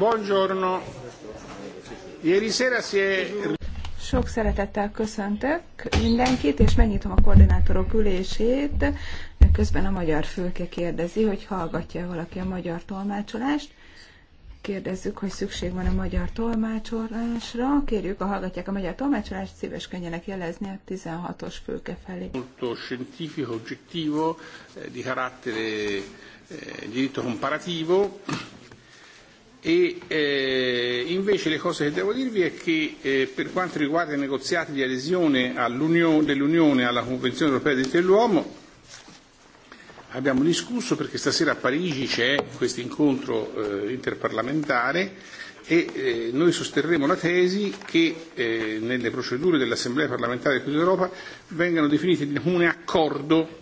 Buongiorno. Ieri sera si è... Sok szeretettel köszöntök mindenkit, és megnyitom a koordinátorok ülését. Közben a magyar fülke kérdezi, hogy hallgatja valaki a magyar tolmácsolást. Kérdezzük, hogy szükség van a magyar tolmácsolásra. Kérjük, ha hallgatják a magyar tolmácsolást, könnyenek jelezni a 16-os fülke felé. Molto scientifico, oggettivo, eh, di carattere eh, diritto comparativo E eh, invece le cose che devo dirvi è che eh, per quanto riguarda i negoziati di adesione all'Unione, dell'Unione alla Convenzione europea dei diritti dell'uomo, abbiamo discusso perché stasera a Parigi c'è questo incontro eh, interparlamentare e eh, noi sosterremo la tesi che eh, nelle procedure dell'Assemblea parlamentare del Consiglio d'Europa vengano definiti comune accordo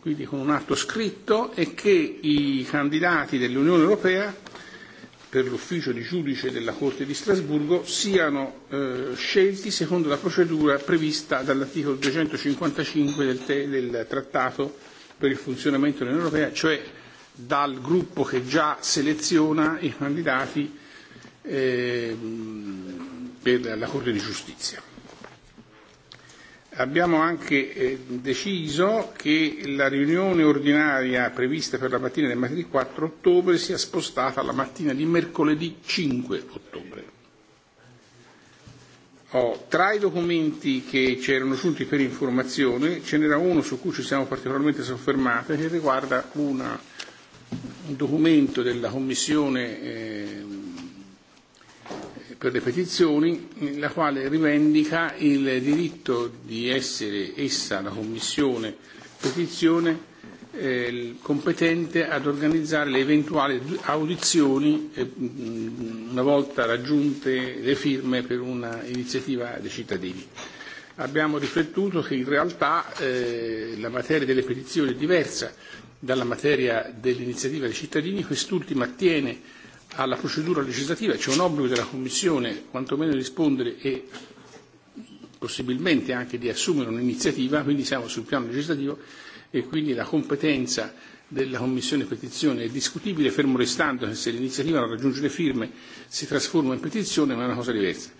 quindi con un atto scritto e che i candidati dell'Unione Europea per l'ufficio di giudice della Corte di Strasburgo siano eh, scelti secondo la procedura prevista dall'articolo 255 del, te- del Trattato per il funzionamento dell'Unione Europea, cioè dal gruppo che già seleziona i candidati eh, per la Corte di Giustizia. Abbiamo anche eh, deciso che la riunione ordinaria prevista per la mattina del martedì 4 ottobre sia spostata alla mattina di mercoledì 5 ottobre. Oh, tra i documenti che ci erano giunti per informazione ce n'era uno su cui ci siamo particolarmente soffermati che riguarda una, un documento della Commissione eh, per le petizioni, la quale rivendica il diritto di essere essa, la Commissione petizione, eh, competente ad organizzare le eventuali audizioni eh, una volta raggiunte le firme per un'iniziativa dei cittadini. Abbiamo riflettuto che in realtà eh, la materia delle petizioni è diversa dalla materia dell'iniziativa dei cittadini, quest'ultima attiene alla procedura legislativa c'è un obbligo della Commissione quantomeno di rispondere e possibilmente anche di assumere un'iniziativa, quindi siamo sul piano legislativo e quindi la competenza della Commissione petizione è discutibile, fermo restando che se l'iniziativa non raggiunge le firme si trasforma in petizione, ma è una cosa diversa.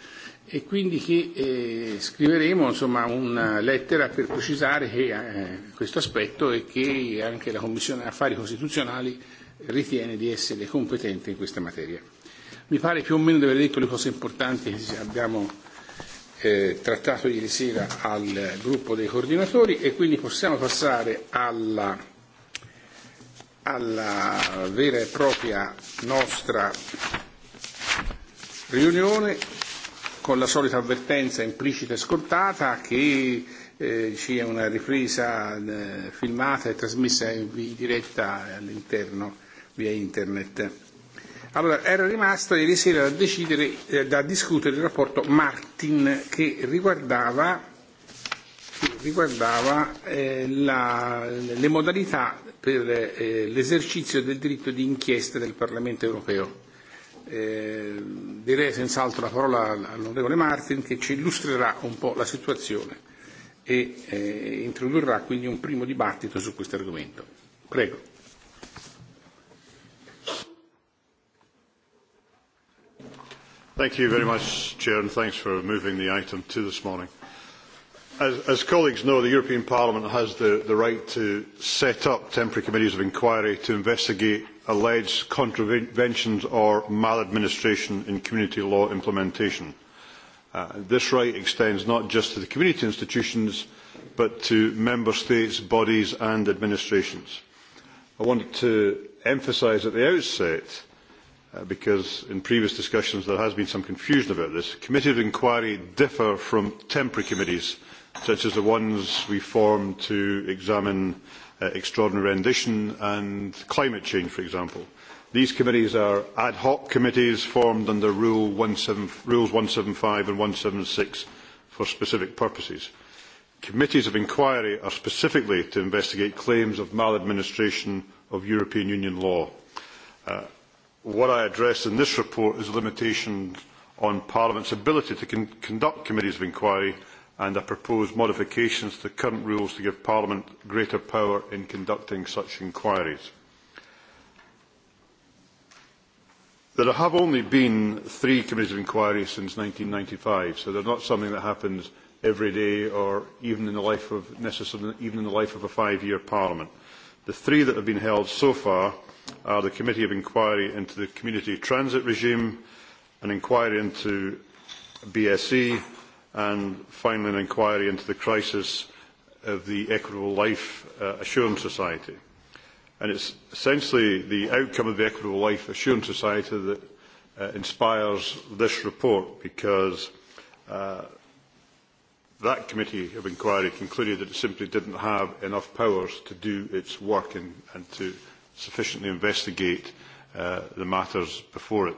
E quindi che eh, scriveremo insomma, una lettera per precisare che, eh, questo aspetto e che anche la Commissione Affari Costituzionali ritiene di essere competente in questa materia. Mi pare più o meno di aver detto le cose importanti che abbiamo eh, trattato ieri sera al gruppo dei coordinatori e quindi possiamo passare alla, alla vera e propria nostra riunione con la solita avvertenza implicita e scontata che eh, ci è una ripresa eh, filmata e trasmessa in, in diretta all'interno via internet. Allora, era rimasto ieri sera da, decidere, eh, da discutere il rapporto Martin che riguardava, che riguardava eh, la, le modalità per eh, l'esercizio del diritto di inchiesta del Parlamento europeo. Eh, direi senz'altro la parola all'onorevole Martin che ci illustrerà un po' la situazione e eh, introdurrà quindi un primo dibattito su questo argomento. Prego. Thank you very much, Chair, and thanks for moving the item to this morning. As, as colleagues know, the European Parliament has the, the right to set up temporary committees of inquiry to investigate alleged contraventions or maladministration in community law implementation. Uh, this right extends not just to the community institutions, but to member states, bodies and administrations. I wanted to emphasise at the outset Uh, because in previous discussions there has been some confusion about this. Committees of inquiry differ from temporary committees, such as the ones we formed to examine uh, extraordinary rendition and climate change, for example. These committees are ad hoc committees formed under Rule 17, Rules 175 and 176 for specific purposes. Committees of inquiry are specifically to investigate claims of maladministration of European Union law. Uh, what I address in this report is a limitation on Parliament's ability to con conduct committees of inquiry and I propose modifications to current rules to give Parliament greater power in conducting such inquiries. There have only been three committees of inquiry since 1995, so they're not something that happens every day or even in the life of, necessarily, even in the life of a five-year Parliament. The three that have been held so far are the Committee of Inquiry into the Community Transit Regime, an inquiry into BSE, and finally an inquiry into the crisis of the Equitable Life uh, Assurance Society. And it's essentially the outcome of the Equitable Life Assurance Society that uh, inspires this report because uh, that committee of inquiry concluded that it simply didn't have enough powers to do its work and, and to sufficiently investigate uh, the matters before it.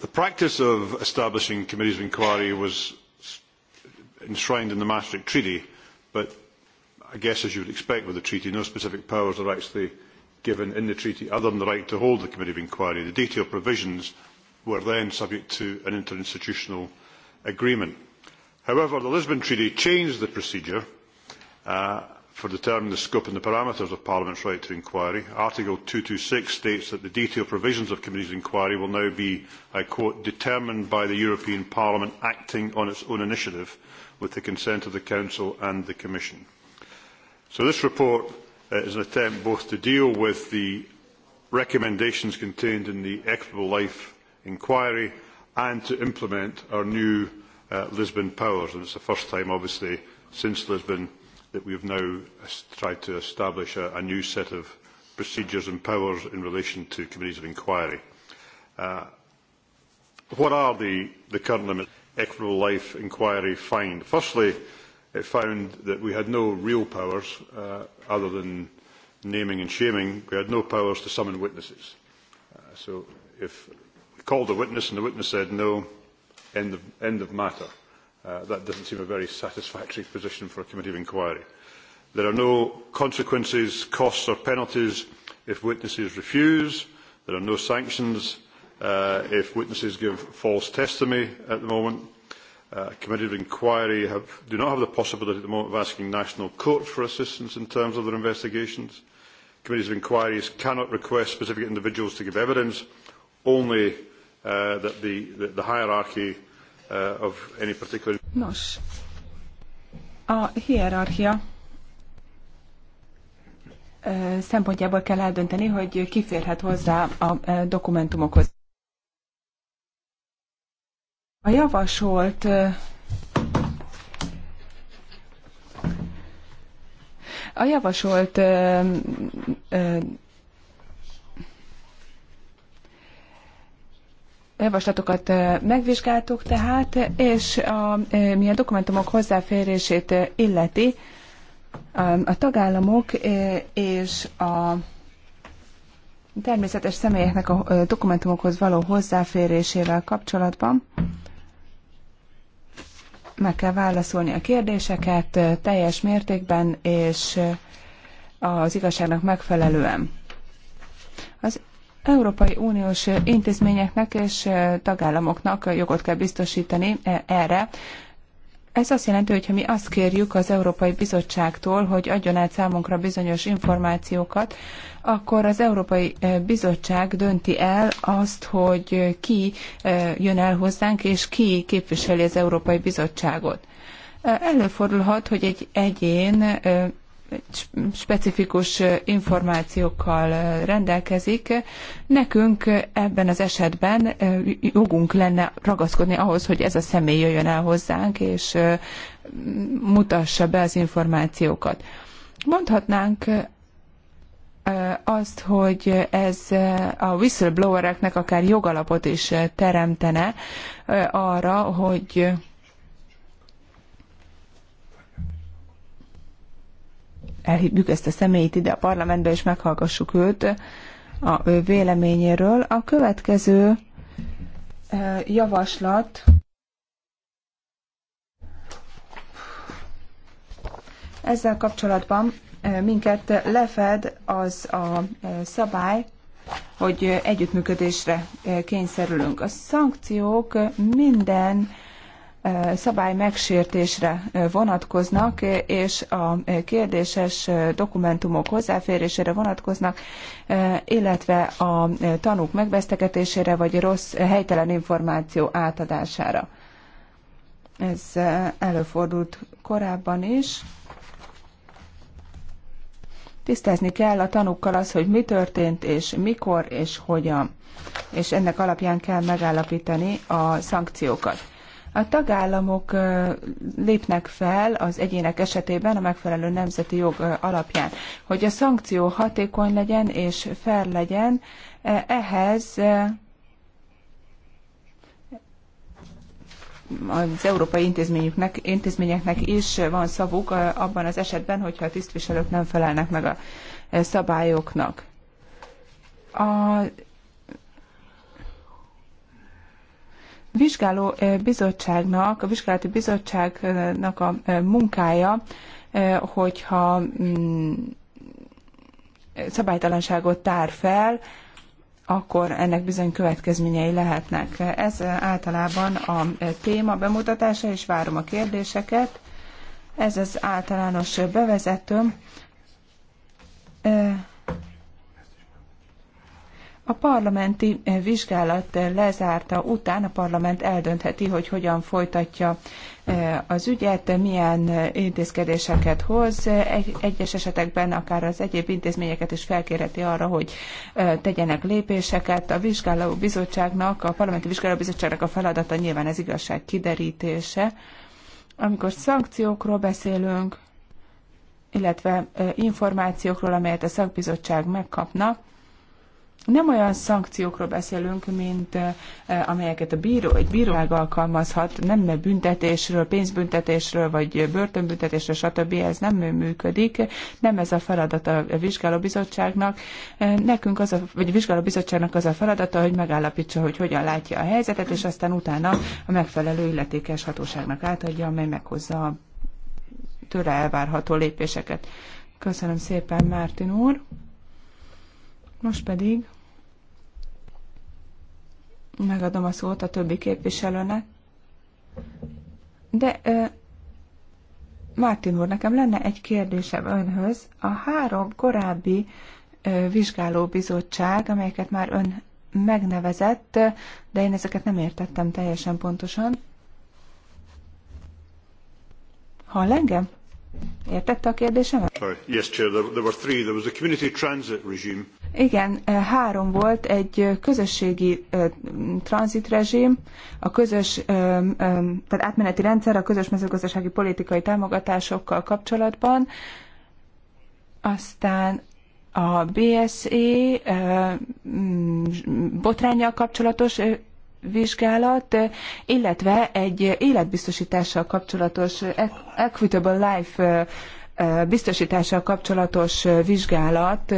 The practice of establishing committees of inquiry was enshrined in the Maastricht Treaty, but I guess as you would expect with the treaty, no specific powers are actually given in the treaty other than the right to hold the committee of inquiry. The detailed provisions were then subject to an interinstitutional agreement. However, the Lisbon Treaty changed the procedure uh, for determining the scope and the parameters of Parliament's right to inquiry. Article 226 states that the detailed provisions of committee's inquiry will now be, I quote, determined by the European Parliament acting on its own initiative with the consent of the Council and the Commission. So this report uh, is an attempt both to deal with the recommendations contained in the Equitable Life inquiry and to implement our new uh, Lisbon powers. And it's the first time, obviously, since Lisbon that we have now tried to establish a, a new set of procedures and powers in relation to committees of inquiry. Uh, what are the, the current limits? Equitable Life inquiry find. Firstly, it found that we had no real powers uh, other than naming and shaming. We had no powers to summon witnesses. Uh, so if we called a witness and the witness said no, end of, end of matter. Uh, that doesn't seem a very satisfactory position for a committee of inquiry. There are no consequences, costs or penalties if witnesses refuse. There are no sanctions uh, if witnesses give false testimony at the moment. Uh, committee of inquiry have, do not have the possibility at the moment of asking national courts for assistance in terms of their investigations. Committees of inquiries cannot request specific individuals to give evidence, only uh, that the, the, the hierarchy Uh, Nos, a hierarchia uh, szempontjából kell eldönteni, hogy ki férhet hozzá a uh, dokumentumokhoz. A javasolt a javasolt javaslatokat megvizsgáltuk tehát, és a, mi a dokumentumok hozzáférését illeti, a tagállamok és a természetes személyeknek a dokumentumokhoz való hozzáférésével kapcsolatban meg kell válaszolni a kérdéseket teljes mértékben és az igazságnak megfelelően. Az Európai Uniós intézményeknek és tagállamoknak jogot kell biztosítani erre. Ez azt jelenti, hogy ha mi azt kérjük az Európai Bizottságtól, hogy adjon át számunkra bizonyos információkat, akkor az Európai Bizottság dönti el azt, hogy ki jön el hozzánk, és ki képviseli az Európai Bizottságot. Előfordulhat, hogy egy egyén specifikus információkkal rendelkezik. Nekünk ebben az esetben jogunk lenne ragaszkodni ahhoz, hogy ez a személy jöjjön el hozzánk, és mutassa be az információkat. Mondhatnánk azt, hogy ez a whistleblowereknek akár jogalapot is teremtene arra, hogy elhívjuk ezt a személyt ide a parlamentbe, és meghallgassuk őt a ő véleményéről. A következő javaslat ezzel kapcsolatban minket lefed az a szabály, hogy együttműködésre kényszerülünk. A szankciók minden szabály megsértésre vonatkoznak, és a kérdéses dokumentumok hozzáférésére vonatkoznak, illetve a tanúk megvesztegetésére vagy rossz helytelen információ átadására. Ez előfordult korábban is. Tisztázni kell a tanúkkal az, hogy mi történt, és mikor, és hogyan. És ennek alapján kell megállapítani a szankciókat a tagállamok lépnek fel az egyének esetében a megfelelő nemzeti jog alapján. Hogy a szankció hatékony legyen és fel legyen, ehhez az európai intézményeknek, intézményeknek is van szavuk abban az esetben, hogyha a tisztviselők nem felelnek meg a szabályoknak. A vizsgáló bizottságnak, a vizsgálati bizottságnak a munkája, hogyha mm, szabálytalanságot tár fel, akkor ennek bizony következményei lehetnek. Ez általában a téma bemutatása, és várom a kérdéseket. Ez az általános bevezetőm. A parlamenti eh, vizsgálat eh, lezárta után a parlament eldöntheti, hogy hogyan folytatja eh, az ügyet, milyen intézkedéseket hoz. Egy, egyes esetekben akár az egyéb intézményeket is felkérheti arra, hogy tegyenek lépéseket. A vizsgáló bizottságnak, a parlamenti vizsgáló bizottságnak a feladata nyilván az igazság kiderítése. Amikor szankciókról beszélünk, illetve információkról, amelyet a szakbizottság megkapnak, nem olyan szankciókról beszélünk, mint amelyeket a bíró, egy bíróság alkalmazhat, nem büntetésről, pénzbüntetésről, vagy börtönbüntetésről, stb. Ez nem működik, nem ez a feladat a vizsgálóbizottságnak. Nekünk az a, vagy a vizsgálóbizottságnak az a feladata, hogy megállapítsa, hogy hogyan látja a helyzetet, és aztán utána a megfelelő illetékes hatóságnak átadja, amely meghozza a tőle elvárható lépéseket. Köszönöm szépen, Mártin úr! Most pedig megadom a szót a többi képviselőnek. De ö, Mártin úr, nekem lenne egy kérdésem önhöz. A három korábbi ö, vizsgálóbizottság, amelyeket már ön megnevezett, de én ezeket nem értettem teljesen pontosan. Hall engem? Értette a kérdésemet? Yes, Chair, there, were three. There was a community transit regime. Igen, eh, három volt, egy eh, közösségi uh, eh, tranzitrezsim, a közös, um, tehát átmeneti rendszer a közös mezőgazdasági politikai támogatásokkal kapcsolatban, aztán a BSE uh, botrányjal kapcsolatos vizsgálat, illetve egy életbiztosítással kapcsolatos Equitable Life biztosítással kapcsolatos vizsgálat,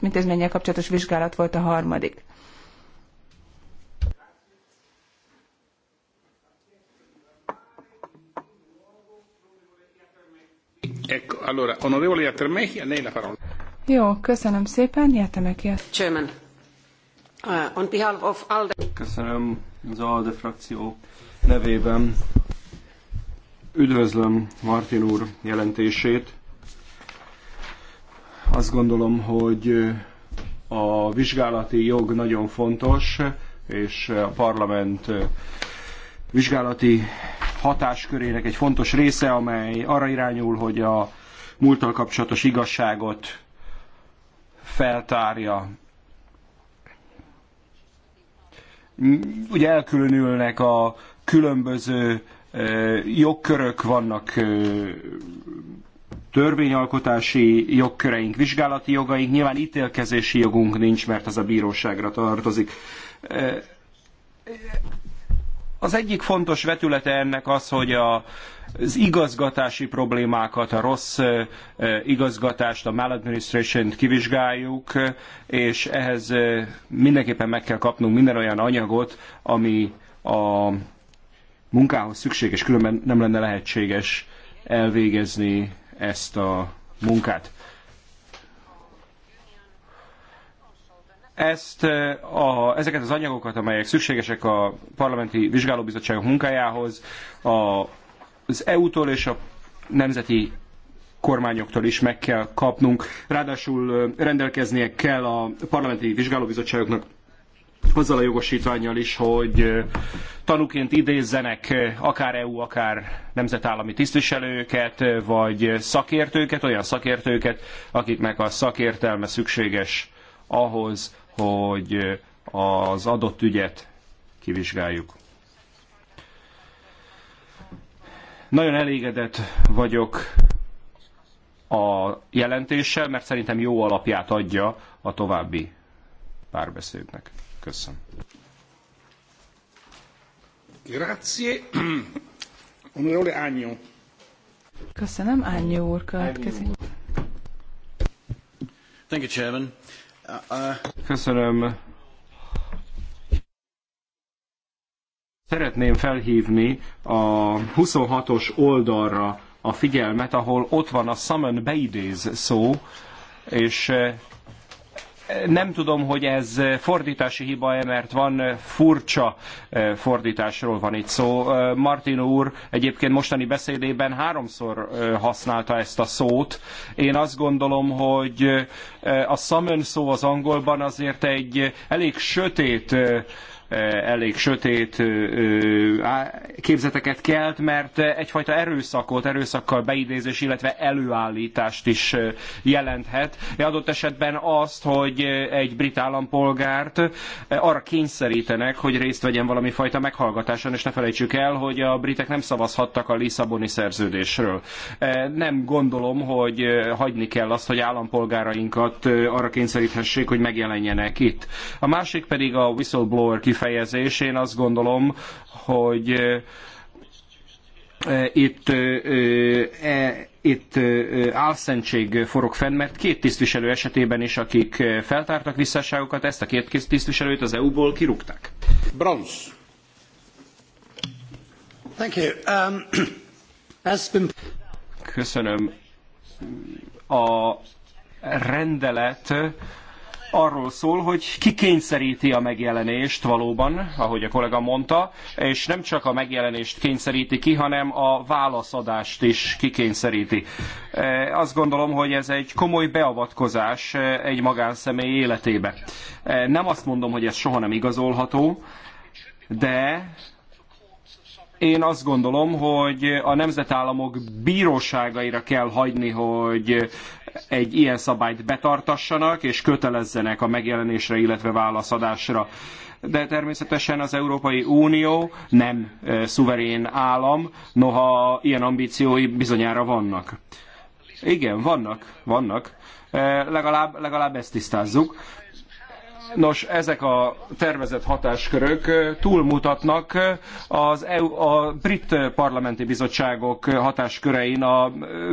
intézménnyel kapcsolatos vizsgálat volt a harmadik. Ecco, allora, onorevole Iatermechi, a lei la parola. Jó, köszönöm szépen, Iatermechi. Chairman, uh, on behalf of ALDE... Köszönöm az ALDE frakció nevében. Üdvözlöm Martin úr jelentését. Azt gondolom, hogy a vizsgálati jog nagyon fontos, és a parlament vizsgálati hatáskörének egy fontos része, amely arra irányul, hogy a múlttal kapcsolatos igazságot feltárja. ugye elkülönülnek a különböző jogkörök, vannak törvényalkotási jogköreink, vizsgálati jogaink, nyilván ítélkezési jogunk nincs, mert az a bíróságra tartozik. Az egyik fontos vetülete ennek az, hogy a, az igazgatási problémákat, a rossz igazgatást, a maladministration-t kivizsgáljuk, és ehhez mindenképpen meg kell kapnunk minden olyan anyagot, ami a munkához szükséges, különben nem lenne lehetséges elvégezni ezt a munkát. ezt a, ezeket az anyagokat, amelyek szükségesek a parlamenti vizsgálóbizottságok munkájához, a, az EU-tól és a nemzeti kormányoktól is meg kell kapnunk. Ráadásul rendelkeznie kell a parlamenti vizsgálóbizottságoknak azzal a jogosítványjal is, hogy tanúként idézzenek akár EU, akár nemzetállami tisztviselőket, vagy szakértőket, olyan szakértőket, akiknek a szakértelme szükséges ahhoz, hogy az adott ügyet kivizsgáljuk. Nagyon elégedett vagyok a jelentéssel, mert szerintem jó alapját adja a további párbeszédnek. Köszönöm. Grazie. Onorevole Ágnyó. Köszönöm, Ágnyó úr következik. Thank you, Chairman. Köszönöm. Szeretném felhívni a 26-os oldalra a figyelmet, ahol ott van a summon beidéz szó, és eh, nem tudom, hogy ez fordítási hiba-e, mert van eh, furcsa eh, fordításról van itt szó. Eh, Martin úr egyébként mostani beszédében háromszor használta ezt a szót. Én azt gondolom, hogy a summon szó az angolban azért egy elég sötét elég sötét képzeteket kelt, mert egyfajta erőszakot, erőszakkal beidézés, illetve előállítást is jelenthet. Adott esetben azt, hogy egy brit állampolgárt arra kényszerítenek, hogy részt vegyen valami fajta meghallgatáson, és ne felejtsük el, hogy a britek nem szavazhattak a Lisszaboni szerződésről. Nem gondolom, hogy hagyni kell azt, hogy állampolgárainkat arra kényszeríthessék, hogy megjelenjenek itt. A másik pedig a whistleblower kif kifejezés. Én azt gondolom, hogy itt, e, itt álszentség forog fenn, mert két tisztviselő esetében is, akik feltártak visszásságokat, ezt a két tisztviselőt az EU-ból kirúgták. Bronz. Thank you. Um, has been... Köszönöm. A rendelet arról szól, hogy ki kényszeríti a megjelenést valóban, ahogy a kollega mondta, és nem csak a megjelenést kényszeríti ki, hanem a válaszadást is kikényszeríti. E, azt gondolom, hogy ez egy komoly beavatkozás e, egy magánszemély életébe. E, nem azt mondom, hogy ez soha nem igazolható, de én azt gondolom, hogy a nemzetállamok bíróságaira kell hagyni, hogy egy ilyen szabályt betartassanak, és kötelezzenek a megjelenésre, illetve válaszadásra. De természetesen az Európai Unió nem szuverén állam, noha ilyen ambíciói bizonyára vannak. Igen, vannak, vannak. Legalább, legalább ezt tisztázzuk. Nos, ezek a tervezett hatáskörök túlmutatnak az EU, a brit parlamenti bizottságok hatáskörein. A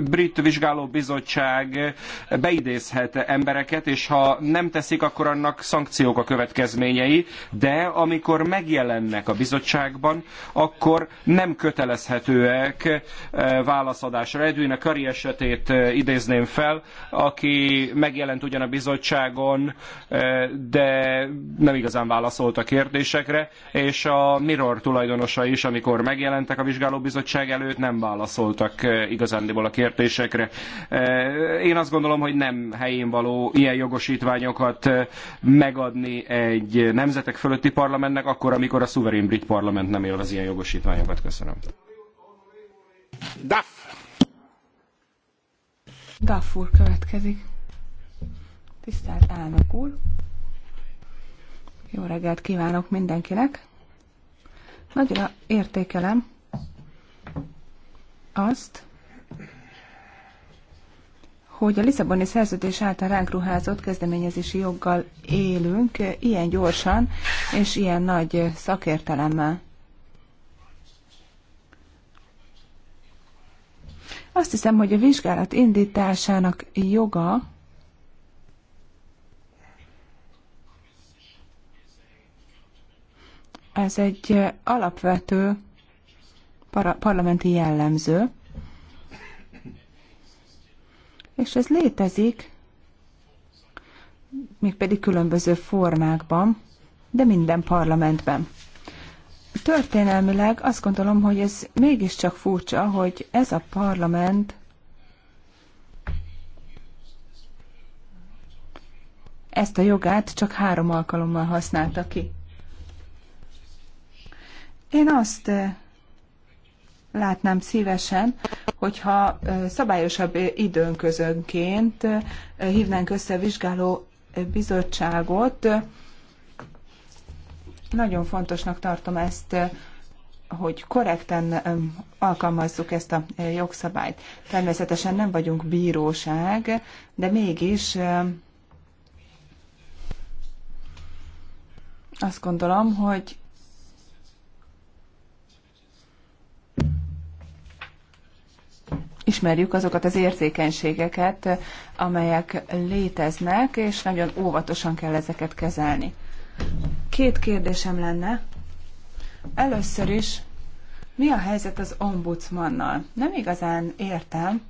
brit vizsgálóbizottság beidézhet embereket, és ha nem teszik, akkor annak szankciók a következményei, de amikor megjelennek a bizottságban, akkor nem kötelezhetőek válaszadásra. Edwin a Kari esetét idézném fel, aki megjelent ugyan a bizottságon, de de nem igazán válaszolt a kérdésekre, és a Mirror tulajdonosa is, amikor megjelentek a vizsgálóbizottság előtt, nem válaszoltak eh, igazándiból a kérdésekre. Eh, én azt gondolom, hogy nem helyén való ilyen jogosítványokat eh, megadni egy nemzetek fölötti parlamentnek, akkor, amikor a szuverén brit parlament nem élvez ilyen jogosítványokat. Köszönöm. Duff. Duff úr következik. Tisztelt elnök úr, jó reggelt kívánok mindenkinek! Nagyra értékelem azt, hogy a Lisszaboni szerződés által ránk ruházott kezdeményezési joggal élünk ilyen gyorsan és ilyen nagy szakértelemmel. Azt hiszem, hogy a vizsgálat indításának joga Ez egy alapvető para- parlamenti jellemző, és ez létezik, mégpedig különböző formákban, de minden parlamentben. Történelmileg azt gondolom, hogy ez mégiscsak furcsa, hogy ez a parlament ezt a jogát csak három alkalommal használta ki. Én azt látnám szívesen, hogyha szabályosabb időnközönként hívnánk össze vizsgáló bizottságot. Nagyon fontosnak tartom ezt, hogy korrekten alkalmazzuk ezt a jogszabályt. Természetesen nem vagyunk bíróság, de mégis azt gondolom, hogy ismerjük azokat az érzékenységeket, amelyek léteznek, és nagyon óvatosan kell ezeket kezelni. Két kérdésem lenne. Először is, mi a helyzet az ombudsmannal? Nem igazán értem,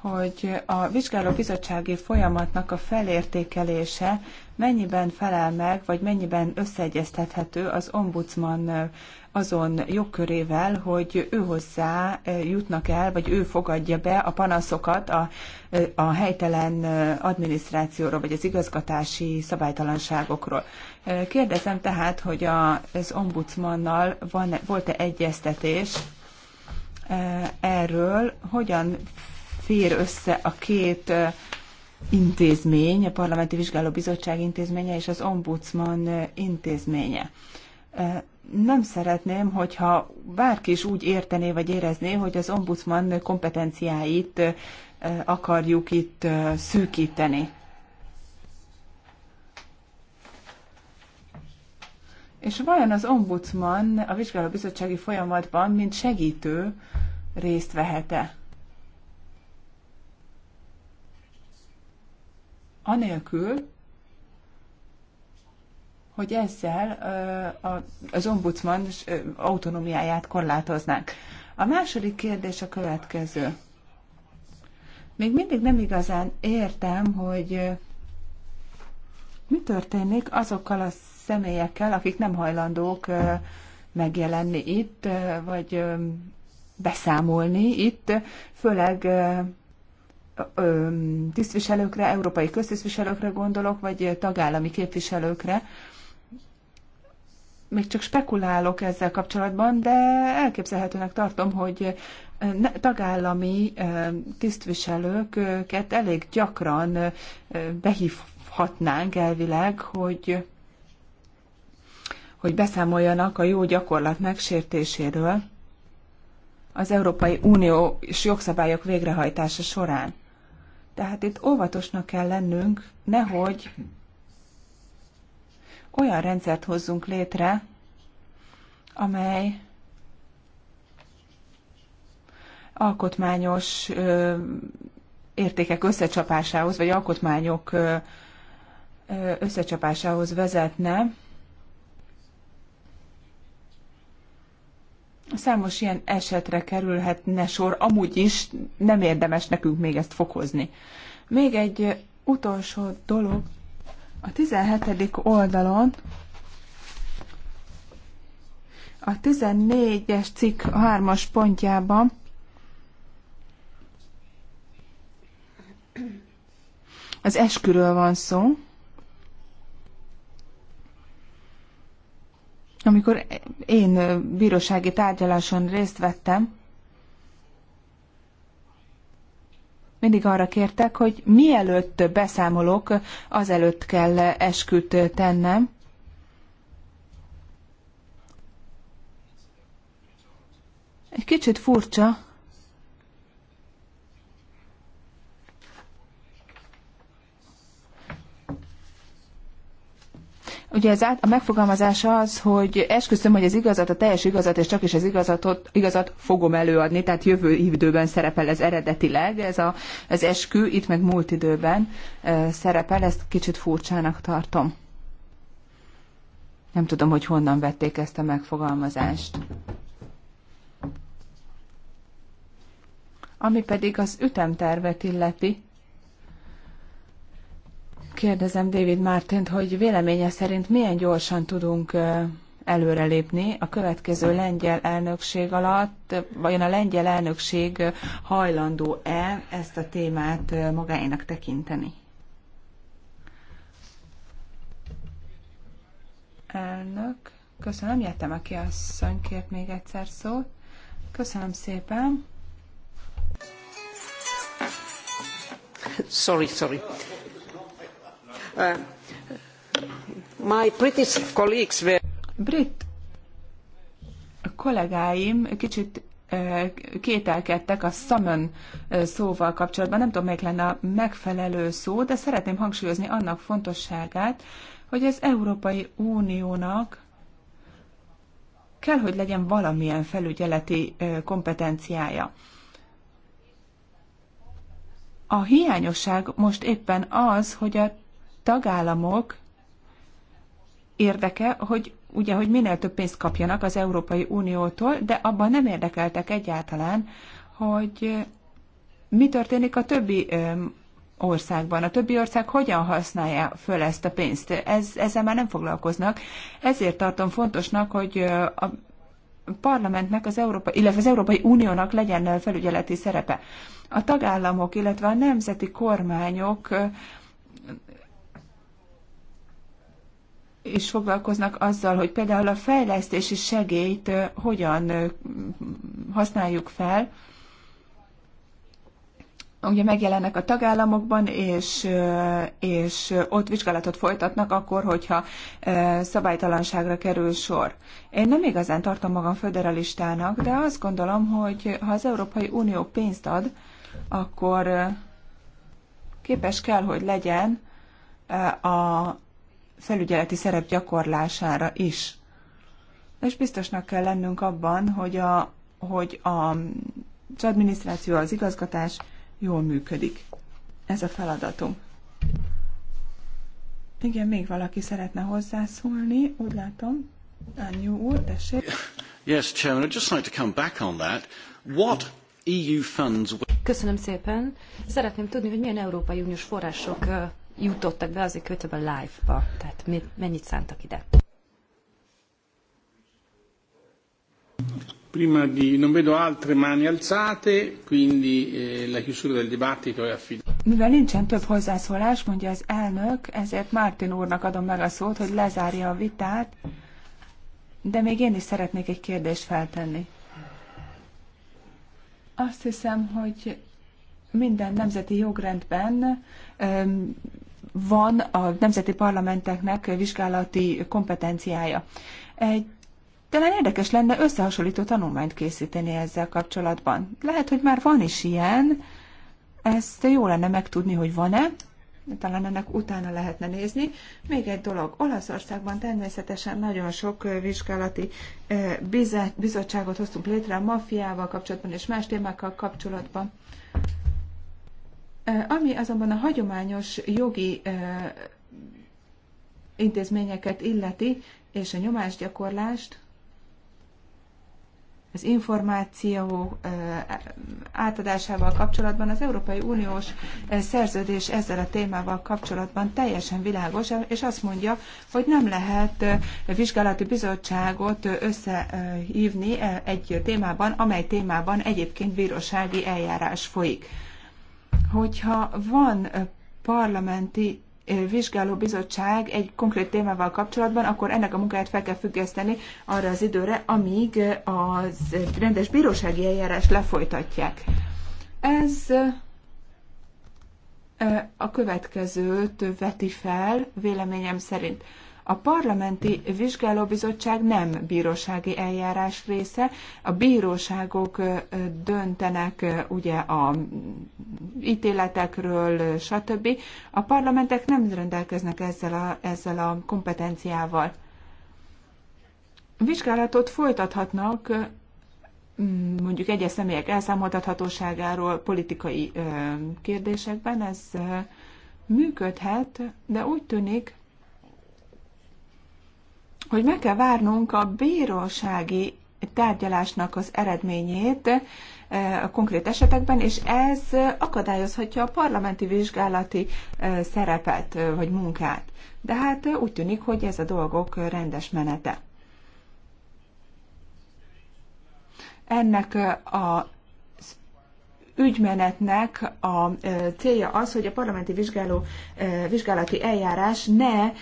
hogy a vizsgáló bizottsági folyamatnak a felértékelése mennyiben felel meg, vagy mennyiben összeegyeztethető az ombudsman azon jogkörével, hogy ő hozzá jutnak el, vagy ő fogadja be a panaszokat a, a helytelen adminisztrációról, vagy az igazgatási szabálytalanságokról. Kérdezem tehát, hogy az ombudsmannal van, volt-e egyeztetés erről, hogyan fér össze a két intézmény, a Parlamenti vizsgáló bizottság intézménye és az Ombudsman intézménye. Nem szeretném, hogyha bárki is úgy értené vagy érezné, hogy az ombudsman kompetenciáit akarjuk itt szűkíteni. És vajon az ombudsman a vizsgálóbizottsági folyamatban, mint segítő részt vehet-e? anélkül, hogy ezzel az ombudsman autonómiáját korlátoznánk. A második kérdés a következő. Még mindig nem igazán értem, hogy mi történik azokkal a személyekkel, akik nem hajlandók megjelenni itt, vagy beszámolni itt, főleg tisztviselőkre, európai köztisztviselőkre gondolok, vagy tagállami képviselőkre. Még csak spekulálok ezzel kapcsolatban, de elképzelhetőnek tartom, hogy tagállami tisztviselőket elég gyakran behívhatnánk elvileg, hogy hogy beszámoljanak a jó gyakorlat megsértéséről az Európai Unió és jogszabályok végrehajtása során. Tehát itt óvatosnak kell lennünk, nehogy olyan rendszert hozzunk létre, amely alkotmányos ö, értékek összecsapásához, vagy alkotmányok ö, összecsapásához vezetne, Számos ilyen esetre kerülhetne sor, amúgy is nem érdemes nekünk még ezt fokozni. Még egy utolsó dolog. A 17. oldalon a 14-es cikk 3-as pontjában az esküről van szó. Amikor én bírósági tárgyaláson részt vettem, mindig arra kértek, hogy mielőtt beszámolok, azelőtt kell esküt tennem. Egy kicsit furcsa, Ugye az át, a megfogalmazás az, hogy esküszöm, hogy az igazat, a teljes igazat, és csak is az igazatot, igazat fogom előadni, tehát jövő időben szerepel ez eredetileg, ez a, az eskü, itt meg múlt időben e, szerepel, ezt kicsit furcsának tartom. Nem tudom, hogy honnan vették ezt a megfogalmazást. Ami pedig az ütemtervet illeti, Kérdezem David Mártint, hogy véleménye szerint milyen gyorsan tudunk előrelépni a következő lengyel elnökség alatt, vajon a lengyel elnökség hajlandó-e ezt a témát magáénak tekinteni? Elnök, köszönöm, jöttem, aki a kért még egyszer szót. Köszönöm szépen. Sorry, sorry. Uh, Brit kollégáim kicsit uh, kételkedtek a summon uh, szóval kapcsolatban. Nem tudom, melyik lenne a megfelelő szó, de szeretném hangsúlyozni annak fontosságát, hogy az Európai Uniónak kell, hogy legyen valamilyen felügyeleti kompetenciája. A hiányosság most éppen az, hogy a tagállamok érdeke, hogy ugye, hogy minél több pénzt kapjanak az Európai Uniótól, de abban nem érdekeltek egyáltalán, hogy mi történik a többi országban. A többi ország hogyan használja föl ezt a pénzt? Ez, ezzel már nem foglalkoznak. Ezért tartom fontosnak, hogy a parlamentnek, az Európa, illetve az Európai Uniónak legyen felügyeleti szerepe. A tagállamok, illetve a nemzeti kormányok is foglalkoznak azzal, hogy például a fejlesztési segélyt hogyan használjuk fel. Ugye megjelennek a tagállamokban, és, és ott vizsgálatot folytatnak akkor, hogyha szabálytalanságra kerül sor. Én nem igazán tartom magam föderalistának, de azt gondolom, hogy ha az Európai Unió pénzt ad, akkor képes kell, hogy legyen a felügyeleti szerep gyakorlására is. És biztosnak kell lennünk abban, hogy, a, hogy a, az adminisztráció, az igazgatás jól működik. Ez a feladatunk. Igen, még valaki szeretne hozzászólni, úgy látom. Ányú úr, tessék. Yes, Chairman, I'd just like to come back on that. What EU funds... Köszönöm szépen. Szeretném tudni, hogy milyen Európai Uniós források jutottak be, azért költöbb a live-ba. Tehát mi, mennyit szántak ide? Prima di, non vedo altre mani alzate, quindi eh, la chiusura del dibattito è affidata. Mivel nincsen több hozzászólás, mondja az elnök, ezért Martin úrnak adom meg a szót, hogy lezárja a vitát, de még én is szeretnék egy kérdést feltenni. Azt hiszem, hogy minden nemzeti jogrendben van a nemzeti parlamenteknek vizsgálati kompetenciája. Egy talán érdekes lenne összehasonlító tanulmányt készíteni ezzel kapcsolatban. Lehet, hogy már van is ilyen, ezt jó lenne megtudni, hogy van-e, talán ennek utána lehetne nézni. Még egy dolog, Olaszországban természetesen nagyon sok vizsgálati bizottságot hoztunk létre a maffiával kapcsolatban és más témákkal kapcsolatban. Ami azonban a hagyományos jogi intézményeket illeti, és a nyomásgyakorlást, az információ átadásával kapcsolatban az Európai Uniós szerződés ezzel a témával kapcsolatban teljesen világos, és azt mondja, hogy nem lehet vizsgálati bizottságot összehívni egy témában, amely témában egyébként bírósági eljárás folyik hogyha van parlamenti vizsgálóbizottság egy konkrét témával kapcsolatban, akkor ennek a munkáját fel kell függeszteni arra az időre, amíg az rendes bírósági eljárás lefolytatják. Ez a következőt veti fel véleményem szerint. A parlamenti vizsgálóbizottság nem bírósági eljárás része, a bíróságok döntenek ugye a ítéletekről, stb. A parlamentek nem rendelkeznek ezzel a, ezzel a kompetenciával. Vizsgálatot folytathatnak mondjuk egyes személyek elszámoltathatóságáról politikai kérdésekben, ez működhet, de úgy tűnik, hogy meg kell várnunk a bírósági tárgyalásnak az eredményét eh, a konkrét esetekben, és ez akadályozhatja a parlamenti vizsgálati eh, szerepet eh, vagy munkát. De hát úgy tűnik, hogy ez a dolgok rendes menete. Ennek a ügymenetnek a célja az, hogy a parlamenti vizsgáló, vizsgálati eljárás ne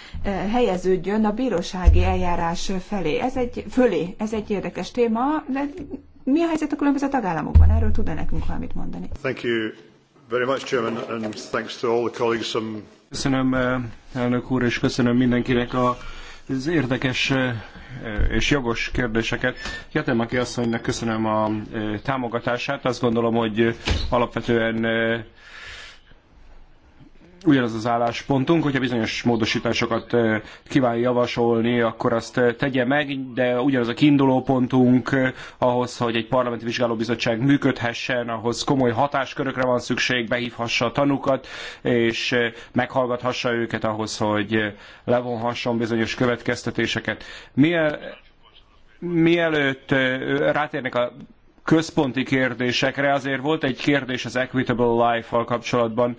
helyeződjön a bírósági eljárás felé. Ez egy, fölé. Ez egy érdekes téma, de mi a helyzet a különböző tagállamokban? Erről tud-e nekünk valamit mondani? Thank you very much, Chairman, and thanks to all the colleagues. Some... Um, köszönöm, elnök úr, és köszönöm mindenkinek a az érdekes és jogos kérdéseket. Jatemaki asszonynak köszönöm a támogatását. Azt gondolom, hogy alapvetően ugyanaz az álláspontunk, hogyha bizonyos módosításokat kíván javasolni, akkor azt tegye meg, de ugyanaz a kiinduló pontunk ahhoz, hogy egy parlamenti vizsgálóbizottság működhessen, ahhoz komoly hatáskörökre van szükség, behívhassa a tanukat, és meghallgathassa őket ahhoz, hogy levonhasson bizonyos következtetéseket. Miel, mielőtt rátérnek a központi kérdésekre. Azért volt egy kérdés az Equitable Life-val kapcsolatban.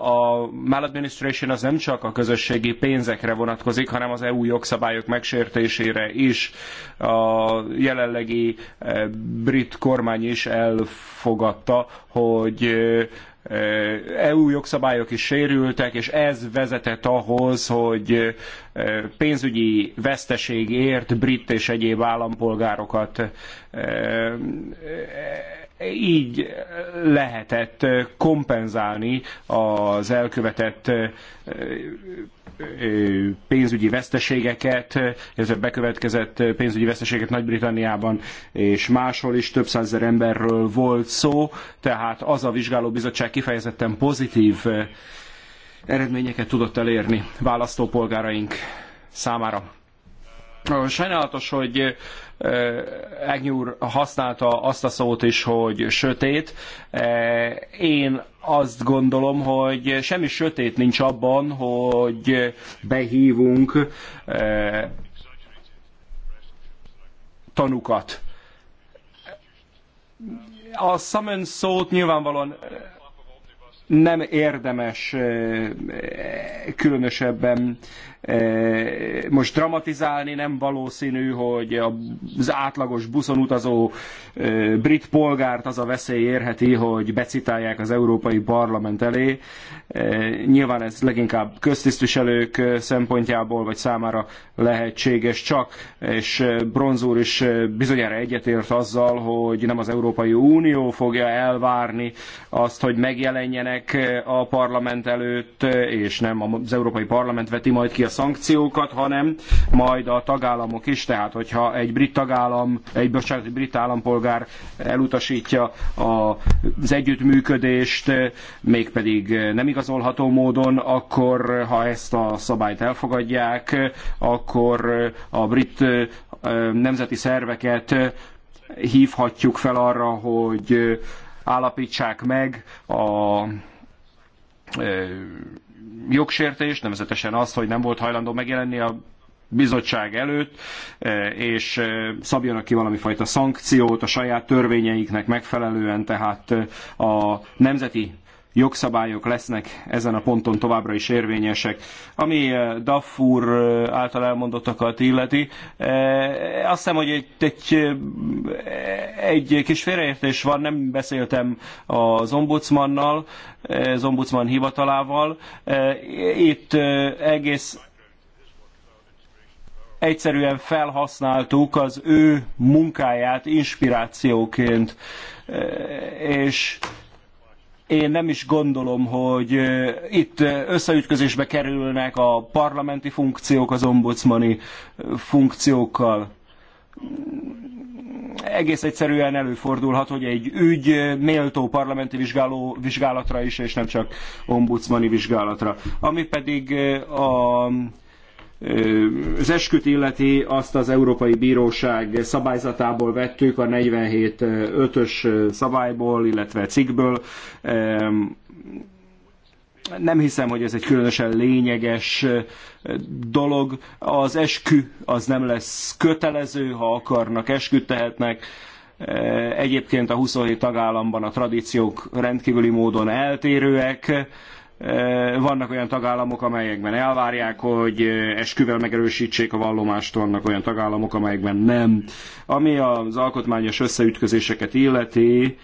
A maladministration az nem csak a közösségi pénzekre vonatkozik, hanem az EU jogszabályok megsértésére is. A jelenlegi brit kormány is elfogadta, hogy EU jogszabályok is sérültek, és ez vezetett ahhoz, hogy pénzügyi veszteség ért brit és egyéb állampolgárokat így lehetett kompenzálni az elkövetett pénzügyi veszteségeket, illetve bekövetkezett pénzügyi veszteségeket Nagy-Britanniában és máshol is több százezer emberről volt szó, tehát az a vizsgálóbizottság kifejezetten pozitív eredményeket tudott elérni választópolgáraink számára. Sajnálatos, hogy Egnyúr használta azt a szót is, hogy sötét. Én azt gondolom, hogy semmi sötét nincs abban, hogy behívunk tanukat. A summon szót nyilvánvalóan nem érdemes különösebben E, most dramatizálni nem valószínű, hogy az átlagos buszon utazó e, brit polgárt az a veszély érheti, hogy becitálják az Európai Parlament elé. E, nyilván ez leginkább köztisztviselők szempontjából vagy számára lehetséges csak, és Bronzúr is bizonyára egyetért azzal, hogy nem az Európai Unió fogja elvárni azt, hogy megjelenjenek a parlament előtt, és nem az Európai Parlament veti majd ki a szankciókat, hanem majd a tagállamok is, tehát hogyha egy brit tagállam, egy, bocsánat, egy brit állampolgár elutasítja az együttműködést, mégpedig nem igazolható módon, akkor ha ezt a szabályt elfogadják, akkor a brit nemzeti szerveket hívhatjuk fel arra, hogy állapítsák meg a jogsértés, nevezetesen azt, hogy nem volt hajlandó megjelenni a bizottság előtt, e, és e, szabjanak ki valami fajta szankciót a saját törvényeiknek megfelelően, tehát e, a nemzeti jogszabályok lesznek ezen a ponton továbbra is érvényesek. Ami eh, Duff úr eh, által elmondottakat illeti, eh, azt hiszem, hogy egy, egy, egy kis félreértés van, nem beszéltem az ombudsmannal, az ombudsman hivatalával. Itt egész egyszerűen felhasználtuk az ő munkáját inspirációként, és én nem is gondolom, hogy itt összeütközésbe kerülnek a parlamenti funkciók az ombudsmani funkciókkal. Egész egyszerűen előfordulhat, hogy egy ügy méltó parlamenti vizsgáló, vizsgálatra is, és nem csak ombudsmani vizsgálatra. Ami pedig a az esküt illeti azt az Európai Bíróság szabályzatából vettük, a 47.5-ös szabályból, illetve cikkből. Nem hiszem, hogy ez egy különösen lényeges dolog. Az eskü az nem lesz kötelező, ha akarnak esküt tehetnek. Egyébként a 27 tagállamban a tradíciók rendkívüli módon eltérőek Eh, vannak olyan tagállamok, amelyekben elvárják, hogy eh, esküvel megerősítsék a vallomást, vannak olyan tagállamok, amelyekben nem. Ami az alkotmányos összeütközéseket illeti,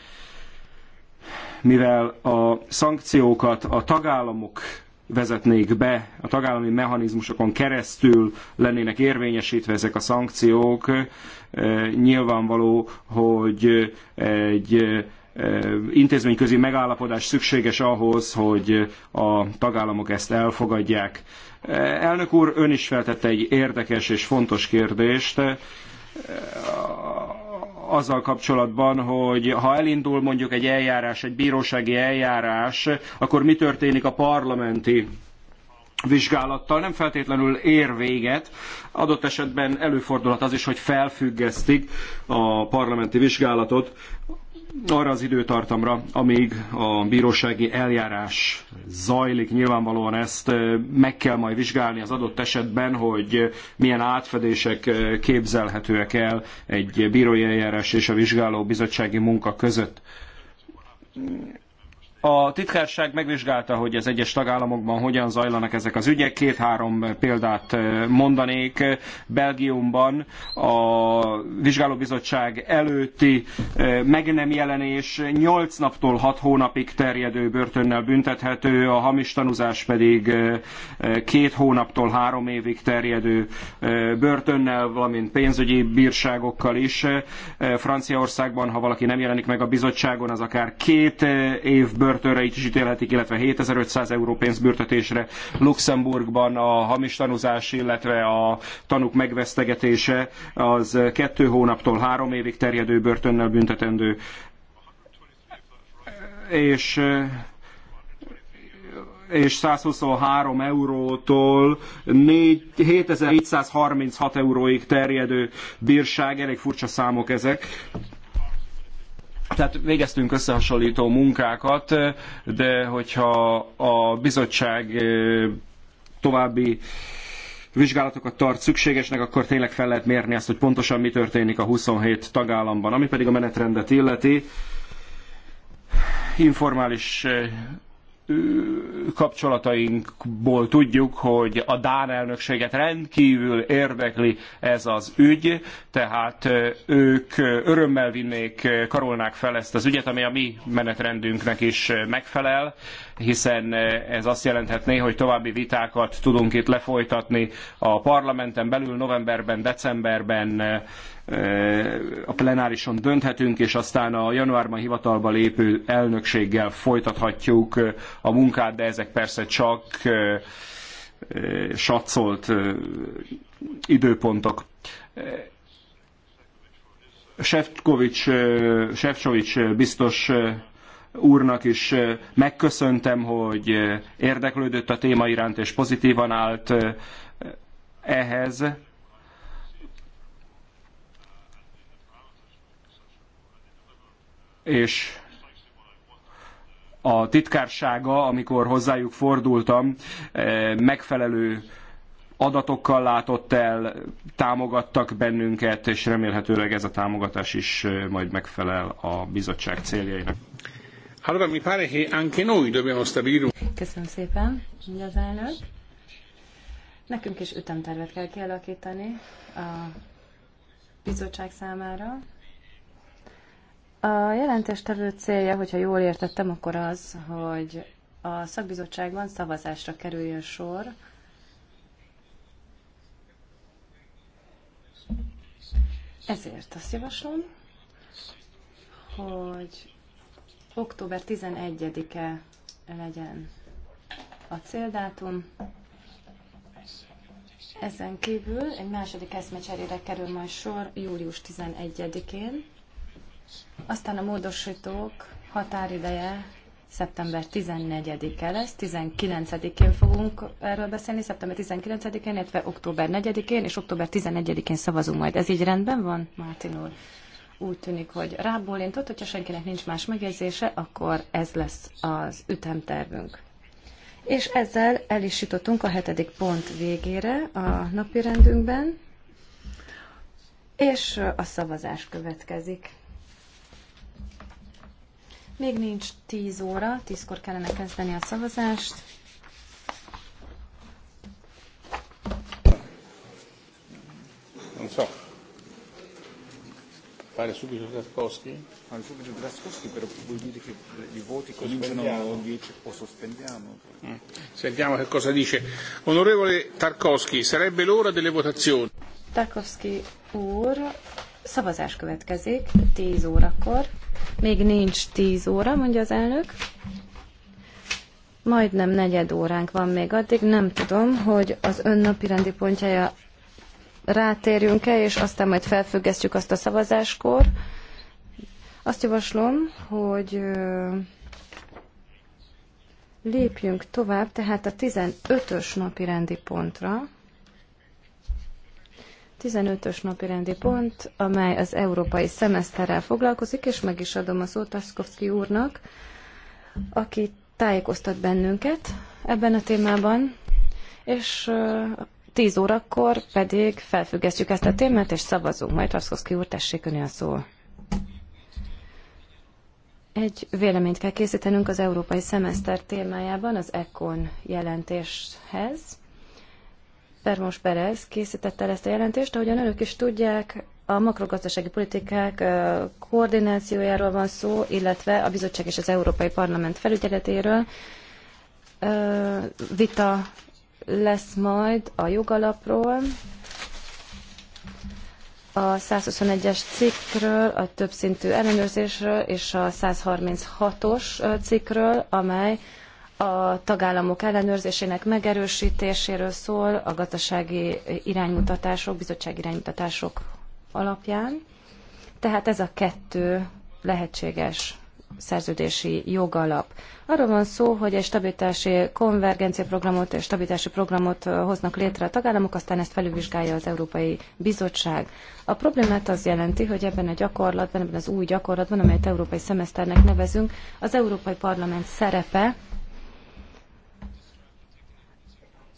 mivel a szankciókat a tagállamok vezetnék be, a tagállami mechanizmusokon keresztül lennének érvényesítve ezek a szankciók, eh, nyilvánvaló, hogy egy intézményközi megállapodás szükséges ahhoz, hogy a tagállamok ezt elfogadják. Elnök úr, ön is feltette egy érdekes és fontos kérdést eh, azzal kapcsolatban, hogy ha elindul mondjuk egy eljárás, egy bírósági eljárás, akkor mi történik a parlamenti vizsgálattal nem feltétlenül ér véget. Adott esetben előfordulhat az is, hogy felfüggesztik a parlamenti vizsgálatot arra az időtartamra, amíg a bírósági eljárás zajlik. Nyilvánvalóan ezt meg kell majd vizsgálni az adott esetben, hogy milyen átfedések képzelhetőek el egy bírói eljárás és a vizsgáló bizottsági munka között a titkárság megvizsgálta, hogy az egyes tagállamokban hogyan zajlanak ezek az ügyek. Két-három példát mondanék. Belgiumban a vizsgálóbizottság előtti meg nem jelenés 8 naptól 6 hónapig terjedő börtönnel büntethető, a hamis tanúzás pedig két hónaptól három évig terjedő börtönnel, valamint pénzügyi bírságokkal is. Franciaországban, ha valaki nem jelenik meg a bizottságon, az akár két év börtönre is ítélhetik, illetve 7500 euró pénzbüntetésre. Luxemburgban a hamis tanúzás, illetve a tanúk megvesztegetése az kettő hónaptól három évig terjedő börtönnel büntetendő. És és 123 eurótól 7736 euróig terjedő bírság, elég furcsa számok ezek. Tehát végeztünk összehasonlító munkákat, de hogyha a bizottság további vizsgálatokat tart szükségesnek, akkor tényleg fel lehet mérni azt, hogy pontosan mi történik a 27 tagállamban. Ami pedig a menetrendet illeti, informális kapcsolatainkból tudjuk, hogy a Dán elnökséget rendkívül érdekli ez az ügy, tehát ők örömmel vinnék, karolnák fel ezt az ügyet, ami a mi menetrendünknek is megfelel, hiszen ez azt jelenthetné, hogy további vitákat tudunk itt lefolytatni a parlamenten belül novemberben, decemberben, a plenárison dönthetünk, és aztán a januárban hivatalba lépő elnökséggel folytathatjuk a munkát, de ezek persze csak satszolt időpontok. Sefcovics, Sefcovics biztos úrnak is megköszöntem, hogy érdeklődött a téma iránt és pozitívan állt ehhez és a titkársága, amikor hozzájuk fordultam, eh, megfelelő adatokkal látott el, támogattak bennünket, és remélhetőleg ez a támogatás is eh, majd megfelel a bizottság céljainak. Allora mi pare che anche noi dobbiamo stabilire un... Köszönöm szépen, mondja az elnök. Nekünk is ütemtervet kell kialakítani a bizottság számára, a jelentés jelentéstevő célja, hogyha jól értettem, akkor az, hogy a szakbizottságban szavazásra kerüljön sor, Ezért azt javaslom, hogy október 11-e legyen a céldátum. Ezen kívül egy második eszmecserére kerül majd sor július 11-én. Aztán a módosítók határideje szeptember 14-e lesz, 19-én fogunk erről beszélni, szeptember 19-én, illetve október 4-én és október 11-én szavazunk majd. Ez így rendben van, Mártin úr? Úgy tűnik, hogy rábólintott, hogyha senkinek nincs más megjegyzése, akkor ez lesz az ütemtervünk. És ezzel el is jutottunk a hetedik pont végére a napi rendünkben, és a szavazás következik. Még nincs 10 óra, 10-kor kellene kezdeni a szavazást. Non so. Fare subito Draskowski? Fare subito Draskowski, però vuol dire che i voti cominciano 10 o sospendiamo. Mm. Sentiamo che cosa dice. Onorevole Tarkovsky, sarebbe l'ora delle votazioni. Tarkovsky úr, szavazás következik 10 órakor. Még nincs 10 óra, mondja az elnök. Majdnem negyed óránk van még addig. Nem tudom, hogy az önnapi rendi pontjája rátérjünk-e, és aztán majd felfüggesztjük azt a szavazáskor. Azt javaslom, hogy lépjünk tovább, tehát a 15-ös napi rendi pontra. 15-ös napi rendi pont, amely az európai szemeszterrel foglalkozik, és meg is adom a szót Taszkowski úrnak, aki tájékoztat bennünket ebben a témában, és 10 órakor pedig felfüggesztjük ezt a témát, és szavazunk. Majd Taszkowski úr, tessék a szó. Egy véleményt kell készítenünk az európai szemeszter témájában, az ECON jelentéshez. Permos Perez készítette el ezt a jelentést. Ahogyan önök is tudják, a makrogazdasági politikák koordinációjáról van szó, illetve a bizottság és az Európai Parlament felügyeletéről. Vita lesz majd a jogalapról, a 121-es cikkről, a többszintű ellenőrzésről és a 136-os cikkről, amely a tagállamok ellenőrzésének megerősítéséről szól a gazdasági iránymutatások, bizottsági iránymutatások alapján. Tehát ez a kettő lehetséges szerződési jogalap. Arról van szó, hogy egy stabilitási konvergencia programot, és stabilitási programot hoznak létre a tagállamok, aztán ezt felülvizsgálja az Európai Bizottság. A problémát az jelenti, hogy ebben a gyakorlatban, ebben az új gyakorlatban, amelyet Európai Szemeszternek nevezünk, az Európai Parlament szerepe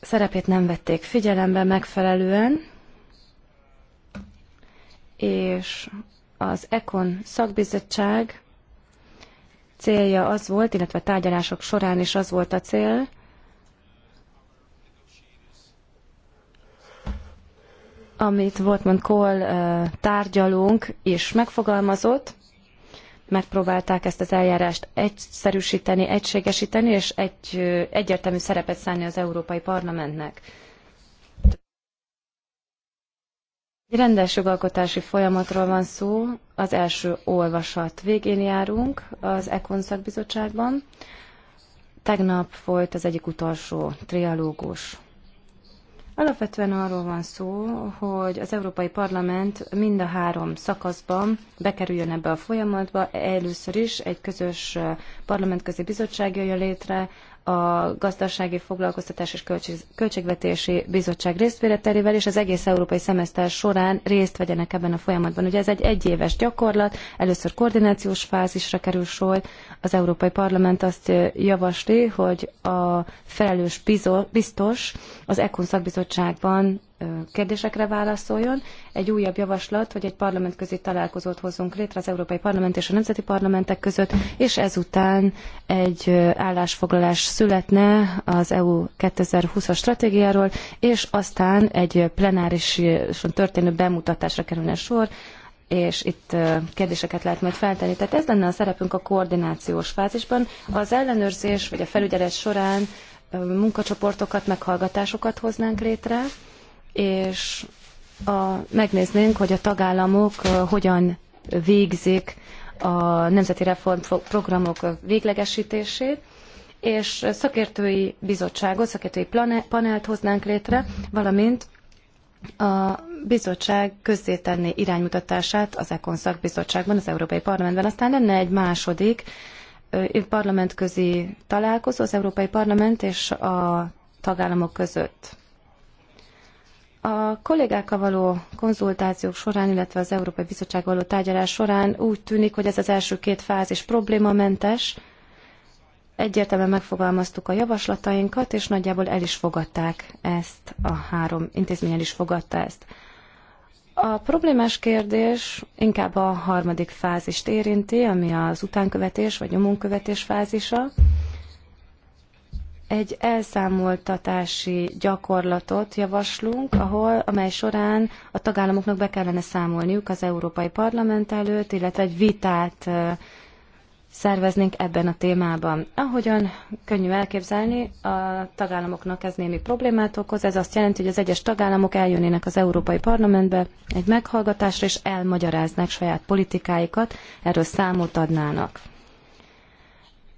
szerepét nem vették figyelembe megfelelően, és az ECON szakbizottság célja az volt, illetve tárgyalások során is az volt a cél, amit Voltman Kohl tárgyalónk is megfogalmazott, megpróbálták ezt az eljárást egyszerűsíteni, egységesíteni, és egy, egyértelmű szerepet szállni az Európai Parlamentnek. Egy rendes jogalkotási folyamatról van szó, az első olvasat végén járunk az ECON szakbizottságban. Tegnap folyt az egyik utolsó trialógus. Alapvetően arról van szó, hogy az Európai Parlament mind a három szakaszban bekerüljön ebbe a folyamatba. Először is egy közös eh, parlamentközi bizottság jöjjön létre, a Gazdasági Foglalkoztatás és Költségvetési Bizottság részvételével, és az egész európai szemeszter során részt vegyenek ebben a folyamatban. Ugye ez egy egyéves gyakorlat, először koordinációs fázisra kerül sor. Az Európai Parlament azt javasli, hogy a felelős biztos az ECON szakbizottságban kérdésekre válaszoljon. Egy újabb javaslat, hogy egy parlamentközi találkozót hozzunk létre az Európai Parlament és a Nemzeti Parlamentek között, és ezután egy állásfoglalás születne az EU 2020-as stratégiáról, és aztán egy plenárison történő bemutatásra kerülne sor, és itt kérdéseket lehet majd feltenni. Tehát ez lenne a szerepünk a koordinációs fázisban. Az ellenőrzés vagy a felügyelet során munkacsoportokat, meghallgatásokat hoznánk létre, és a, megnéznénk, hogy a tagállamok hogyan végzik a nemzeti reformprogramok véglegesítését, és szakértői bizottságot, szakértői panelt hoznánk létre, valamint a bizottság közzétenné iránymutatását az ECON szakbizottságban, az Európai Parlamentben. Aztán lenne egy második parlamentközi találkozó az Európai Parlament és a tagállamok között. A kollégákkal való konzultációk során, illetve az Európai Bizottság való tárgyalás során úgy tűnik, hogy ez az első két fázis problémamentes. Egyértelműen megfogalmaztuk a javaslatainkat, és nagyjából el is fogadták ezt, a három intézmény el is fogadta ezt. A problémás kérdés inkább a harmadik fázist érinti, ami az utánkövetés vagy nyomonkövetés fázisa egy elszámoltatási gyakorlatot javaslunk, ahol, amely során a tagállamoknak be kellene számolniuk az Európai Parlament előtt, illetve egy vitát szerveznénk ebben a témában. Ahogyan könnyű elképzelni, a tagállamoknak ez némi problémát okoz. Ez azt jelenti, hogy az egyes tagállamok eljönnének az Európai Parlamentbe egy meghallgatásra, és elmagyaráznák saját politikáikat, erről számot adnának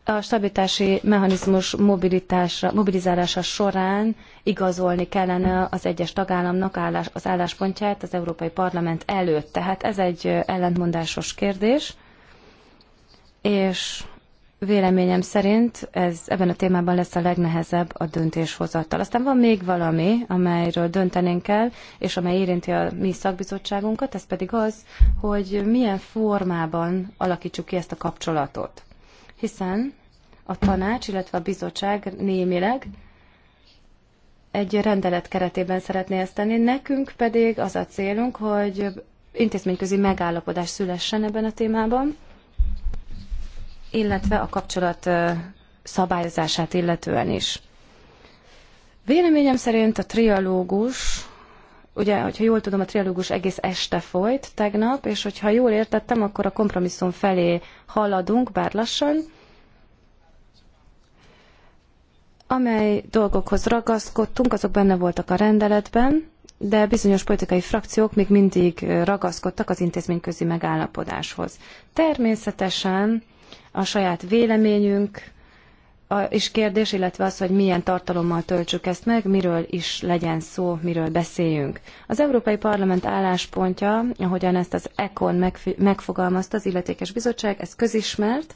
a stabilitási mechanizmus mobilitásra, mobilizálása során igazolni kellene az egyes tagállamnak állás, az álláspontját az Európai Parlament előtt. Tehát ez egy ellentmondásos kérdés, és véleményem szerint ez ebben a témában lesz a legnehezebb a döntéshozattal. Aztán van még valami, amelyről döntenénk kell, és amely érinti a mi szakbizottságunkat, ez pedig az, hogy milyen formában alakítsuk ki ezt a kapcsolatot hiszen a tanács, illetve a bizottság némileg egy rendelet keretében szeretné ezt tenni, nekünk pedig az a célunk, hogy intézményközi megállapodás szülessen ebben a témában, illetve a kapcsolat szabályozását illetően is. Véleményem szerint a trialógus ugye, hogyha jól tudom, a trialógus egész este folyt tegnap, és hogyha jól értettem, akkor a kompromisszum felé haladunk, bár lassan, amely dolgokhoz ragaszkodtunk, azok benne voltak a rendeletben, de bizonyos politikai frakciók még mindig ragaszkodtak az intézményközi megállapodáshoz. Természetesen a saját véleményünk is kérdés, illetve az, hogy milyen tartalommal töltsük ezt meg, miről is legyen szó, miről beszéljünk. Az Európai Parlament álláspontja, ahogyan ezt az ECON megfogalmazta az illetékes bizottság, ez közismert,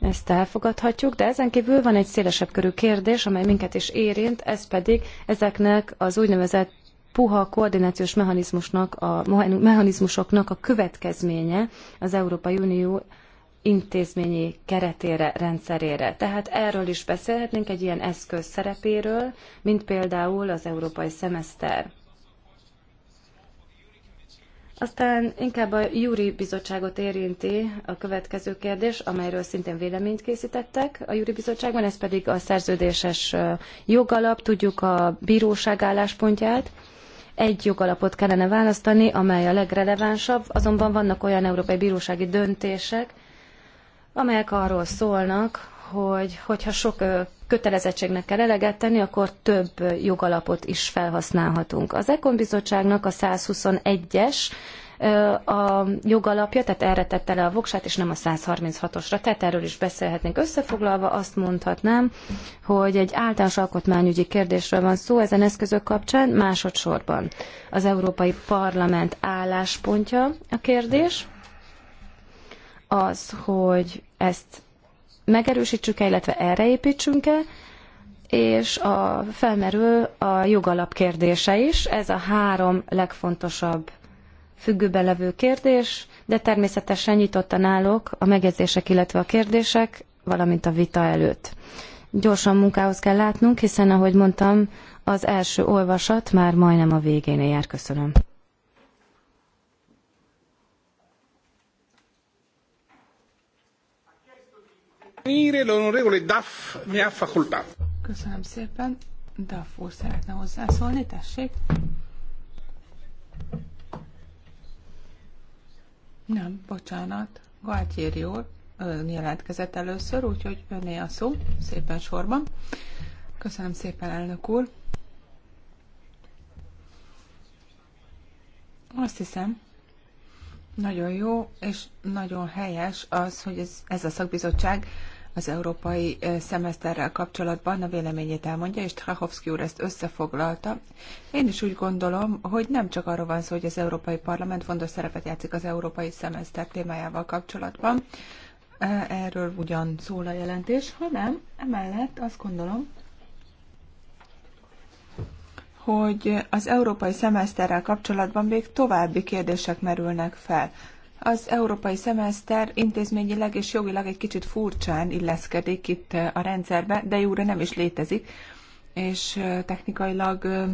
ezt elfogadhatjuk, de ezen kívül van egy szélesebb körű kérdés, amely minket is érint, ez pedig ezeknek az úgynevezett puha koordinációs mechanizmusnak, a mechanizmusoknak a következménye az Európai Unió intézményi keretére, rendszerére. Tehát erről is beszélhetnénk egy ilyen eszköz szerepéről, mint például az európai szemeszter. Aztán inkább a Júri Bizottságot érinti a következő kérdés, amelyről szintén véleményt készítettek a Júri Bizottságban, ez pedig a szerződéses jogalap, tudjuk a bíróság álláspontját. Egy jogalapot kellene választani, amely a legrelevánsabb, azonban vannak olyan európai bírósági döntések, amelyek arról szólnak, hogy hogyha sok kötelezettségnek kell eleget tenni, akkor több jogalapot is felhasználhatunk. Az Ekon Bizottságnak a 121-es a jogalapja, tehát erre tette le a voksát, és nem a 136-osra. Tehát erről is beszélhetnénk. Összefoglalva azt mondhatnám, hogy egy általános alkotmányügyi kérdésről van szó ezen eszközök kapcsán másodszorban. Az Európai Parlament álláspontja a kérdés, az, hogy ezt megerősítsük-e, illetve erre építsünk-e, és a, felmerül a jogalap kérdése is. Ez a három legfontosabb függőben levő kérdés, de természetesen nyitottan állok a megjegyzések, illetve a kérdések, valamint a vita előtt. Gyorsan munkához kell látnunk, hiszen, ahogy mondtam, az első olvasat már majdnem a végén jár. Köszönöm. Köszönöm szépen. Duff úr szeretne hozzászólni, tessék. Nem, bocsánat. Galtieri úr ön jelentkezett először, úgyhogy öné a szó, szépen sorban. Köszönöm szépen, elnök úr. Azt hiszem, nagyon jó és nagyon helyes az, hogy ez, ez a szakbizottság az európai szemeszterrel kapcsolatban a véleményét elmondja, és Trachowski úr ezt összefoglalta. Én is úgy gondolom, hogy nem csak arról van szó, hogy az Európai Parlament fontos szerepet játszik az európai szemeszter témájával kapcsolatban, erről ugyan szól a jelentés, hanem emellett azt gondolom, hogy az európai szemeszterrel kapcsolatban még további kérdések merülnek fel az európai szemeszter intézményileg és jogilag egy kicsit furcsán illeszkedik itt eh, a rendszerbe, de jóra nem is létezik, és eh, technikailag eh,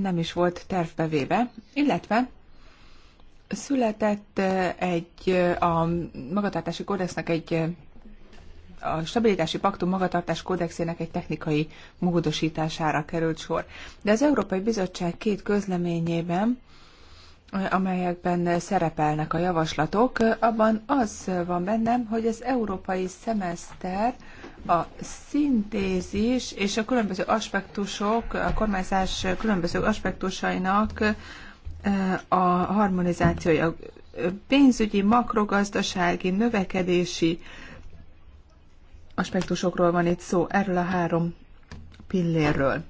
nem is volt tervbe véve, illetve született egy a magatartási kódexnek egy a stabilitási paktum magatartás kódexének egy technikai módosítására került sor. De az Európai Bizottság két közleményében amelyekben szerepelnek a javaslatok, abban az van bennem, hogy az európai szemeszter a szintézis és a különböző aspektusok, a kormányzás különböző aspektusainak eh, a harmonizációja pénzügyi, makrogazdasági, növekedési aspektusokról van itt szó, erről a három pillérről.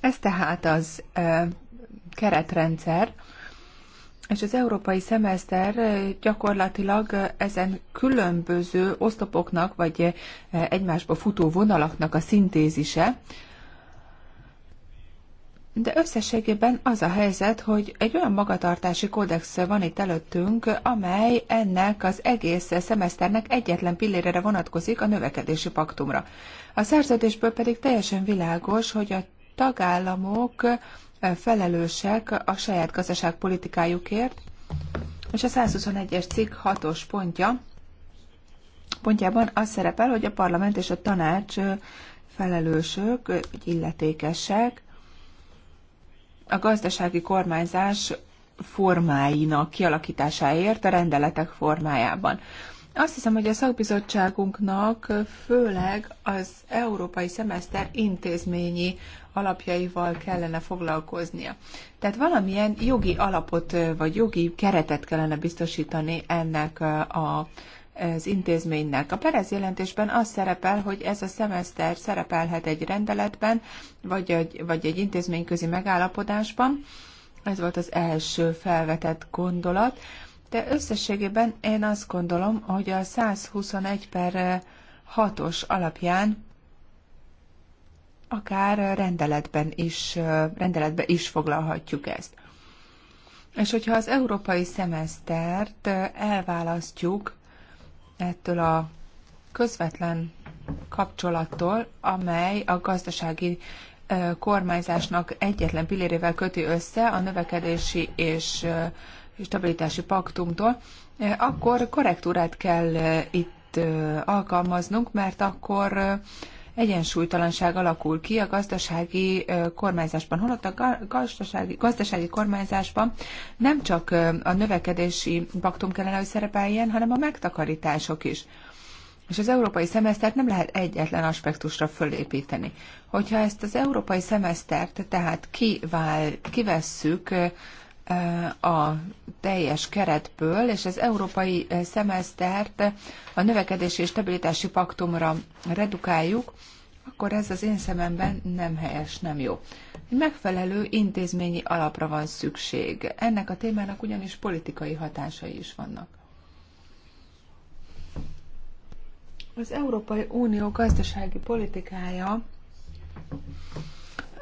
Ez tehát az eh, keretrendszer, és az európai szemeszter gyakorlatilag ezen különböző osztopoknak, vagy egymásba futó vonalaknak a szintézise, de összességében az a helyzet, hogy egy olyan magatartási kódex van itt előttünk, amely ennek az egész szemeszternek egyetlen pillérére vonatkozik a növekedési paktumra. A szerződésből pedig teljesen világos, hogy a tagállamok felelősek a saját gazdaságpolitikájukért, és a 121-es cikk 6-os pontja, pontjában az szerepel, hogy a parlament és a tanács felelősök, illetékesek a gazdasági kormányzás formáinak kialakításáért a rendeletek formájában. Azt hiszem, hogy a szakbizottságunknak főleg az európai szemeszter intézményi alapjaival kellene foglalkoznia. Tehát valamilyen jogi alapot vagy jogi keretet kellene biztosítani ennek a az intézménynek. A Perez jelentésben az szerepel, hogy ez a szemeszter szerepelhet egy rendeletben, vagy egy, vagy egy intézményközi megállapodásban. Ez volt az első felvetett gondolat. De összességében én azt gondolom, hogy a 121 per 6-os alapján akár rendeletben is, rendeletben is foglalhatjuk ezt. És hogyha az európai szemesztert elválasztjuk ettől a közvetlen kapcsolattól, amely a gazdasági kormányzásnak egyetlen pillérével köti össze a növekedési és stabilitási paktumtól, akkor korrektúrát kell itt alkalmaznunk, mert akkor egyensúlytalanság alakul ki a gazdasági kormányzásban. Holott a gazdasági, gazdasági kormányzásban nem csak a növekedési paktum kellene, hogy szerepeljen, hanem a megtakarítások is. És az európai szemesztert nem lehet egyetlen aspektusra fölépíteni. Hogyha ezt az európai szemesztert tehát kivál, kivesszük a teljes keretből, és az európai szemesztert a növekedési és stabilitási paktumra redukáljuk, akkor ez az én szememben nem helyes, nem jó. Megfelelő intézményi alapra van szükség. Ennek a témának ugyanis politikai hatásai is vannak. Az Európai Unió gazdasági politikája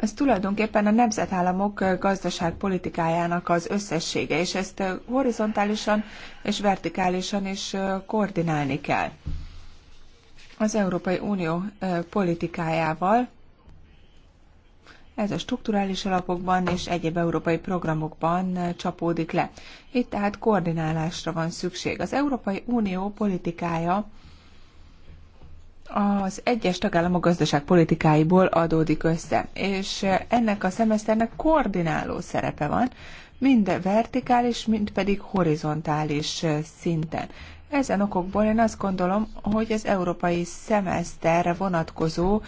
ez tulajdonképpen a nemzetállamok gazdaságpolitikájának az összessége, és ezt horizontálisan és vertikálisan is koordinálni kell. Az Európai Unió politikájával ez a strukturális alapokban és egyéb európai programokban csapódik le. Itt tehát koordinálásra van szükség. Az Európai Unió politikája az egyes tagállamok gazdaságpolitikáiból adódik össze, és ennek a szemeszternek koordináló szerepe van, mind vertikális, mind pedig horizontális szinten. Ezen okokból én azt gondolom, hogy az európai szemeszterre vonatkozó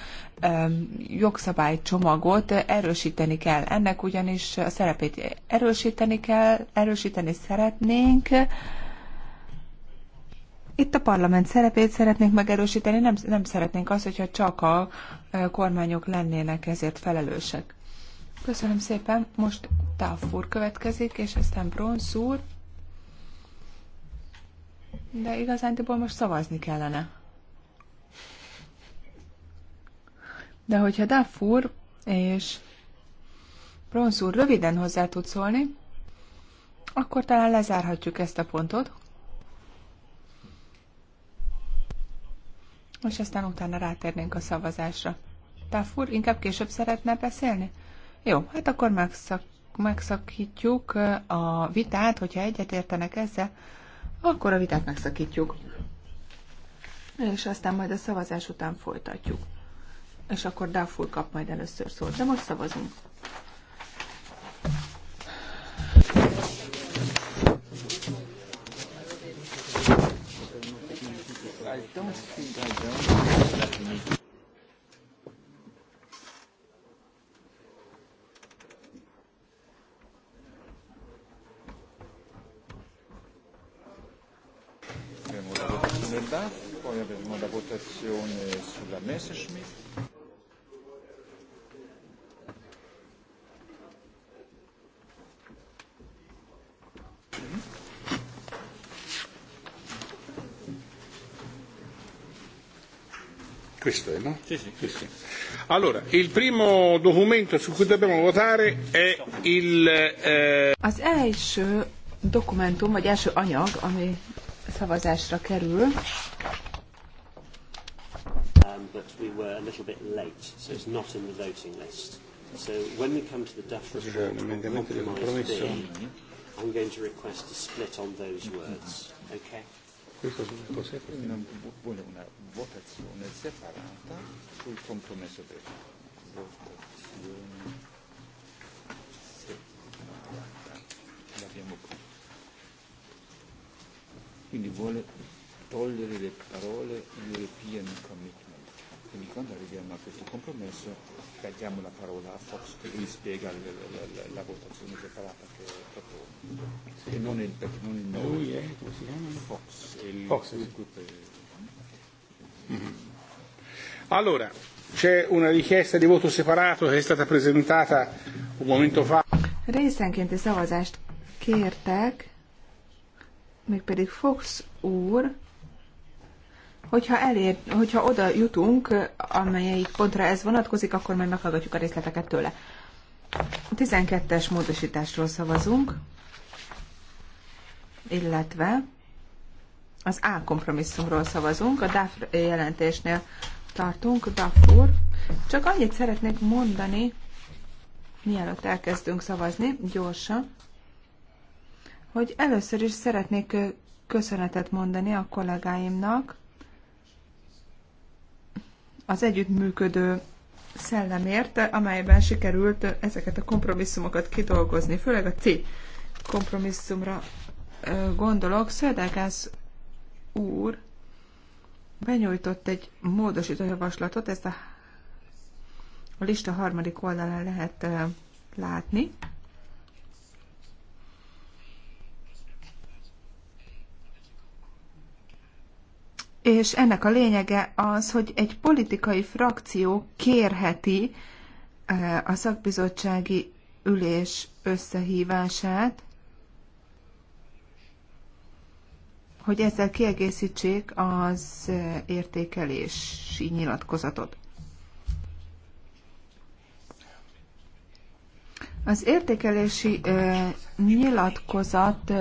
um, jogszabálycsomagot erősíteni kell. Ennek ugyanis a szerepét erősíteni kell, erősíteni szeretnénk, itt a parlament szerepét szeretnénk megerősíteni, nem, nem szeretnénk azt, hogyha csak a e, kormányok lennének ezért felelősek. Köszönöm szépen, most Táfúr következik, és aztán Bronsz úr. De igazándiból most szavazni kellene. De hogyha Dáfúr és bronzúr úr röviden hozzá tud szólni, akkor talán lezárhatjuk ezt a pontot. és aztán utána rátérnénk a szavazásra. Táfur, inkább később szeretne beszélni? Jó, hát akkor megszak, megszakítjuk a vitát, hogyha egyetértenek ezzel, akkor a vitát megszakítjuk. És aztán majd a szavazás után folytatjuk. És akkor Dáfúr kap majd először szót, de most szavazunk. I don't think I don't. Let me. Abbiamo la votazione DAF, poi abbiamo la votazione sulla Messerschmitt. Questo è, no? Sì, sì. Allora, il primo documento su cui dobbiamo votare è il... Eh... Az első dokumentum, vagy első anyag, ami szavazásra kerül. Um, but we were a little bit late, so it's not in the voting list. So when we come to the report I'm going to request a split on those words. Okay? Questo su che Non voglio una votazione separata sul compromesso del votazione separata. L'abbiamo qui. Quindi vuole togliere le parole European Commitment. Quindi quando arriviamo a questo compromesso diamo la parola a Fox che lui spiega la, la, la, la votazione separata che è proprio Sì. che non è il, perché non è il nome. Lui è, come si chiama? Fox. Il Fox. Il gruppo è... mm-hmm. Allora, c'è una richiesta di voto separato che è stata presentata un momento fa. Részenkénti szavazást kértek, mégpedig Fox úr Hogyha, elér, hogyha oda jutunk, amelyik pontra ez vonatkozik, akkor majd meghallgatjuk a részleteket tőle. 12-es módosításról szavazunk, illetve az A kompromisszumról szavazunk, a DAF jelentésnél tartunk, DAF úr. Csak annyit szeretnék mondani, mielőtt elkezdünk szavazni, gyorsan, hogy először is szeretnék köszönetet mondani a kollégáimnak, az együttműködő szellemért, amelyben sikerült ezeket a kompromisszumokat kidolgozni, főleg a C kompromisszumra gondolok. Szöldelgász úr benyújtott egy módosító javaslatot, ezt a, a lista harmadik oldalán lehet látni. és ennek a lényege az, hogy egy politikai frakció kérheti eh, a szakbizottsági ülés összehívását, hogy ezzel kiegészítsék az eh, értékelési nyilatkozatot. Az értékelési eh, nyilatkozat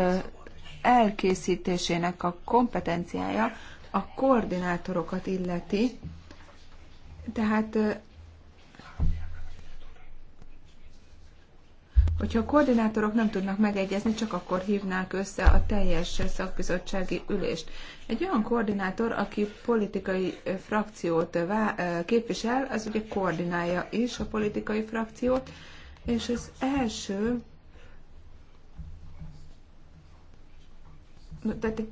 elkészítésének a kompetenciája a koordinátorokat illeti, tehát Hogyha a koordinátorok nem tudnak megegyezni, csak akkor hívnák össze a teljes szakbizottsági ülést. Egy olyan koordinátor, aki politikai frakciót képvisel, az ugye koordinálja is a politikai frakciót, és az első, tehát egy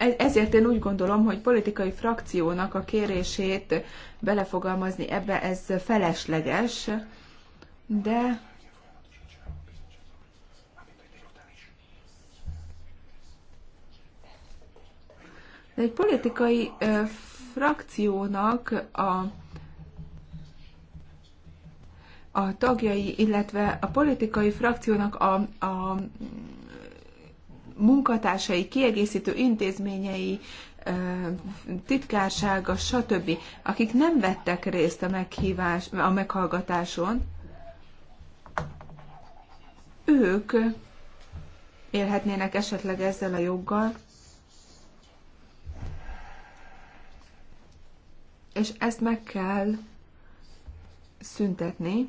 E-, ezért én úgy gondolom, hogy politikai frakciónak a kérését belefogalmazni ebbe, ez felesleges, de de egy politikai ö, frakciónak a a tagjai, illetve a politikai frakciónak a, a munkatársai, kiegészítő intézményei, titkársága, stb., akik nem vettek részt a, meghívás, a meghallgatáson, ők élhetnének esetleg ezzel a joggal, és ezt meg kell szüntetni,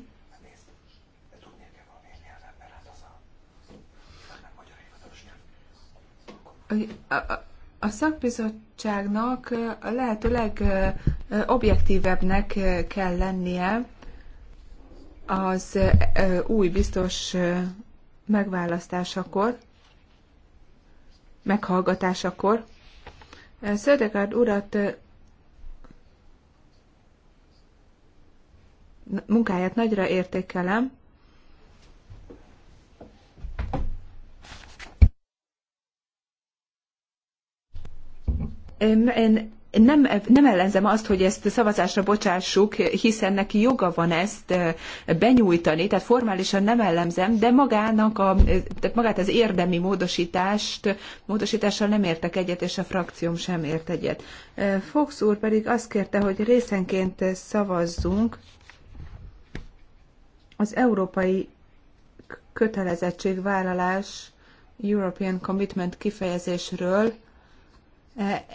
a szakbizottságnak a lehető legobjektívebbnek kell lennie az új biztos megválasztásakor, meghallgatásakor. Szödegárd urat munkáját nagyra értékelem, én nem, nem ellenzem azt, hogy ezt szavazásra bocsássuk, hiszen neki joga van ezt benyújtani, tehát formálisan nem ellenzem, de magának a, tehát magát az érdemi módosítást, módosítással nem értek egyet, és a frakcióm sem ért egyet. Fox úr pedig azt kérte, hogy részenként szavazzunk az európai kötelezettségvállalás European Commitment kifejezésről,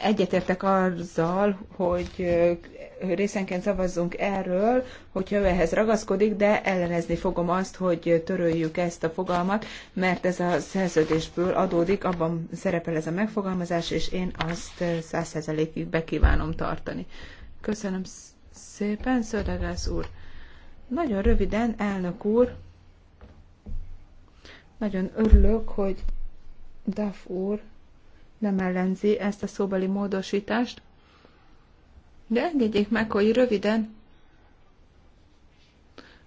Egyetértek azzal, hogy részenként szavazzunk erről, hogyha ő ehhez ragaszkodik, de ellenezni fogom azt, hogy töröljük ezt a fogalmat, mert ez a szerződésből adódik, abban szerepel ez a megfogalmazás, és én azt százszerzelékig bekívánom tartani. Köszönöm szépen, Szöldegász úr. Nagyon röviden, elnök úr, nagyon örülök, hogy daf úr nem ellenzi ezt a szóbeli módosítást, de engedjék meg, hogy röviden,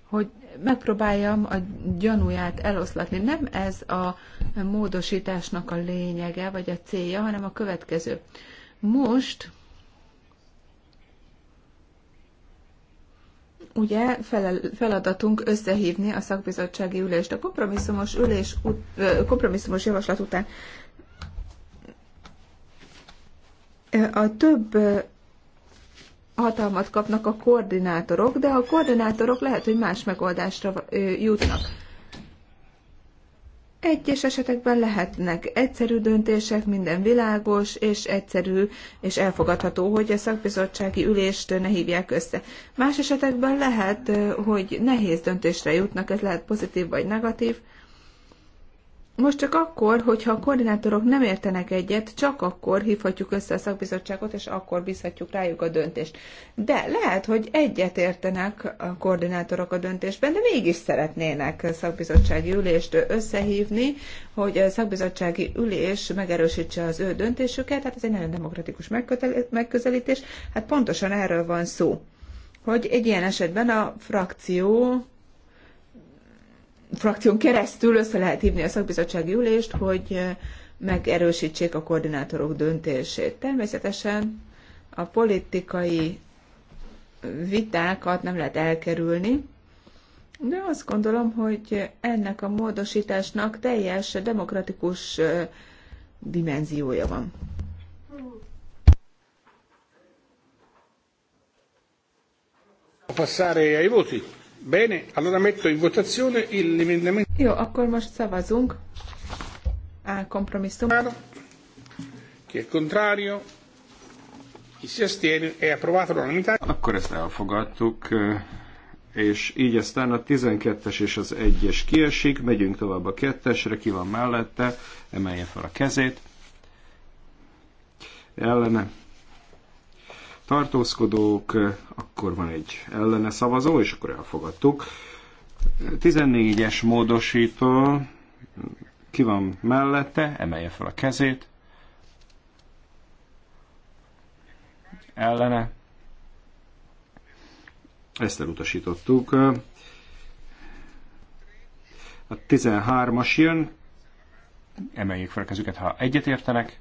hogy megpróbáljam a gyanúját eloszlatni. Nem ez a módosításnak a lényege, vagy a célja, hanem a következő. Most ugye feladatunk összehívni a szakbizottsági ülést. A kompromisszumos, ülés, kompromisszumos javaslat után A több hatalmat kapnak a koordinátorok, de a koordinátorok lehet, hogy más megoldásra jutnak. Egyes esetekben lehetnek egyszerű döntések, minden világos, és egyszerű és elfogadható, hogy a szakbizottsági ülést ne hívják össze. Más esetekben lehet, hogy nehéz döntésre jutnak, ez lehet pozitív vagy negatív most csak akkor, hogyha a koordinátorok nem értenek egyet, csak akkor hívhatjuk össze a szakbizottságot, és akkor bízhatjuk rájuk a döntést. De lehet, hogy egyet értenek a koordinátorok a döntésben, de mégis szeretnének szakbizottsági ülést összehívni, hogy a szakbizottsági ülés megerősítse az ő döntésüket, hát ez egy nagyon demokratikus megközelítés, hát pontosan erről van szó hogy egy ilyen esetben a frakció frakción keresztül össze lehet hívni a szakbizottsági ülést, hogy eh, megerősítsék a koordinátorok döntését. Természetesen a politikai vitákat nem lehet elkerülni, de azt gondolom, hogy ennek a módosításnak teljes demokratikus eh, dimenziója van. Passare ai voti. Bene, allora metto in votazione l'emendamento. Jó, akkor most szavazunk. A kompromisszum. Ki è contrario? Chi si astiene è approvato l'unanimità. Akkor ezt elfogadtuk, eh, és így aztán a 12-es és az 1-es kiesik, megyünk tovább a 2-esre, ki van mellette, emelje fel a kezét. Ellene tartózkodók, akkor van egy ellene szavazó, és akkor elfogadtuk. 14-es módosító, ki van mellette, emelje fel a kezét. Ellene. Ezt elutasítottuk. A 13-as jön, emeljék fel a kezüket, ha egyetértenek.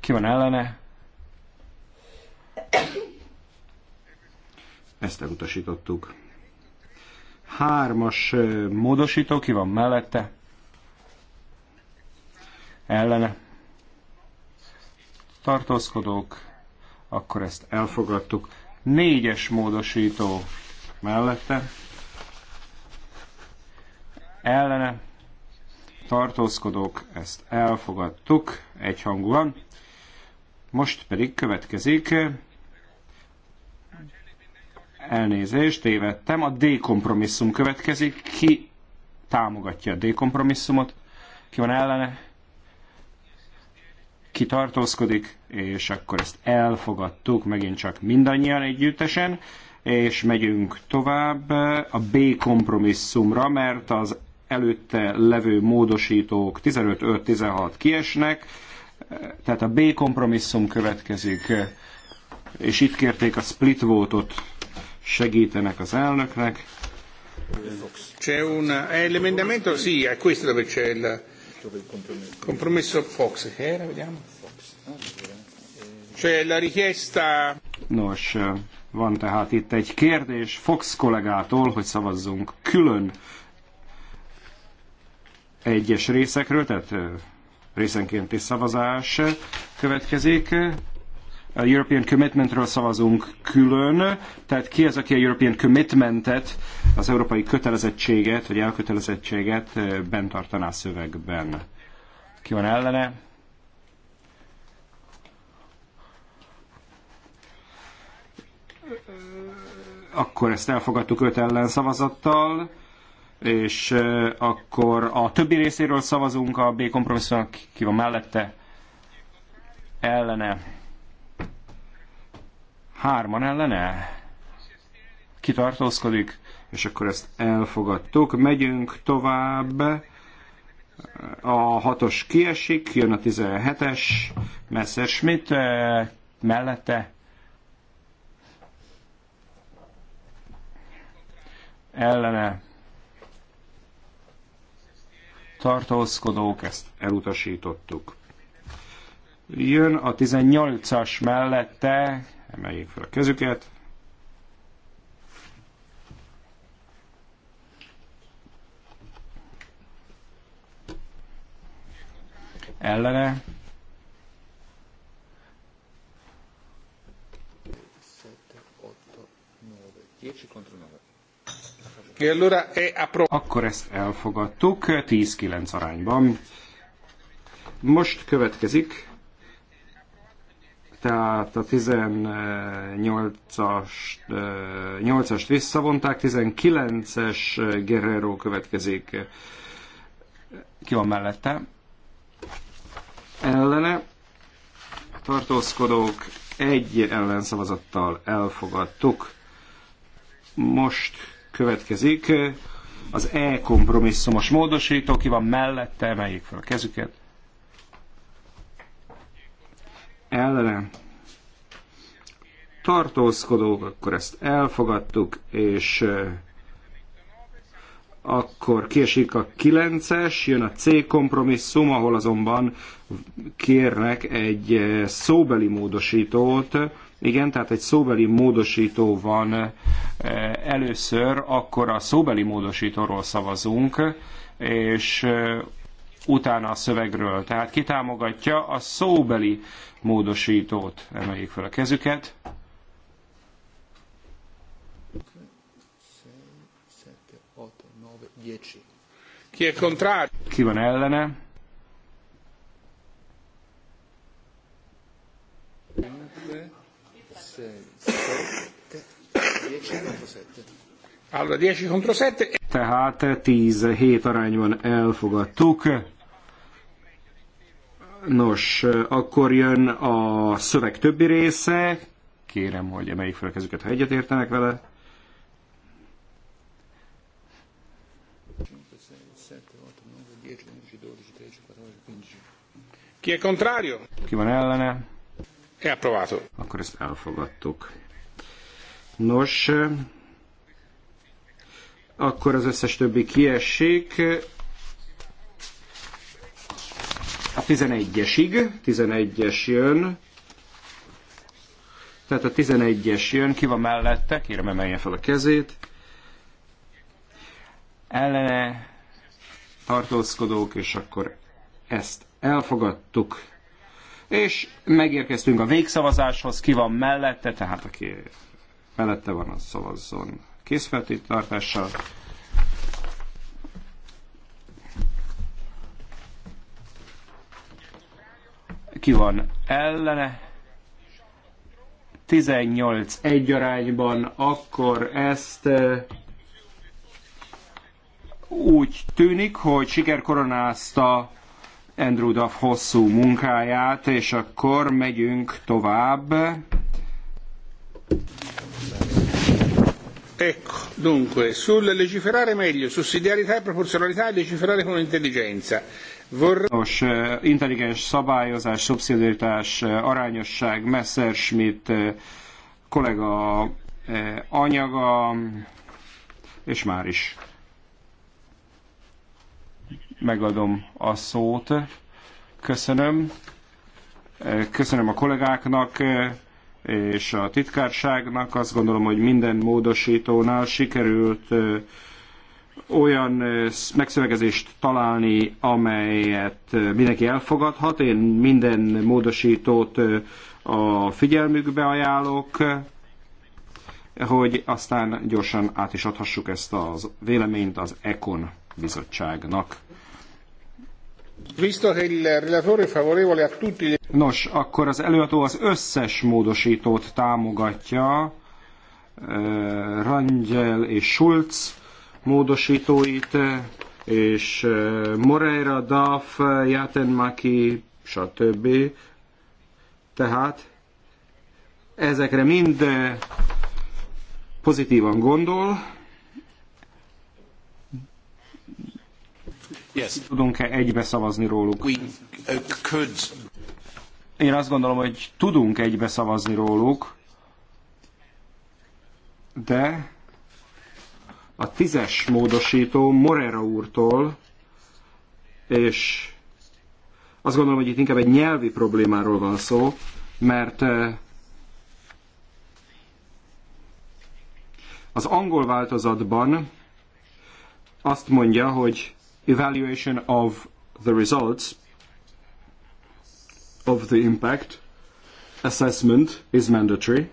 Ki van ellene? Ezt elutasítottuk. Hármas módosító, ki van mellette? Ellene. Tartózkodók, akkor ezt elfogadtuk. Négyes módosító mellette. Ellene tartózkodók, ezt elfogadtuk egyhangúan. Most pedig következik elnézést, tévedtem, a D kompromisszum következik. Ki támogatja a D kompromisszumot? Ki van ellene? Ki tartózkodik? És akkor ezt elfogadtuk megint csak mindannyian együttesen, és megyünk tovább a B kompromisszumra, mert az előtte levő módosítók 15-5-16 kiesnek, tehát a B kompromisszum következik, és itt kérték a split votot, segítenek az elnöknek. C'è un è l'emendamento, sì, è questo dove c'è il compromesso Fox, era, eh, vediamo. C'è la richiesta Nos, van tehát itt egy kérdés Fox kollégától, hogy szavazzunk külön egyes részekről, tehát részenkénti szavazás következik. A European Commitmentről szavazunk külön, tehát ki az, aki a European Commitmentet, az európai kötelezettséget, vagy elkötelezettséget bent tartaná a szövegben. Ki van ellene? Akkor ezt elfogadtuk öt ellen szavazattal és akkor a többi részéről szavazunk a B kompromisszumnak, ki van mellette, ellene. Hárman ellene? Kitartózkodik, és akkor ezt elfogadtuk. Megyünk tovább. A hatos kiesik, jön a 17-es, Messerschmitt mellette. Ellene tartózkodók, ezt elutasítottuk. Jön a 18-as mellette, emeljék fel a kezüket, ellene. Dieci contro 9. Akkor ezt elfogadtuk 10-9 arányban. Most következik tehát a 18-as 8-ast visszavonták, 19-es Guerrero következik. Ki van mellette? Ellene tartózkodók egy ellenszavazattal elfogadtuk. Most Következik az E-kompromisszumos módosító, ki van mellette, emeljék fel a kezüket. Ellene tartózkodók, akkor ezt elfogadtuk, és akkor kiesik a 9-es, jön a C kompromisszum, ahol azonban kérnek egy szóbeli módosítót, igen, tehát egy szóbeli módosító van eh, először, akkor a szóbeli módosítóról szavazunk, és eh, utána a szövegről. Tehát ki támogatja a szóbeli módosítót? Emeljék fel a kezüket. Ki è contrario? Chi van ellene? Allora 10 contro 7. Tehát 10-7 arányban elfogadtuk. Nos, akkor jön a szöveg többi része. Kérem, hogy emeljék fel a kezüket, ha egyetértenek vele. Ki è contrario? Ki van ellene? Elpróbáltuk. Akkor ezt elfogadtuk. Nos, akkor az összes többi kiessék. A 11-esig, 11-es jön. Tehát a 11-es jön, ki van mellette, kérem emelje fel a kezét. Ellene tartózkodók, és akkor ezt elfogadtuk. És megérkeztünk a végszavazáshoz, ki van mellette, tehát aki mellette van, az szavazzon készfeltétartással. Ki van ellene? 18 egy arányban, akkor ezt eh, úgy tűnik, hogy sikerkoronázta Andrew Duff hosszú munkáját, és akkor megyünk tovább. Ecco, dunque, sul legiferare meglio, sussidiarietà e proporzionalità e legiferare con intelligenza. Vorrei... Nos, eh, intelligens szabályozás, szubszidiaritás, eh, arányosság, Messerschmitt, eh, kollega anyaga, és már is megadom a szót. Köszönöm. Köszönöm a kollégáknak és a titkárságnak. Azt gondolom, hogy minden módosítónál sikerült olyan megszövegezést találni, amelyet mindenki elfogadhat. Én minden módosítót a figyelmükbe ajánlok, hogy aztán gyorsan át is adhassuk ezt a véleményt az Econ bizottságnak. Nos, akkor az előadó az összes módosítót támogatja, Rangel és Schulz módosítóit, és Moreira, Duff, Jatenmaki, stb. Tehát ezekre mind pozitívan gondol, Yes. Tudunk-e egybe szavazni róluk? We uh, could. Én azt gondolom, hogy tudunk egybe szavazni róluk, de a tízes módosító Morera úrtól, és azt gondolom, hogy itt inkább egy nyelvi problémáról van szó, mert uh, az angol változatban azt mondja, hogy evaluation of the results of the impact assessment is mandatory.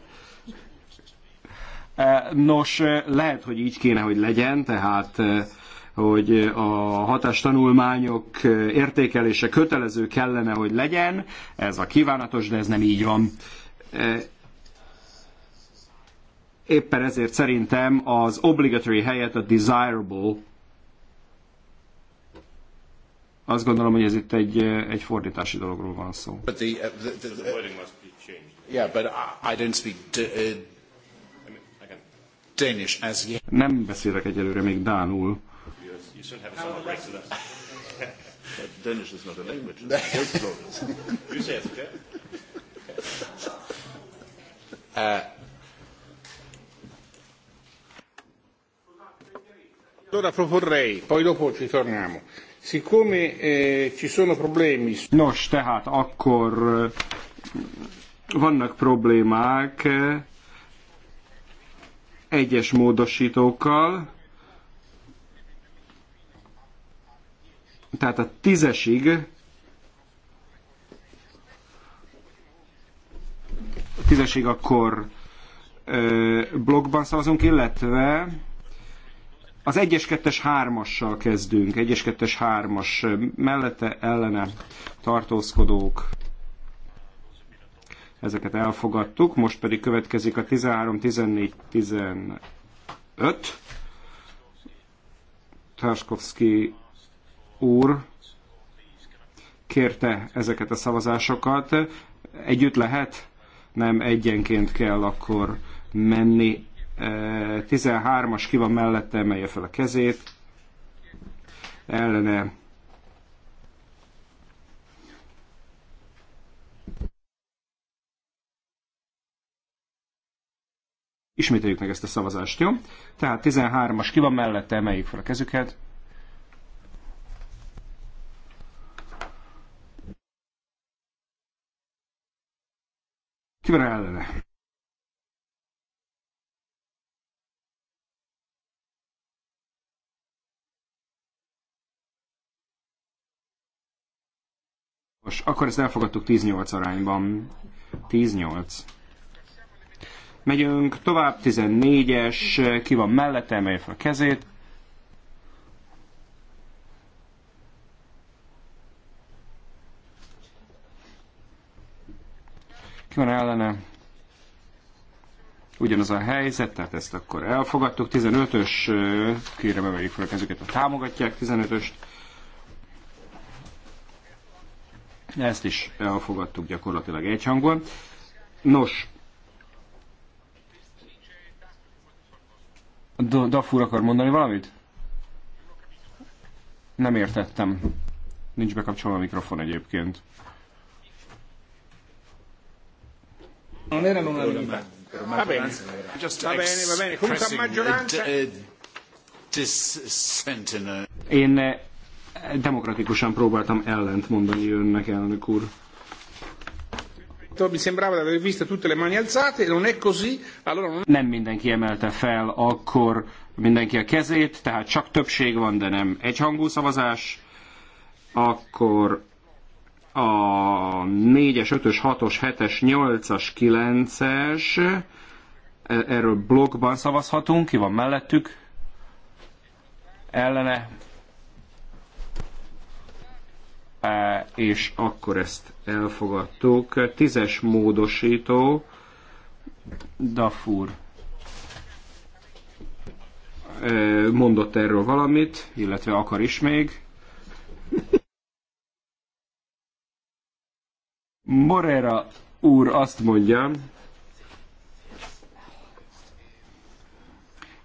Eh, nos, eh, lehet, hogy így kéne, hogy legyen, tehát eh, hogy a hatástanulmányok értékelése kötelező kellene, hogy legyen. Ez a kívánatos, de ez nem így van. Éppen ezért szerintem az obligatory helyett a desirable azt gondolom, hogy ez itt egy, egy fordítási dologról van szó. But the, uh, the, the, the, the Yeah, but I, I don't speak to, uh, Danish as yet. Nem beszélek egyelőre még dánul. Danish is not a language. you say it's okay. Uh, allora proporrei, poi dopo ci torniamo. Siccome eh, ci sono problemi... Nos, tehát akkor eh, vannak problémák eh, egyes módosítókkal, tehát a tízesig tízesig akkor ö, blogban szavazunk, illetve az 1-es, 2-es, 3-assal kezdünk. 1-es, 2-es, 3-as mellette ellene tartózkodók. Ezeket elfogadtuk. Most pedig következik a 13, 14, 15. Tarskovszki úr kérte ezeket a szavazásokat. Együtt lehet? Nem, egyenként kell akkor menni 13-as ki van mellette, emelje fel a kezét. Ellene Ismételjük meg ezt a szavazást, jó? Tehát 13-as ki van mellette, emeljük fel a kezüket. Ki van ellene? Most akkor ezt elfogadtuk 10-8 arányban. 10-8. Megyünk tovább, 14-es, ki van mellette, emelje fel a kezét. Ki van ellene? Ugyanaz a helyzet, tehát ezt akkor elfogadtuk. 15-ös, kérem emeljük fel a kezüket, a támogatják 15-öst. Ezt is elfogadtuk gyakorlatilag egyhangon. Nos, Dafur akar mondani valamit? Nem értettem. Nincs bekapcsolva a mikrofon egyébként. Én demokratikusan próbáltam ellent mondani önnek, elnök úr. Mi sembrava di aver visto tutte le mani alzate, non è così, allora non... Nem mindenki emelte fel akkor mindenki a kezét, tehát csak többség van, de nem egyhangú szavazás. Akkor a 4-es, 5-ös, 6-os, 7-es, 8-as, 9-es, erről blogban szavazhatunk, ki van mellettük, ellene E, és akkor ezt elfogadtuk. Tízes módosító, Dafur e, mondott erről valamit, illetve akar is még. Morera úr azt mondja,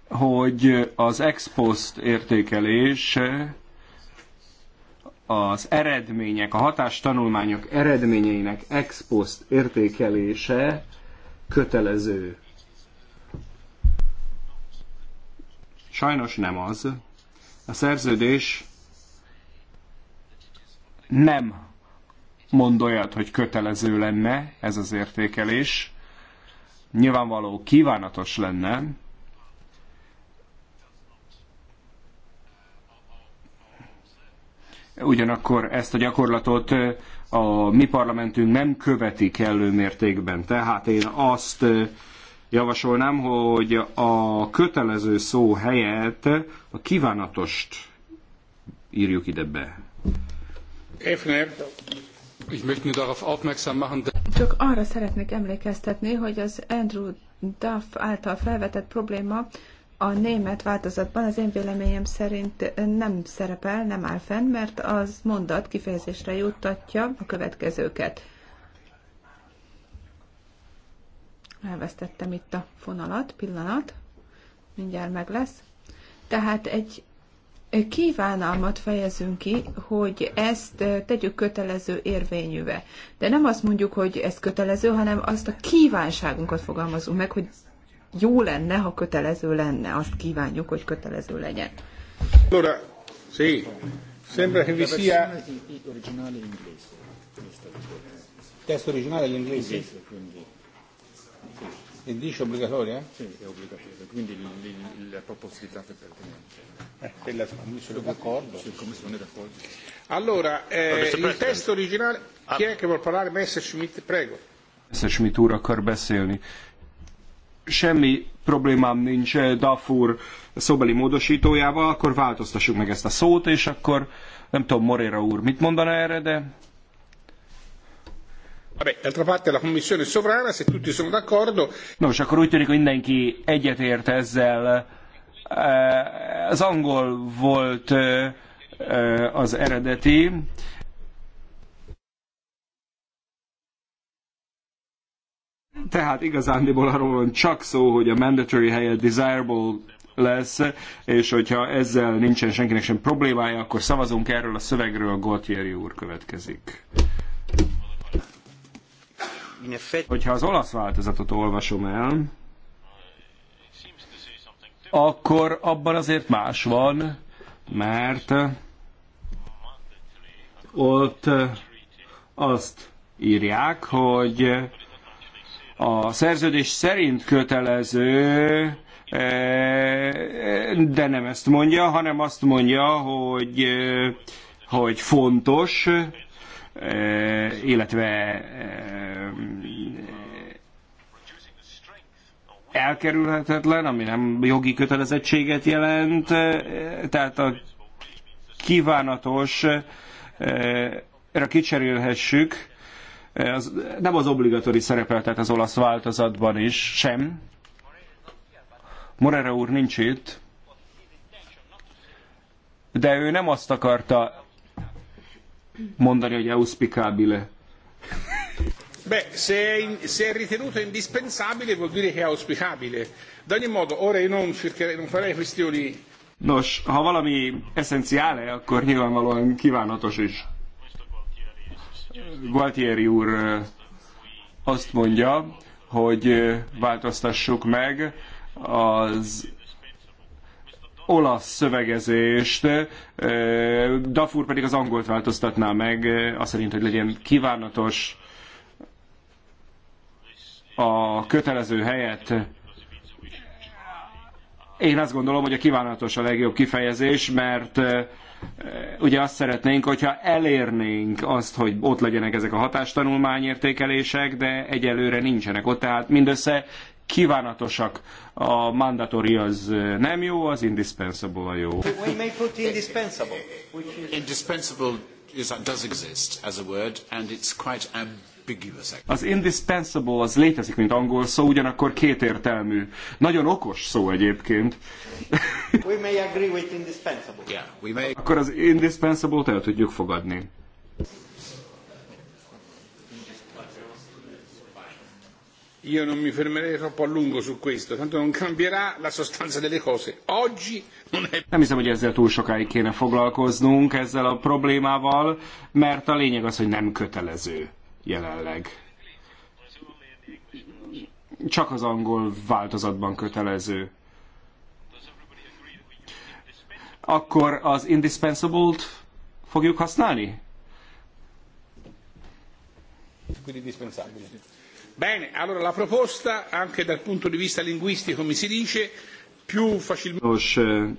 hogy az ex post értékelés az eredmények, a hatástanulmányok eredményeinek ex post értékelése kötelező. Sajnos nem az. A szerződés nem mond olyat, hogy kötelező lenne ez az értékelés. Nyilvánvaló kívánatos lenne, ugyanakkor ezt a gyakorlatot a mi parlamentünk nem követi kellő mértékben. Tehát én azt javasolnám, hogy a kötelező szó helyett a kívánatost írjuk ide be. Csak arra szeretnék emlékeztetni, hogy az Andrew Duff által felvetett probléma a német változatban az én véleményem szerint nem szerepel, nem áll fenn, mert az mondat kifejezésre juttatja a következőket. Elvesztettem itt a fonalat, pillanat, mindjárt meg lesz. Tehát egy kívánalmat fejezünk ki, hogy ezt tegyük kötelező érvényűve. De nem azt mondjuk, hogy ez kötelező, hanem azt a kívánságunkat fogalmazunk meg, hogy jó lenne, ha kötelező lenne. Azt kívánjuk, hogy kötelező legyen. Allora, sì, sembra che vi sia... Testo originale all'inglese? E dice obbligatoria? Sì, è obbligatoria, quindi la proposta è pertinente. Eh, sono d'accordo. Commissione d'accordo. Allora, eh, il testo originale, chi è che vuol parlare? Messerschmitt, prego. Messerschmitt úr akar beszélni semmi problémám nincs Dafur szobeli módosítójával, akkor változtassuk meg ezt a szót, és akkor nem tudom, Morera úr mit mondana erre, de... Nos, akkor úgy tűnik, hogy mindenki egyetért ezzel. Eh, az angol volt eh, eh, az eredeti, Tehát igazándiból arról van csak szó, hogy a mandatory helyett desirable lesz, és hogyha ezzel nincsen senkinek sem problémája, akkor szavazunk erről a szövegről, a Galtieri úr következik. Hogyha az olasz változatot olvasom el, akkor abban azért más van, mert ott azt írják, hogy a szerződés szerint kötelező, e, de nem ezt mondja, hanem azt mondja, hogy, e, hogy fontos, e, illetve elkerülhetetlen, ami nem jogi kötelezettséget jelent, tehát a kívánatos erre kicserélhessük az, nem az obligatóri szerepeltet az olasz változatban is, sem. Morera úr nincs itt, de ő nem azt akarta mondani, hogy auspicabile. Beh, se è, se è ritenuto indispensabile vuol dire che è auspicabile. D'ogni modo, ora io non, cercherei, non farei questioni... Nos, ha valami essenziale, akkor nyilvánvalóan kívánatos is. Gualtieri úr azt mondja, hogy változtassuk meg az olasz szövegezést, Dafur pedig az angolt változtatná meg, azt szerint, hogy legyen kívánatos a kötelező helyett én azt gondolom, hogy a kívánatos a legjobb kifejezés, mert ugye azt szeretnénk, hogyha elérnénk azt, hogy ott legyenek ezek a hatástanulmányértékelések, de egyelőre nincsenek ott, tehát mindössze kívánatosak. A mandatory az nem jó, az indispensable a jó. We may put indispensable. Indispensable is, does exist as a word, and it's quite ambiguous az indispensable az létezik, mint angol szó, ugyanakkor kétértelmű. Nagyon okos szó egyébként. We may agree with indispensable. Yeah, we may... Akkor az indispensable-t el tudjuk fogadni. Io non mi fermerei troppo a lungo su questo, tanto non cambierà la sostanza delle cose. Oggi non è... Nem hiszem, hogy ezzel túl sokáig kéne foglalkoznunk ezzel a problémával, mert a lényeg az, hogy nem kötelező jelenleg. Csak az angol változatban kötelező. Akkor az indispensable-t fogjuk használni? Quindi Bene, allora la proposta, anche dal punto di vista linguistico, mi si dice, più facilmente... Nos, eh,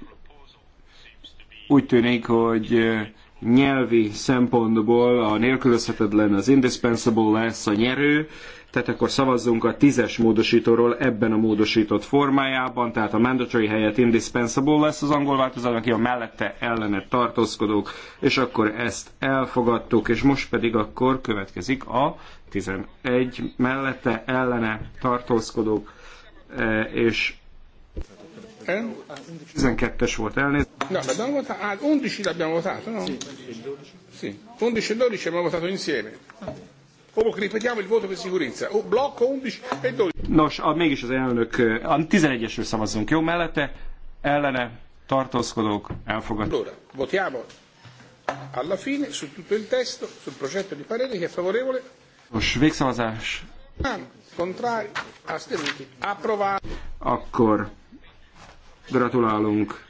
úgy tűnik, hogy eh, nyelvi szempontból a nélkülözhetetlen, az indispensable lesz a nyerő, tehát akkor szavazzunk a tízes módosítóról ebben a módosított formájában, tehát a mandatory helyett indispensable lesz az angol változat, aki a mellette ellene tartózkodók, és akkor ezt elfogadtuk, és most pedig akkor következik a 11 mellette ellene tartózkodók, e, és 12-es volt elnézést. No, abbiamo votato, ah, 11 l'abbiamo votato, no? Sì, 11 e 12 abbiamo votato insieme. O ripetiamo il voto per sicurezza. O blocco 11 e 12. Nos, a, mégis az elnök, a 11-esről szavazzunk, jó? Mellette, ellene, tartózkodók, elfogadók. Allora, votiamo alla fine su tutto il testo, sul progetto di parere, chi è favorevole? Nos, végszavazás. Contrari, astenuti, approvato. Akkor Gratulálunk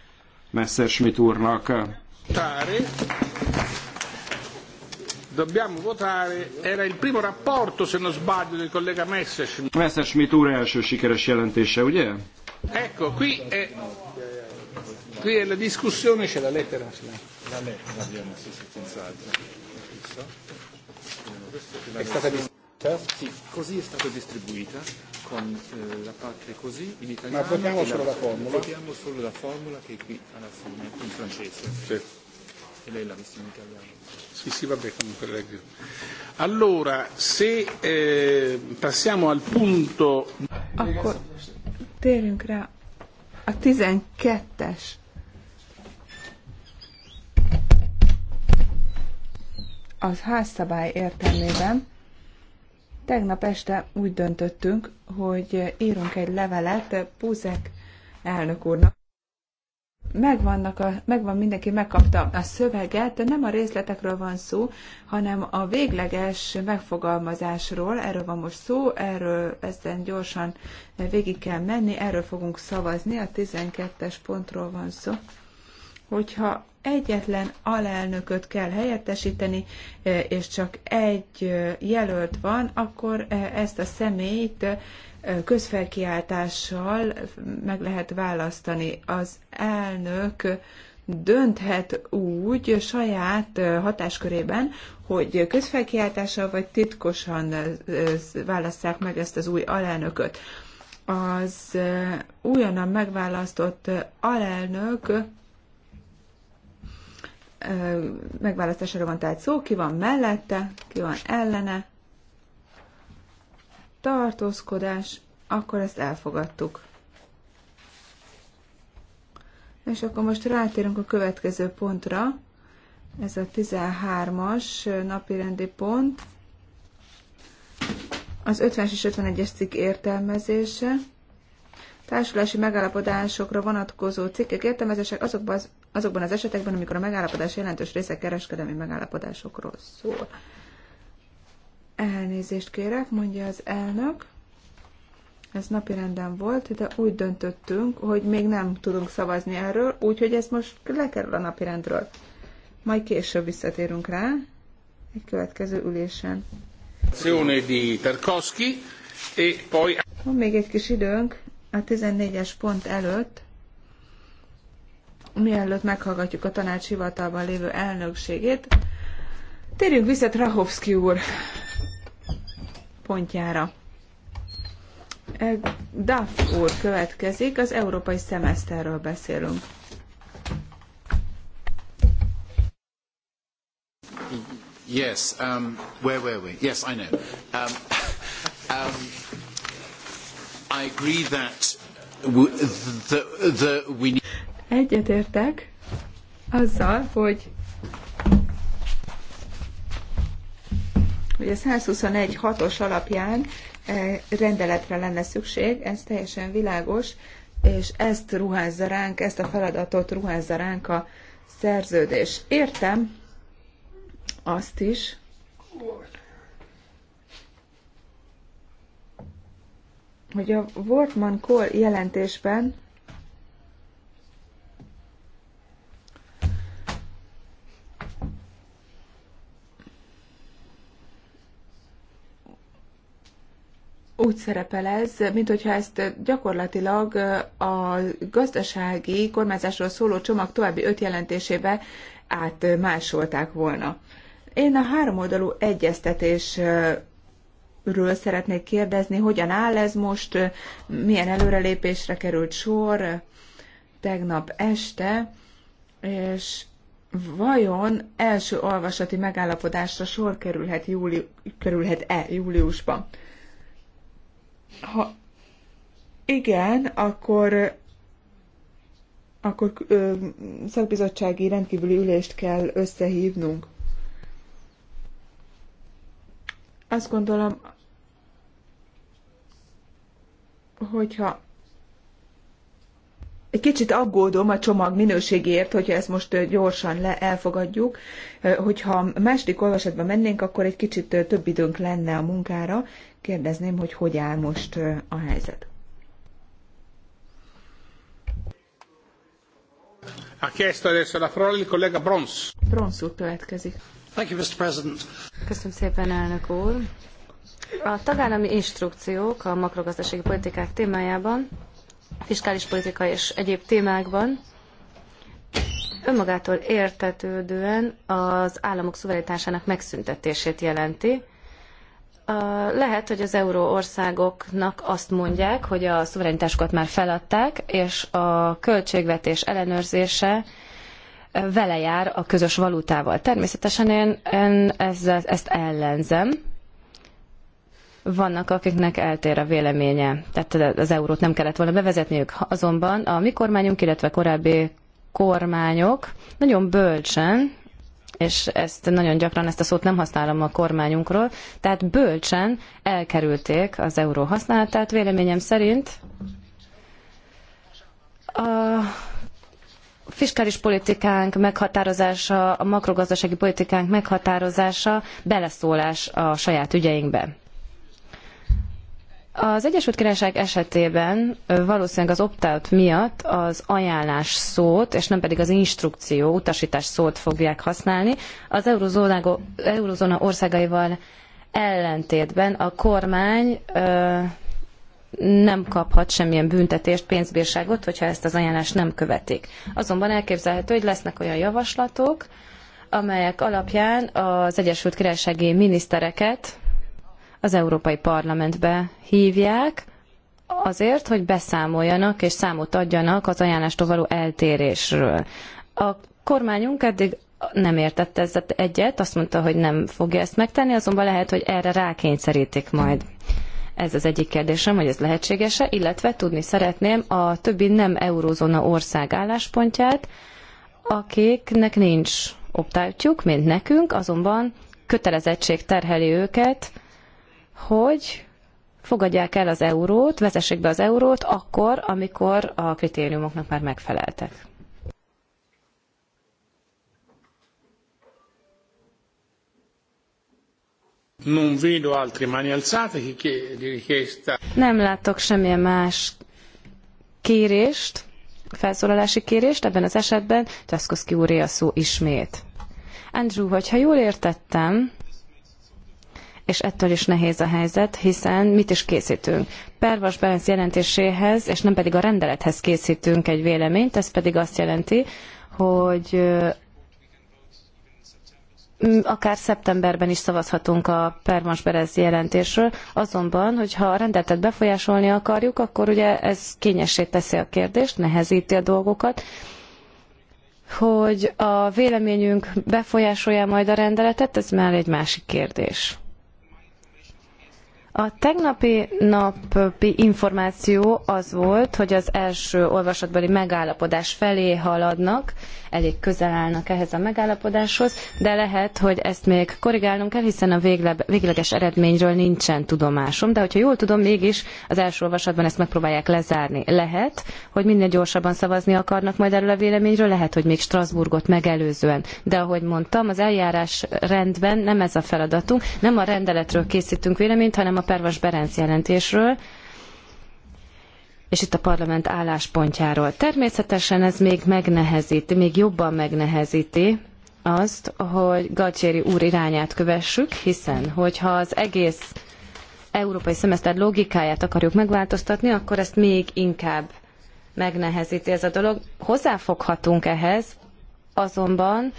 Messerschmitt úrnak. Tari. Dobbiamo votare, era il primo rapporto, se non sbaglio, del collega Messerschmitt. Messerschmitt úr első sikeres jelentése, ugye? Ecco, qui è, qui è la discussione, c'è la lettera. La lettera abbiamo, sì, senz'altro. È stata discussa. Certo. Sì, così è stata distribuita con eh, la parte così in italiano. Ma votiamo e solo la, la formula? Votiamo solo la formula che è qui alla fine, in francese. Sì. E lei l'ha vista in italiano. Sì, sì, vabbè, comunque leggo. Allora, se eh, passiamo al punto... Akkor térjünk rá a 12-es. Az házszabály értelmében Tegnap este úgy döntöttünk, hogy írunk egy levelet Puzek elnök úrnak. Megvannak a, megvan mindenki, megkapta a szöveget, de nem a részletekről van szó, hanem a végleges megfogalmazásról, erről van most szó, erről ezen gyorsan végig kell menni, erről fogunk szavazni, a 12-es pontról van szó hogyha egyetlen alelnököt kell helyettesíteni, e, és csak egy e, jelölt van, akkor e, ezt a személyt közfelkiáltással meg lehet választani. Az elnök dönthet úgy saját hatáskörében, hogy közfelkiáltással vagy titkosan válasszák meg ezt az új alelnököt. Az újonnan megválasztott alelnök megválasztására van tehát szó, ki van mellette, ki van ellene, tartózkodás, akkor ezt elfogadtuk. És akkor most rátérünk a következő pontra, ez a 13-as napirendi pont, az 50-es és 51-es cikk értelmezése társulási megállapodásokra vonatkozó cikkek értelmezések azokban az, azokban az esetekben, amikor a megállapodás jelentős része kereskedelmi megállapodásokról szól. Elnézést kérek, mondja az elnök. Ez napirenden volt, de úgy döntöttünk, hogy még nem tudunk szavazni erről, úgyhogy ez most lekerül a napirendről. Majd később visszatérünk rá egy következő ülésen. Di e poi... Van még egy kis időnk a 14-es pont előtt, mielőtt meghallgatjuk a tanács hivatalban lévő elnökségét, térjünk vissza Trahovszki úr pontjára. E, Duff úr következik, az európai szemeszterről beszélünk. Yes, um, where were we? Yes, I know. Um, um, Egyetértek azzal, hogy hogy a 121 hatos alapján eh, rendeletre lenne szükség, ez teljesen világos, és ezt ruházza ránk, ezt a feladatot ruházza ránk a szerződés. Értem azt is, hogy a Wortman Kohl jelentésben úgy szerepel ez, mint hogyha ezt gyakorlatilag a gazdasági kormányzásról szóló csomag további öt jelentésébe átmásolták volna. Én a három oldalú egyeztetés ről szeretnék kérdezni, hogyan áll ez most, milyen előrelépésre került sor tegnap este, és vajon első olvasati megállapodásra sor kerülhet júli, kerülhet júliusban? Ha igen, akkor akkor ö, szakbizottsági rendkívüli ülést kell összehívnunk. Azt gondolom, hogyha egy kicsit aggódom a csomag minőségért, hogyha ezt most gyorsan le elfogadjuk, hogyha második olvasatba mennénk, akkor egy kicsit több időnk lenne a munkára. Kérdezném, hogy hogy áll most a helyzet. A chiesto adesso la parola il collega Brons. Brons úr következik. Thank you, Mr. President. Köszönöm szépen, elnök úr. A tagállami instrukciók a makrogazdasági politikák témájában, fiskális politika és egyéb témákban önmagától értetődően az államok szuverenitásának megszüntetését jelenti. Lehet, hogy az euróországoknak azt mondják, hogy a szuverenitásukat már feladták, és a költségvetés ellenőrzése vele jár a közös valutával. Természetesen én, én ezzel, ezt ellenzem, vannak, akiknek eltér a véleménye. Tehát az eurót nem kellett volna bevezetniük. Azonban a mi kormányunk, illetve korábbi kormányok nagyon bölcsen, és ezt nagyon gyakran ezt a szót nem használom a kormányunkról, tehát bölcsen elkerülték az euró használatát. Véleményem szerint a fiskális politikánk meghatározása, a makrogazdasági politikánk meghatározása beleszólás a saját ügyeinkbe. Az Egyesült Királyság esetében valószínűleg az opt-out miatt az ajánlás szót, és nem pedig az instrukció, utasítás szót fogják használni. Az eurozóna országaival ellentétben a kormány ö, nem kaphat semmilyen büntetést, pénzbírságot, hogyha ezt az ajánlást nem követik. Azonban elképzelhető, hogy lesznek olyan javaslatok, amelyek alapján az Egyesült Királysági minisztereket az Európai Parlamentbe hívják, azért, hogy beszámoljanak és számot adjanak az ajánlástól való eltérésről. A kormányunk eddig nem értette ezzel egyet, azt mondta, hogy nem fogja ezt megtenni, azonban lehet, hogy erre rákényszerítik majd. Ez az egyik kérdésem, hogy ez lehetséges-e, illetve tudni szeretném a többi nem eurózóna ország álláspontját, akiknek nincs optáltjuk, mint nekünk, azonban kötelezettség terheli őket, hogy fogadják el az eurót, vezessék be az eurót akkor, amikor a kritériumoknak már megfeleltek. Nem látok semmilyen más kérést, felszólalási kérést ebben az esetben. Taszkoszki úré a szó ismét. Andrew, hogyha jól értettem, és ettől is nehéz a helyzet, hiszen mit is készítünk? Pervas Berenc jelentéséhez, és nem pedig a rendelethez készítünk egy véleményt, ez pedig azt jelenti, hogy akár szeptemberben is szavazhatunk a Pervas Berez jelentésről, azonban, hogyha a rendeletet befolyásolni akarjuk, akkor ugye ez kényessé teszi a kérdést, nehezíti a dolgokat, hogy a véleményünk befolyásolja majd a rendeletet, ez már egy másik kérdés. A tegnapi napi információ az volt, hogy az első olvasatbeli megállapodás felé haladnak, elég közel állnak ehhez a megállapodáshoz, de lehet, hogy ezt még korrigálnunk kell, hiszen a végleges eredményről nincsen tudomásom, de hogyha jól tudom, mégis az első olvasatban ezt megpróbálják lezárni. Lehet, hogy minél gyorsabban szavazni akarnak majd erről a véleményről, lehet, hogy még Strasbourgot megelőzően. De ahogy mondtam, az eljárás rendben nem ez a feladatunk, nem a rendeletről készítünk véleményt, hanem a Pervas Berenc jelentésről, és itt a parlament álláspontjáról. Természetesen ez még megnehezíti, még jobban megnehezíti azt, hogy Galtieri úr irányát kövessük, hiszen hogyha az egész európai szemeszter logikáját akarjuk megváltoztatni, akkor ezt még inkább megnehezíti ez a dolog. Hozzáfoghatunk ehhez, azonban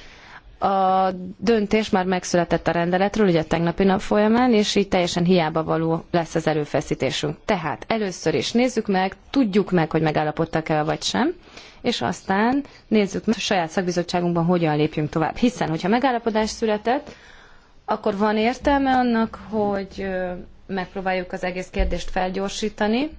a döntés már megszületett a rendeletről, ugye tegnapi nap folyamán, és így teljesen hiába való lesz az erőfeszítésünk. Tehát először is nézzük meg, tudjuk meg, hogy megállapodtak e vagy sem, és aztán nézzük meg, a saját szakbizottságunkban hogyan lépjünk tovább. Hiszen, hogyha megállapodás született, akkor van értelme annak, hogy megpróbáljuk az egész kérdést felgyorsítani,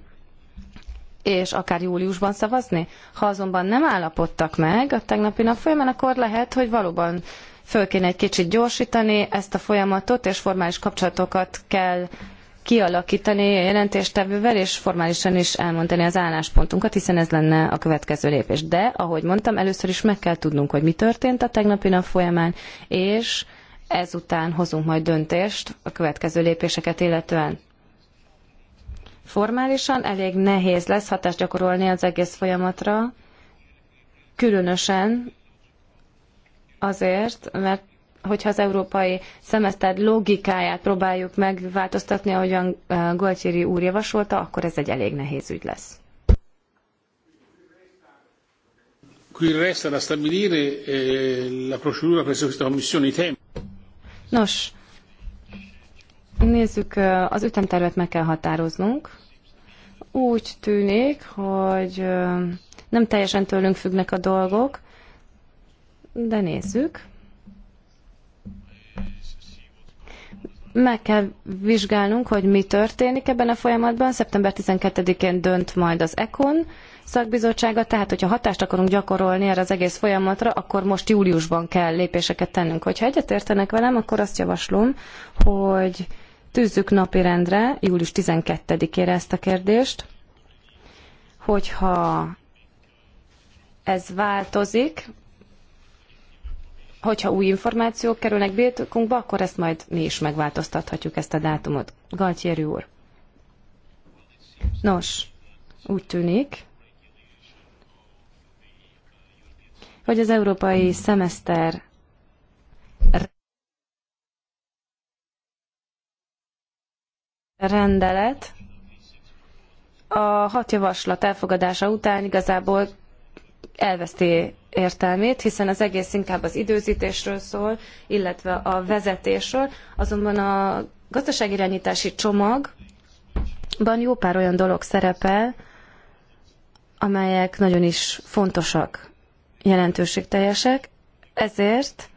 és akár júliusban szavazni. Ha azonban nem állapodtak meg a tegnapi nap folyamán, akkor lehet, hogy valóban föl kéne egy kicsit gyorsítani ezt a folyamatot, és formális kapcsolatokat kell kialakítani a jelentéstevővel, és formálisan is elmondani az álláspontunkat, hiszen ez lenne a következő lépés. De, ahogy mondtam, először is meg kell tudnunk, hogy mi történt a tegnapi nap folyamán, és ezután hozunk majd döntést a következő lépéseket illetően formálisan elég nehéz lesz hatást gyakorolni az egész folyamatra, különösen azért, mert hogyha az európai szemeszter logikáját próbáljuk megváltoztatni, ahogyan eh, Gualtieri úr javasolta, akkor ez egy elég nehéz ügy lesz. Nos, Nézzük, az ütemtervet meg kell határoznunk. Úgy tűnik, hogy nem teljesen tőlünk függnek a dolgok, de nézzük. Meg kell vizsgálnunk, hogy mi történik ebben a folyamatban. Szeptember 12-én dönt majd az ECON szakbizottsága, tehát hogyha hatást akarunk gyakorolni erre az egész folyamatra, akkor most júliusban kell lépéseket tennünk. Hogyha egyetértenek velem, akkor azt javaslom, hogy Tűzzük napirendre július 12-ére ezt a kérdést, hogyha ez változik, hogyha új információk kerülnek birtokunkba, akkor ezt majd mi is megváltoztathatjuk ezt a dátumot. Galtieri úr. Nos, úgy tűnik, hogy az európai szemeszter rendelet a hat javaslat elfogadása után igazából elveszti értelmét, hiszen az egész inkább az időzítésről szól, illetve a vezetésről. Azonban a gazdaságirányítási csomagban jó pár olyan dolog szerepel, amelyek nagyon is fontosak, jelentőségteljesek, ezért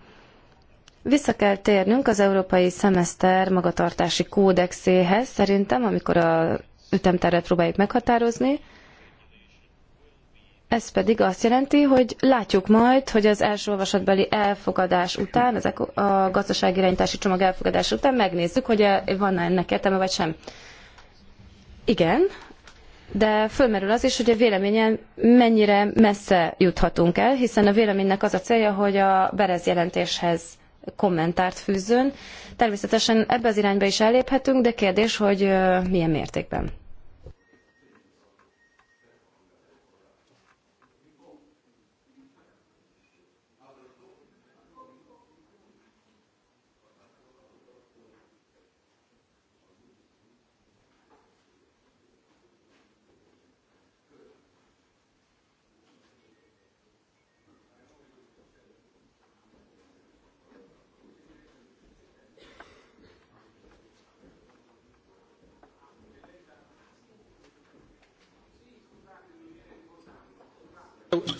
vissza kell térnünk az európai szemeszter magatartási kódexéhez szerintem, amikor a ütemtervet próbáljuk meghatározni. Ez pedig azt jelenti, hogy látjuk majd, hogy az első olvasatbeli elfogadás után, az a gazdaságirányítási csomag elfogadás után megnézzük, hogy e- van-e ennek értelme vagy sem. Igen, de fölmerül az is, hogy a véleményen mennyire messze juthatunk el, hiszen a véleménynek az a célja, hogy a Berez jelentéshez kommentárt fűzzön. Természetesen ebbe az irányba is elléphetünk, de kérdés, hogy milyen mértékben.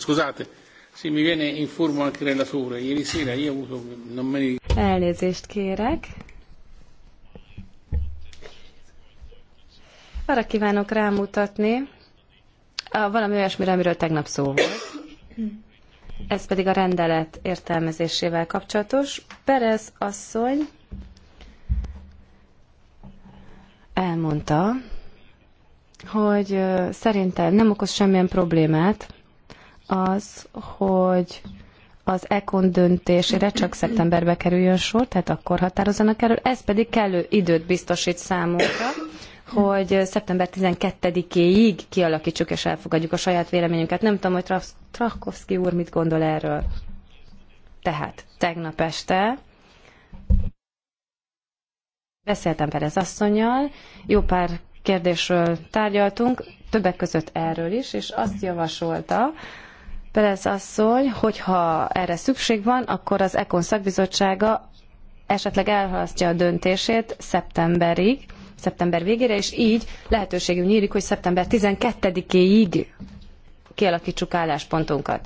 Scusate, Elnézést kérek. Arra kívánok rámutatni, a, valami olyasmire, amiről tegnap szó volt. Ez pedig a rendelet értelmezésével kapcsolatos. Perez asszony elmondta, hogy szerintem nem okoz semmilyen problémát, az, hogy az ECON döntésére csak szeptemberbe kerüljön sor, tehát akkor határozzanak erről. Ez pedig kellő időt biztosít számunkra, hogy szeptember 12-éig kialakítsuk és elfogadjuk a saját véleményünket. Nem tudom, hogy Trakowski úr mit gondol erről. Tehát tegnap este beszéltem Perez asszonyjal, jó pár kérdésről tárgyaltunk, többek között erről is, és azt javasolta, Perez asszony, hogyha erre szükség van, akkor az ECON szakbizottsága esetleg elhalasztja a döntését szeptemberig, szeptember végére, és így lehetőségünk nyílik, hogy szeptember 12 ig kialakítsuk álláspontunkat.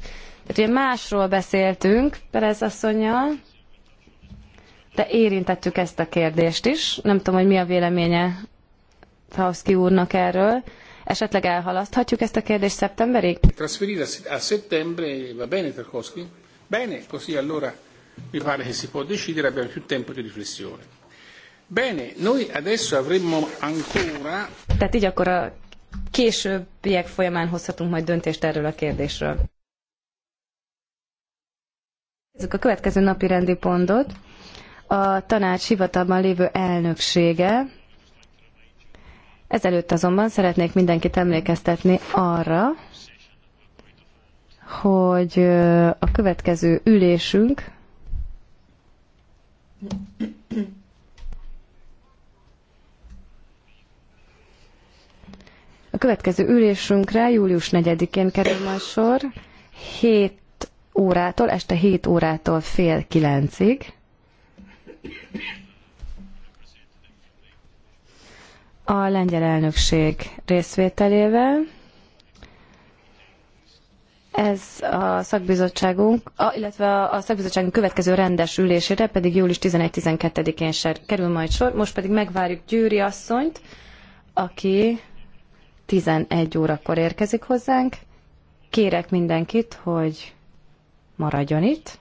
Tehát ugye másról beszéltünk Perez asszonyjal, de érintettük ezt a kérdést is. Nem tudom, hogy mi a véleménye Tauszki úrnak erről. Esetleg elhalaszthatjuk ezt a kérdést szeptemberig? Trasferire a settembre va bene Tarkovsky? Bene, così allora mi pare che si può decidere, abbiamo più tempo di riflessione. Bene, noi adesso avremmo ancora... Tehát így akkor a későbbiek folyamán hozhatunk majd döntést erről a kérdésről. a következő napi rendi pontot. A tanács hivatalban lévő elnöksége Ezelőtt azonban szeretnék mindenkit emlékeztetni arra, hogy a következő ülésünk a következő ülésünkre július 4-én kerül majd sor, 7 órától, este 7 órától fél 9-ig. a lengyel elnökség részvételével. Ez a szakbizottságunk, a, illetve a szakbizottságunk következő rendes ülésére pedig július 11-12-én kerül majd sor. Most pedig megvárjuk Győri asszonyt, aki 11 órakor érkezik hozzánk. Kérek mindenkit, hogy maradjon itt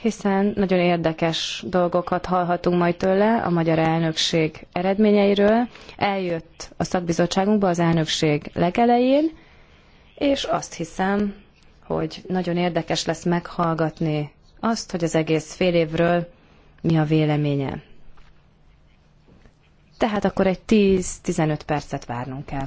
hiszen nagyon érdekes dolgokat hallhatunk majd tőle a magyar elnökség eredményeiről. Eljött a szakbizottságunkba az elnökség legelején, és azt hiszem, hogy nagyon érdekes lesz meghallgatni azt, hogy az egész fél évről mi a véleménye. Tehát akkor egy 10-15 percet várnunk kell.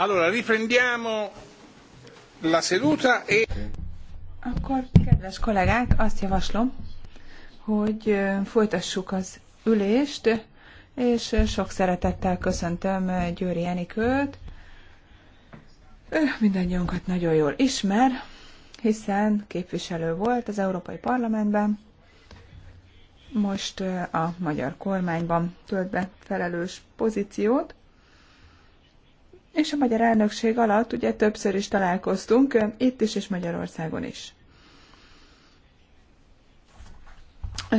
Allora, riprendiamo la seduta e... Akkor, kedves kollégák, azt javaslom, hogy folytassuk az ülést, és sok szeretettel köszöntöm Győri Enikőt. Ő mindannyiunkat nagyon jól ismer, hiszen képviselő volt az Európai Parlamentben, most a magyar kormányban tölt be felelős pozíciót és a magyar elnökség alatt ugye többször is találkoztunk, itt is és Magyarországon is.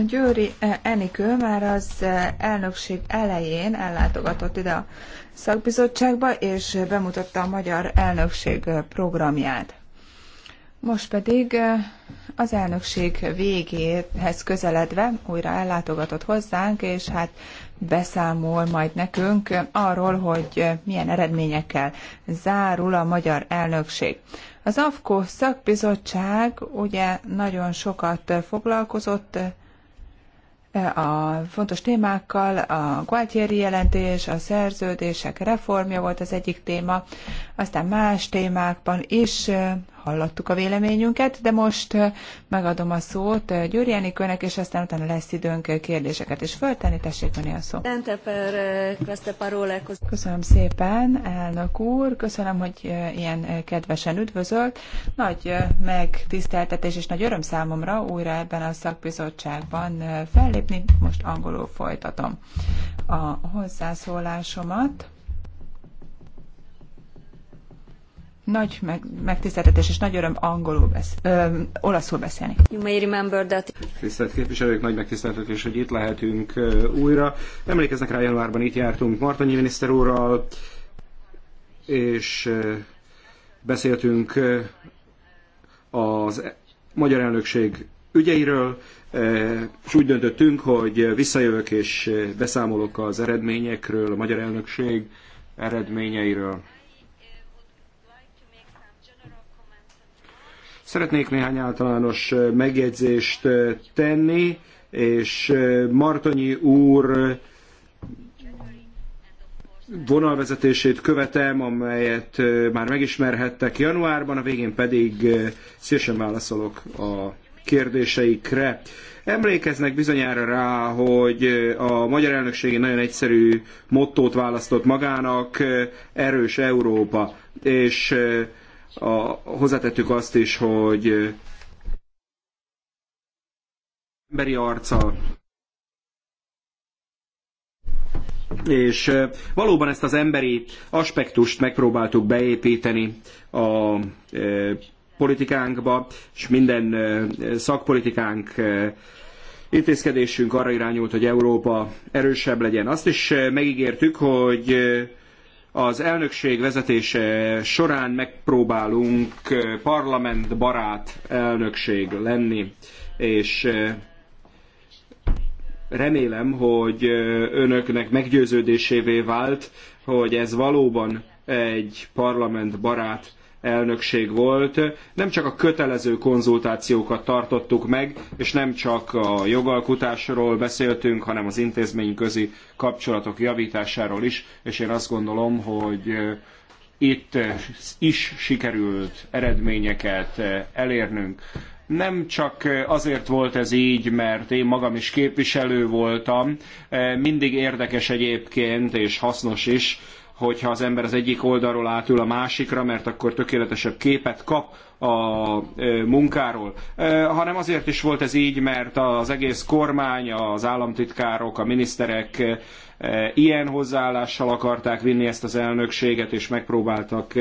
Győri eh, Enikő már az eh, elnökség elején ellátogatott ide a szakbizottságba, és bemutatta a magyar elnökség eh, programját. Most pedig az elnökség végéhez közeledve újra ellátogatott hozzánk, és hát beszámol majd nekünk arról, hogy milyen eredményekkel zárul a magyar elnökség. Az AFKO szakbizottság ugye nagyon sokat foglalkozott a fontos témákkal, a Gualtieri jelentés, a szerződések reformja volt az egyik téma, aztán más témákban is hallottuk a véleményünket, de most megadom a szót Győri Enikőnek, és aztán utána lesz időnk kérdéseket is föltenni. Tessék, öné a szó. Köszönöm szépen, elnök úr, köszönöm, hogy ilyen kedvesen üdvözölt. Nagy megtiszteltetés és nagy öröm számomra újra ebben a szakbizottságban fellépni. Most angolul folytatom a hozzászólásomat. Nagy meg, megtiszteltetés és nagy öröm angolul besz, ö, olaszul beszélni. You may remember that. Tisztelt képviselők, nagy megtiszteltetés, hogy itt lehetünk újra. Emlékeznek rá, januárban itt jártunk Martonyi miniszter úrral, és beszéltünk az e-, magyar elnökség ügyeiről, és úgy döntöttünk, hogy visszajövök és beszámolok az eredményekről, a magyar elnökség eredményeiről. Szeretnék néhány általános megjegyzést tenni, és Martonyi úr vonalvezetését követem, amelyet már megismerhettek januárban, a végén pedig szívesen válaszolok a kérdéseikre. Emlékeznek bizonyára rá, hogy a magyar elnökség egy nagyon egyszerű mottót választott magának, erős Európa. És a, hozzátettük azt is, hogy emberi arccal és valóban ezt az emberi aspektust megpróbáltuk beépíteni a politikánkba, és minden szakpolitikánk intézkedésünk arra irányult, hogy Európa erősebb legyen. Azt is megígértük, hogy az elnökség vezetése során megpróbálunk eh, parlamentbarát elnökség lenni, és eh, remélem, hogy eh, önöknek meggyőződésévé vált, hogy ez valóban egy parlamentbarát elnökség volt, nem csak a kötelező konzultációkat tartottuk meg, és nem csak a jogalkotásról beszéltünk, hanem az intézményközi kapcsolatok javításáról is, és én azt gondolom, hogy eh, itt eh, is sikerült eredményeket eh, elérnünk. Nem csak azért volt ez így, mert én magam is képviselő voltam, mindig érdekes egyébként és hasznos is hogyha az ember az egyik oldalról átül a másikra, mert akkor tökéletesebb képet kap a e, munkáról, e, hanem azért is volt ez így, mert az egész kormány, az államtitkárok, a miniszterek e, ilyen hozzáállással akarták vinni ezt az elnökséget, és megpróbáltak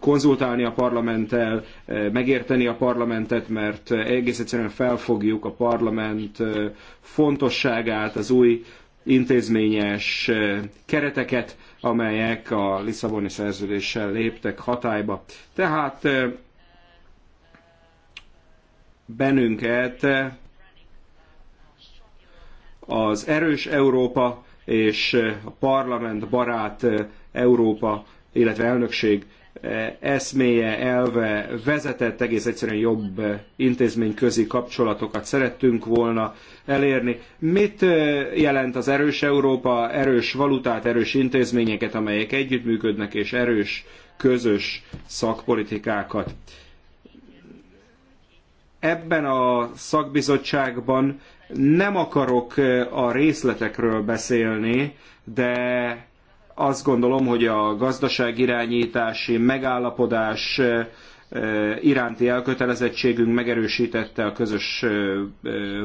konzultálni a parlamenttel, megérteni a parlamentet, mert egész egyszerűen felfogjuk a parlament fontosságát, az új intézményes kereteket, amelyek a Lisszaboni szerződéssel léptek hatályba. Tehát bennünket az erős Európa és a parlament barát Európa, illetve elnökség Eh, eszméje, elve vezetett, egész egyszerűen jobb eh, intézményközi kapcsolatokat szerettünk volna elérni. Mit eh, jelent az erős Európa, erős valutát, erős intézményeket, amelyek együttműködnek, és erős közös szakpolitikákat? Ebben a szakbizottságban nem akarok a részletekről beszélni, de azt gondolom, hogy a gazdaságirányítási megállapodás iránti elkötelezettségünk megerősítette a közös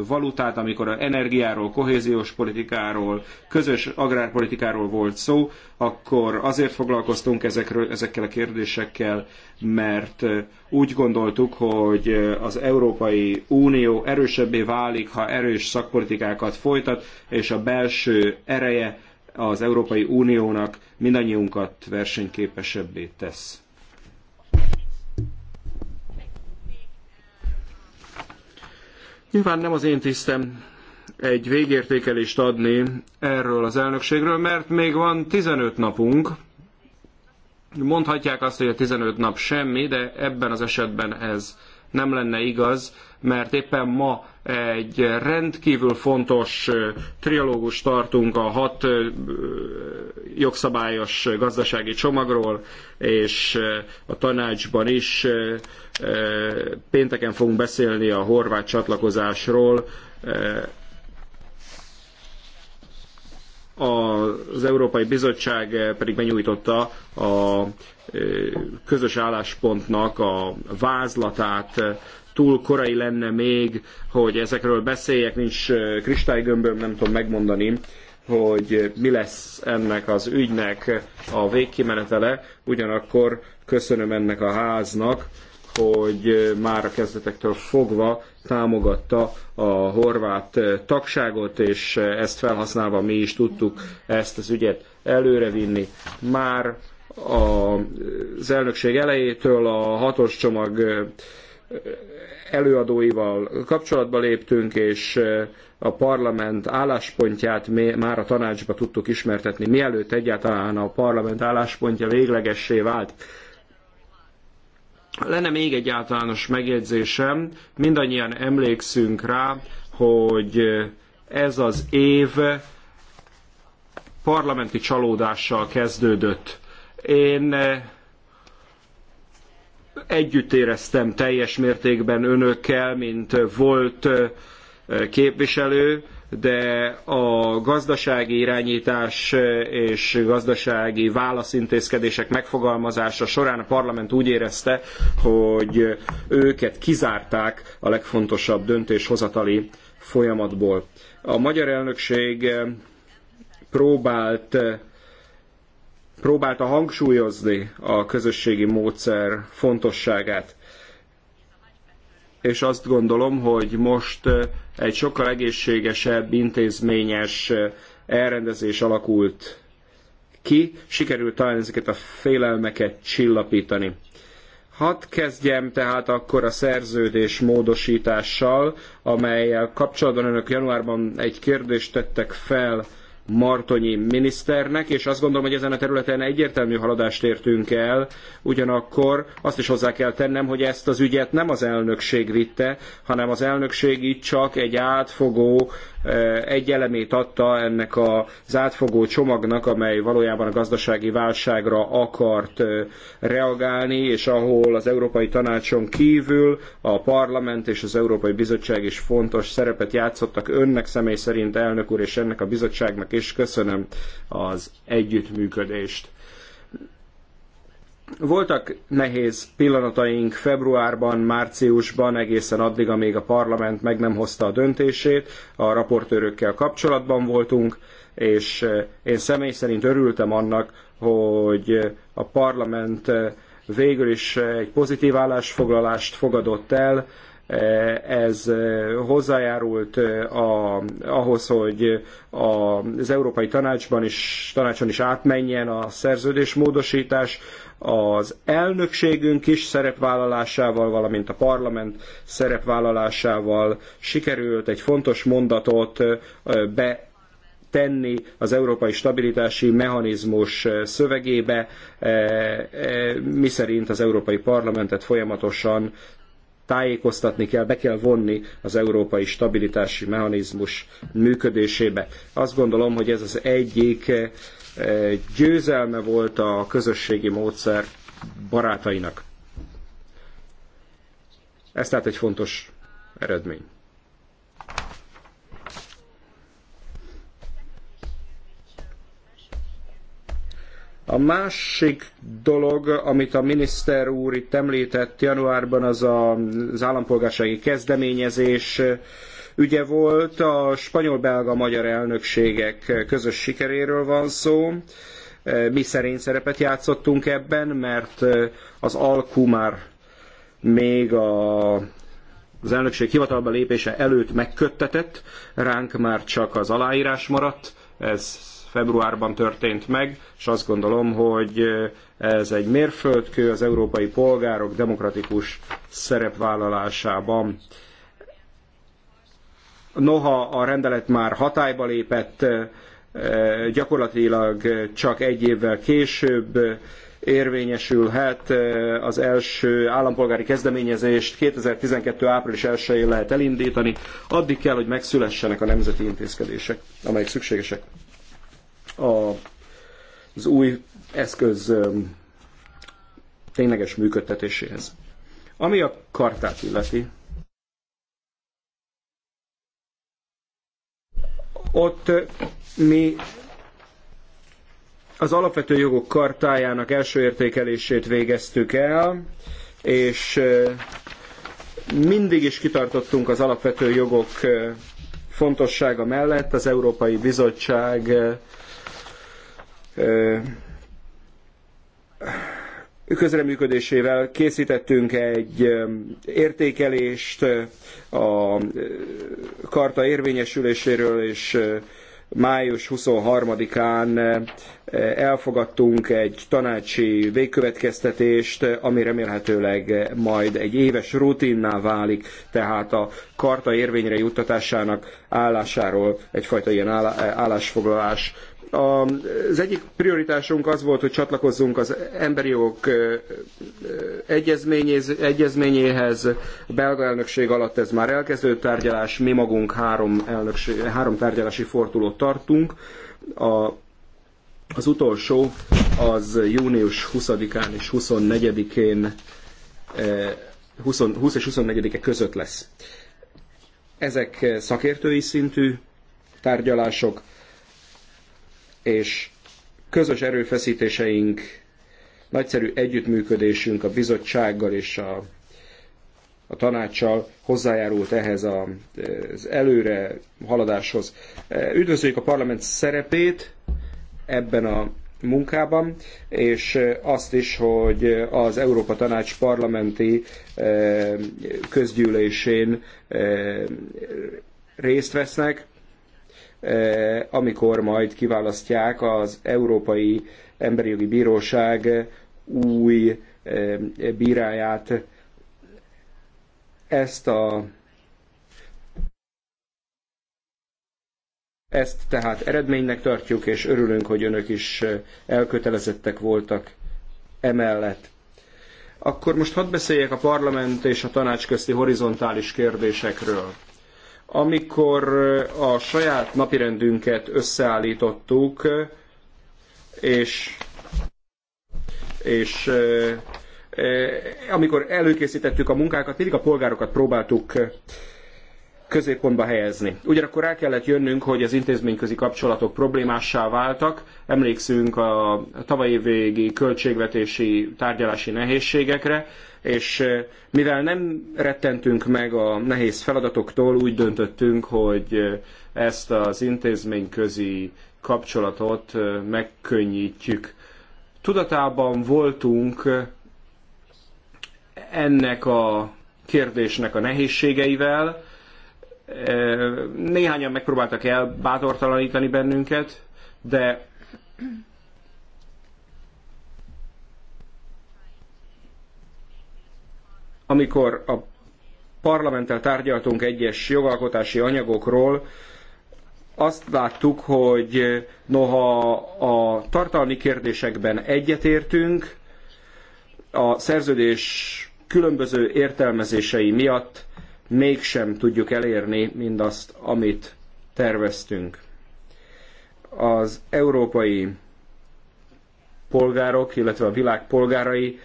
valutát, amikor a energiáról, kohéziós politikáról, közös agrárpolitikáról volt szó, akkor azért foglalkoztunk ezekről, ezekkel a kérdésekkel, mert úgy gondoltuk, hogy az Európai Unió erősebbé válik, ha erős szakpolitikákat folytat, és a belső ereje az Európai Uniónak mindannyiunkat versenyképesebbé tesz. Nyilván nem az én tisztem egy végértékelést adni erről az elnökségről, mert még van 15 napunk. Mondhatják azt, hogy a 15 nap semmi, de ebben az esetben ez nem lenne igaz, mert éppen ma egy rendkívül fontos trialógus tartunk a hat jogszabályos gazdasági csomagról, és a tanácsban is pénteken fogunk beszélni a horvát csatlakozásról, az Európai Bizottság pedig benyújtotta a e, közös álláspontnak a vázlatát, túl korai lenne még, hogy ezekről beszéljek, nincs e, kristálygömböm, nem tudom megmondani, hogy mi lesz ennek az ügynek a végkimenetele, ugyanakkor köszönöm ennek a háznak, hogy már a kezdetektől fogva támogatta a horvát tagságot, és ezt felhasználva mi is tudtuk ezt az ügyet előrevinni. Már az elnökség elejétől a hatos csomag előadóival kapcsolatba léptünk, és a parlament álláspontját már a tanácsba tudtuk ismertetni, mielőtt egyáltalán a parlament álláspontja véglegessé vált. Lenne még egy általános megjegyzésem, mindannyian emlékszünk rá, hogy ez az év parlamenti csalódással kezdődött. Én eh, együtt éreztem teljes mértékben önökkel, mint volt eh, képviselő, de a gazdasági irányítás és gazdasági válaszintézkedések megfogalmazása során a parlament úgy érezte, hogy őket kizárták a legfontosabb döntéshozatali folyamatból. A magyar elnökség eh, próbált eh, próbálta hangsúlyozni a közösségi módszer fontosságát és azt gondolom, hogy most eh, egy sokkal egészségesebb, intézményes eh, elrendezés alakult ki, sikerült talán ezeket a félelmeket csillapítani. Hadd kezdjem tehát akkor a szerződés módosítással, amelyel kapcsolatban önök januárban egy kérdést tettek fel Martonyi miniszternek, és azt gondolom, hogy ezen a területen egyértelmű haladást értünk el, ugyanakkor azt is hozzá kell tennem, hogy ezt az ügyet nem az elnökség vitte, hanem az elnökség itt csak egy átfogó Eh, egy elemét adta ennek az átfogó csomagnak, amely valójában a gazdasági válságra akart eh, reagálni, és ahol az Európai Tanácson kívül a Parlament és az Európai Bizottság is fontos szerepet játszottak önnek személy szerint, elnök úr, és ennek a bizottságnak is köszönöm az együttműködést. Voltak nehéz pillanataink februárban, márciusban, egészen addig, amíg a parlament meg nem hozta a döntését, a raportőrökkel kapcsolatban voltunk, és eh, én személy szerint örültem annak, hogy eh, a parlament eh, végül is egy pozitív állásfoglalást fogadott el, ez hozzájárult a, ahhoz, hogy az Európai Tanácsban is, tanácson is átmenjen a szerződésmódosítás az elnökségünk is szerepvállalásával, valamint a parlament szerepvállalásával sikerült egy fontos mondatot be tenni az európai stabilitási mechanizmus szövegébe, miszerint az Európai Parlamentet folyamatosan tájékoztatni kell, be kell vonni az európai stabilitási mechanizmus működésébe. Azt gondolom, hogy ez az egyik győzelme volt a közösségi módszer barátainak. Ez tehát egy fontos eredmény. A másik dolog, amit a miniszter úr itt említett januárban, az a, az állampolgársági kezdeményezés, ügye volt, a spanyol-belga-magyar elnökségek közös sikeréről van szó. Mi szerény szerepet játszottunk ebben, mert az alkú már még a, az elnökség hivatalba lépése előtt megköttetett, ránk már csak az aláírás maradt, ez februárban történt meg, és azt gondolom, hogy ez egy mérföldkő az európai polgárok demokratikus szerepvállalásában. Noha a rendelet már hatályba lépett, gyakorlatilag csak egy évvel később érvényesülhet az első állampolgári kezdeményezést 2012. április 1-én lehet elindítani, addig kell, hogy megszülessenek a nemzeti intézkedések, amelyek szükségesek a, az új eszköz tényleges működtetéséhez. Ami a kartát illeti, Ott mi az alapvető jogok kartájának első értékelését végeztük el, és mindig is kitartottunk az alapvető jogok fontossága mellett. Az Európai Bizottság közreműködésével készítettünk egy um, értékelést uh, a uh, karta érvényesüléséről, és uh, május 23-án elfogadtunk egy tanácsi végkövetkeztetést, ami remélhetőleg majd egy éves rutinná válik, tehát a karta érvényre juttatásának állásáról egyfajta ilyen állásfoglalás az egyik prioritásunk az volt, hogy csatlakozzunk az emberi jogok egyezményéhez. A belga elnökség alatt ez már elkezdődött tárgyalás, mi magunk három, elnökség, három tárgyalási fordulót tartunk. A, az utolsó az június 20-án és 24-én 20 és 24-e között lesz. Ezek szakértői szintű tárgyalások, és közös erőfeszítéseink, nagyszerű együttműködésünk a bizottsággal és a, a tanácssal hozzájárult ehhez a, az előre haladáshoz. Üdvözöljük a parlament szerepét ebben a munkában, és azt is, hogy az Európa Tanács parlamenti eh, közgyűlésén eh, részt vesznek, Eh, amikor majd kiválasztják az Európai Emberi Jogi Bíróság új eh, bíráját. Ezt a Ezt tehát eredménynek tartjuk, és örülünk, hogy önök is eh, elkötelezettek voltak emellett. Akkor most hadd beszéljek a parlament és a tanács közti horizontális kérdésekről. Amikor a saját napirendünket összeállítottuk, és, és amikor előkészítettük a munkákat, mindig a polgárokat próbáltuk középpontba helyezni. Ugyanakkor rá kellett jönnünk, hogy az intézményközi kapcsolatok problémássá váltak. Emlékszünk a tavalyi végi költségvetési tárgyalási nehézségekre, és eh, mivel nem rettentünk meg a nehéz feladatoktól, úgy döntöttünk, hogy eh, ezt az intézményközi kapcsolatot eh, megkönnyítjük. Tudatában voltunk ennek a kérdésnek a nehézségeivel, Néhányan megpróbáltak elbátortalanítani bennünket, de amikor a parlamenttel tárgyaltunk egyes jogalkotási anyagokról, azt láttuk, hogy noha a tartalmi kérdésekben egyetértünk, a szerződés különböző értelmezései miatt mégsem tudjuk elérni mindazt, amit terveztünk. Az európai polgárok, illetve a világ polgárai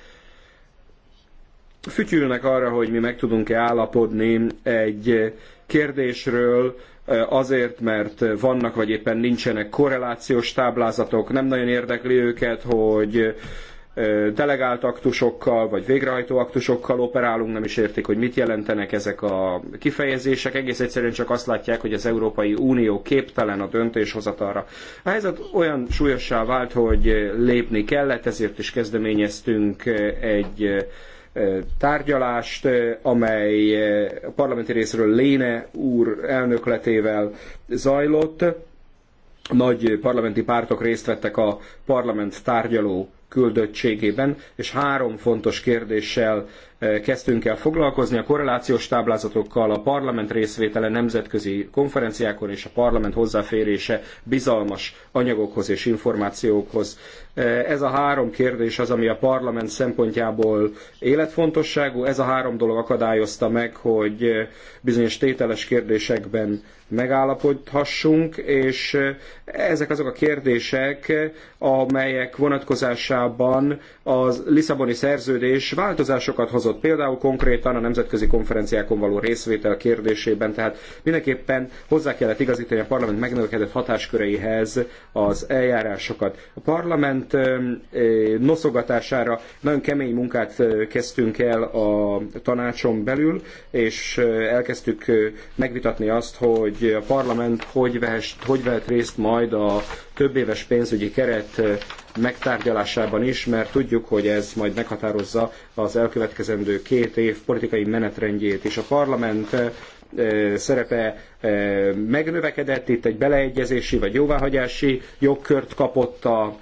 fütyülnek arra, hogy mi meg tudunk-e állapodni egy kérdésről, azért, mert vannak vagy éppen nincsenek korrelációs táblázatok, nem nagyon érdekli őket, hogy delegált aktusokkal, vagy végrehajtó aktusokkal operálunk, nem is értik, hogy mit jelentenek ezek a kifejezések. Egész egyszerűen csak azt látják, hogy az Európai Unió képtelen a döntéshozatalra. A helyzet olyan súlyossá vált, hogy lépni kellett, ezért is kezdeményeztünk egy tárgyalást, amely a parlamenti részről Léne úr elnökletével zajlott. Nagy parlamenti pártok részt vettek a parlament tárgyaló küldöttségében, és három fontos kérdéssel eh, kezdtünk el foglalkozni, a korrelációs táblázatokkal, a parlament részvétele nemzetközi konferenciákon és a parlament hozzáférése bizalmas anyagokhoz és információkhoz. Eh, ez a három kérdés az, ami a parlament szempontjából életfontosságú. Ez a három dolog akadályozta meg, hogy eh, bizonyos tételes kérdésekben megállapodhassunk, és ezek azok a kérdések, amelyek vonatkozásában az Lisszaboni szerződés változásokat hozott, például konkrétan a nemzetközi konferenciákon való részvétel kérdésében, tehát mindenképpen hozzá kellett igazítani a parlament megnövekedett hatásköreihez az eljárásokat. A parlament noszogatására nagyon kemény munkát kezdtünk el a tanácson belül, és elkezdtük megvitatni azt, hogy hogy a parlament hogy, vehes, hogy vehet részt majd a több éves pénzügyi keret megtárgyalásában is, mert tudjuk, hogy ez majd meghatározza az elkövetkezendő két év politikai menetrendjét is. A parlament szerepe megnövekedett, itt egy beleegyezési vagy jóváhagyási jogkört kapott a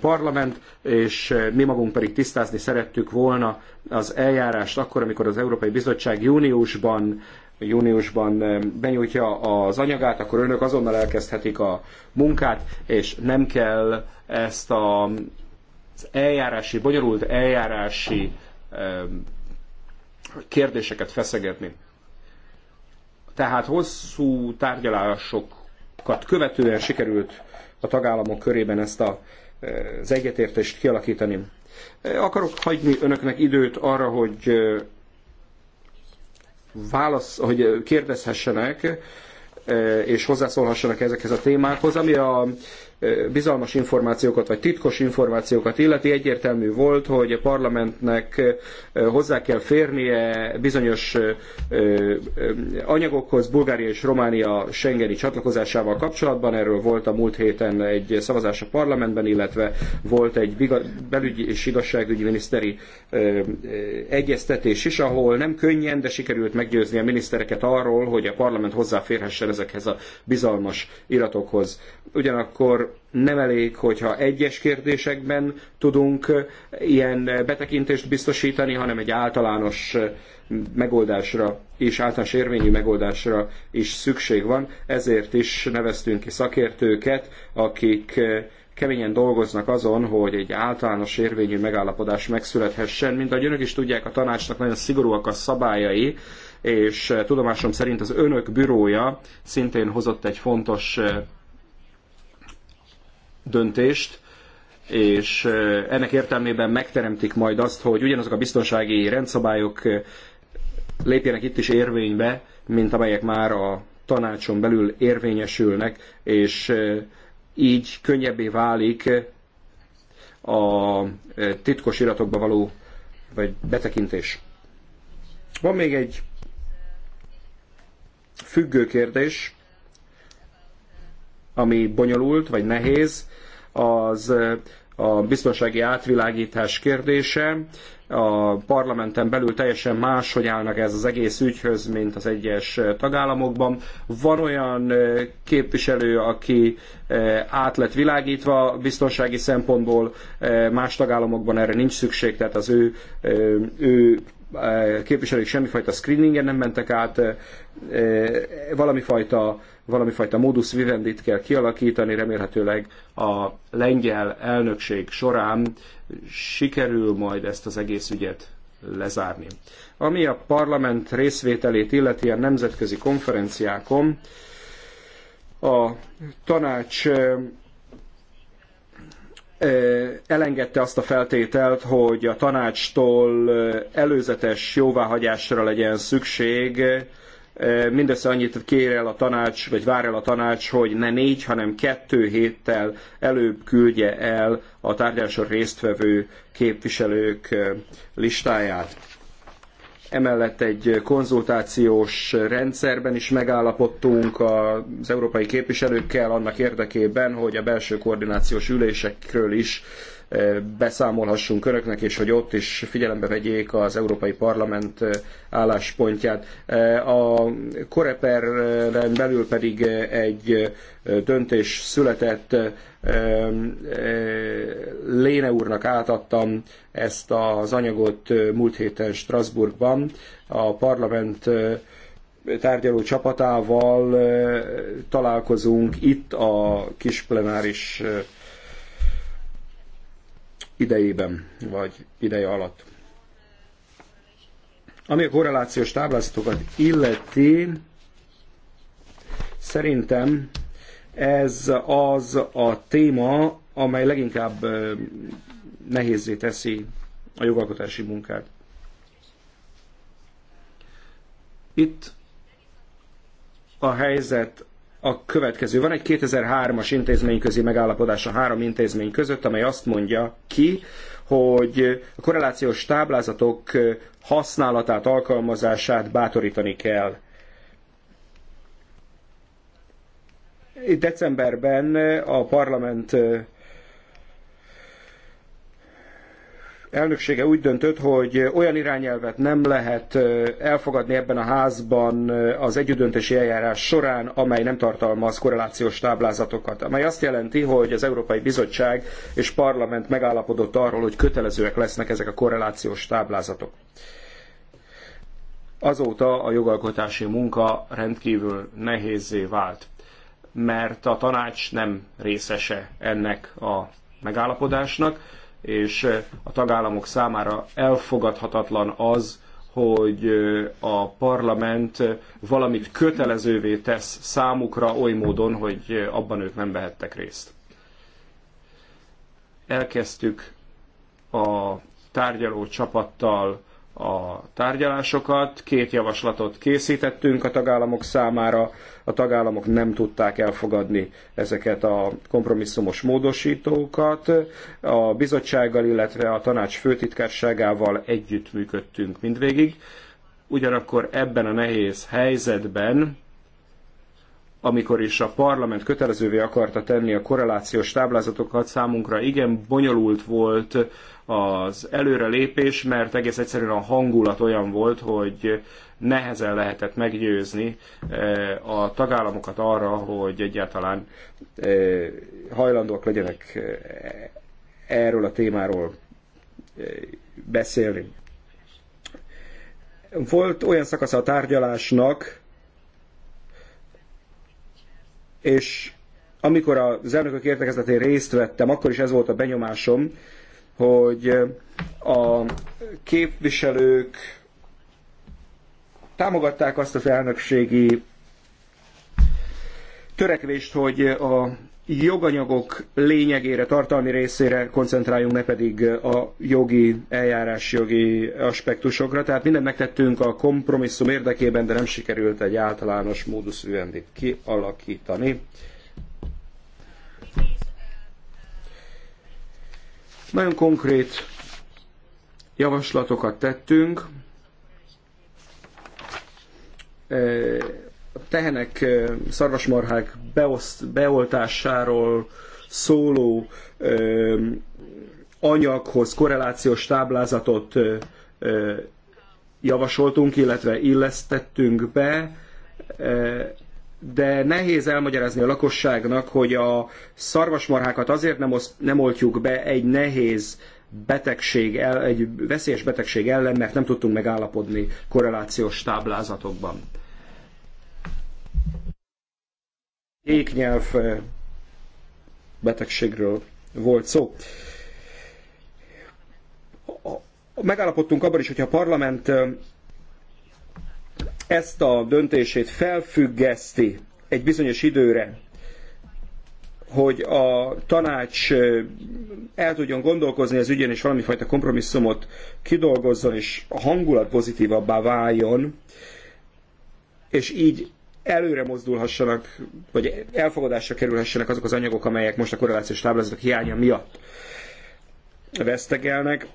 parlament, és mi magunk pedig tisztázni szerettük volna az eljárást akkor, amikor az Európai Bizottság júniusban júniusban benyújtja az anyagát, akkor önök azonnal elkezdhetik a munkát, és nem kell ezt a, az eljárási, bonyolult eljárási kérdéseket feszegetni. Tehát hosszú tárgyalásokat követően sikerült a tagállamok körében ezt a, az egyetértést kialakítani. Akarok hagyni önöknek időt arra, hogy válasz, hogy kérdezhessenek, eh, és hozzászólhassanak ezekhez a témákhoz, ami a bizalmas információkat vagy titkos információkat illeti, egyértelmű volt, hogy a parlamentnek hozzá kell férnie bizonyos anyagokhoz Bulgária és Románia Schengeni csatlakozásával kapcsolatban. Erről volt a múlt héten egy szavazás a parlamentben, illetve volt egy belügyi és igazságügyi miniszteri egyeztetés is, ahol nem könnyen, de sikerült meggyőzni a minisztereket arról, hogy a parlament hozzáférhessen ezekhez a bizalmas iratokhoz. Ugyanakkor nem elég, hogyha egyes kérdésekben tudunk eh, ilyen eh, betekintést biztosítani, hanem egy általános eh, megoldásra és általános érvényű megoldásra is szükség van. Ezért is neveztünk ki szakértőket, akik keményen dolgoznak azon, hogy egy általános érvényű megállapodás megszülethessen. Mint ahogy önök is tudják, a tanácsnak nagyon szigorúak a szabályai, és tudomásom szerint az önök bürója szintén hozott egy fontos döntést, és ennek értelmében megteremtik majd azt, hogy ugyanazok a biztonsági rendszabályok lépjenek itt is érvénybe, mint amelyek már a tanácson belül érvényesülnek, és így könnyebbé válik a titkos iratokba való vagy betekintés. Van még egy függő kérdés, ami bonyolult vagy nehéz, az eh, a biztonsági átvilágítás kérdése. A parlamenten belül teljesen más, hogy állnak ez az egész ügyhöz, mint az egyes eh, tagállamokban. Van olyan eh, képviselő, aki át lett világítva biztonsági szempontból, más tagállamokban erre nincs szükség, tehát az ő, ő képviselők semmifajta screeningen nem mentek át, valamifajta valami fajta modus vivendit kell kialakítani, remélhetőleg a lengyel elnökség során sikerül majd ezt az egész ügyet lezárni. Ami a parlament részvételét illeti a nemzetközi konferenciákon, a tanács elengedte azt a feltételt, hogy a tanácstól előzetes jóváhagyásra legyen szükség Mindössze annyit kér el a tanács, vagy vár el a tanács, hogy ne négy, hanem kettő héttel előbb küldje el a tárgyaláson résztvevő képviselők listáját. Emellett egy konzultációs rendszerben is megállapodtunk az európai képviselőkkel annak érdekében, hogy a belső koordinációs ülésekről is beszámolhassunk önöknek, és hogy ott is figyelembe vegyék az Európai Parlament álláspontját. A Koreperen belül pedig egy döntés született, Léne úrnak átadtam ezt az anyagot múlt héten Strasbourgban. A parlament tárgyaló csapatával találkozunk itt a kis plenáris idejében, vagy ideje alatt. Ami a korrelációs táblázatokat illeti, szerintem ez az a téma, amely leginkább nehézé teszi a jogalkotási munkát. Itt a helyzet a következő. Van egy 2003-as intézményközi megállapodás a három intézmény között, amely azt mondja ki, hogy a korrelációs táblázatok használatát, alkalmazását bátorítani kell. Decemberben a parlament elnöksége úgy döntött, hogy olyan irányelvet nem lehet elfogadni ebben a házban az együttdöntési eljárás során, amely nem tartalmaz korrelációs táblázatokat, amely azt jelenti, hogy az Európai Bizottság és Parlament megállapodott arról, hogy kötelezőek lesznek ezek a korrelációs táblázatok. Azóta a jogalkotási munka rendkívül nehézé vált, mert a tanács nem részese ennek a megállapodásnak, és eh, a tagállamok számára elfogadhatatlan az, hogy eh, a parlament eh, valamit kötelezővé tesz számukra oly módon, hogy abban ők nem vehettek részt. Elkezdtük a tárgyaló csapattal a tárgyalásokat, két javaslatot készítettünk a tagállamok számára, a tagállamok nem tudták elfogadni ezeket a kompromisszumos módosítókat. A bizottsággal, illetve a tanács főtitkárságával együttműködtünk mindvégig. Ugyanakkor ebben a nehéz helyzetben, amikor is a parlament kötelezővé akarta tenni a korrelációs táblázatokat, számunkra igen bonyolult volt az előrelépés, mert egész egyszerűen a hangulat olyan volt, hogy nehezen lehetett meggyőzni eh, a tagállamokat arra, hogy egyáltalán eh, hajlandóak legyenek eh, erről a témáról beszélni. Volt olyan szakasz a tárgyalásnak, és amikor az elnökök értekezletén részt vettem, akkor is ez volt a benyomásom, hogy eh, a képviselők támogatták azt az elnökségi törekvést, hogy a joganyagok lényegére, tartalmi részére koncentráljunk, ne pedig a jogi, eljárásjogi aspektusokra. Tehát mindent megtettünk a kompromisszum érdekében, de nem sikerült egy általános móduszűendit kialakítani. Nagyon konkrét javaslatokat tettünk. E, a tehenek, e, szarvasmarhák beoszt, beoltásáról szóló e, anyaghoz korrelációs táblázatot javasoltunk, illetve illesztettünk be de nehéz elmagyarázni a lakosságnak, hogy a szarvasmarhákat azért nem, osz, nem oltjuk be egy nehéz betegség, el, egy veszélyes betegség ellen, mert nem tudtunk megállapodni korrelációs táblázatokban. Éknyelv eh, betegségről volt szó. Megállapodtunk abban is, hogyha a parlament eh, ezt a döntését felfüggeszti egy bizonyos időre, hogy a tanács el tudjon gondolkozni az ügyen, és valamifajta kompromisszumot kidolgozzon, és a hangulat pozitívabbá váljon, és így előre mozdulhassanak, vagy elfogadásra kerülhessenek azok az anyagok, amelyek most a korrelációs táblázatok hiánya miatt vesztegelnek,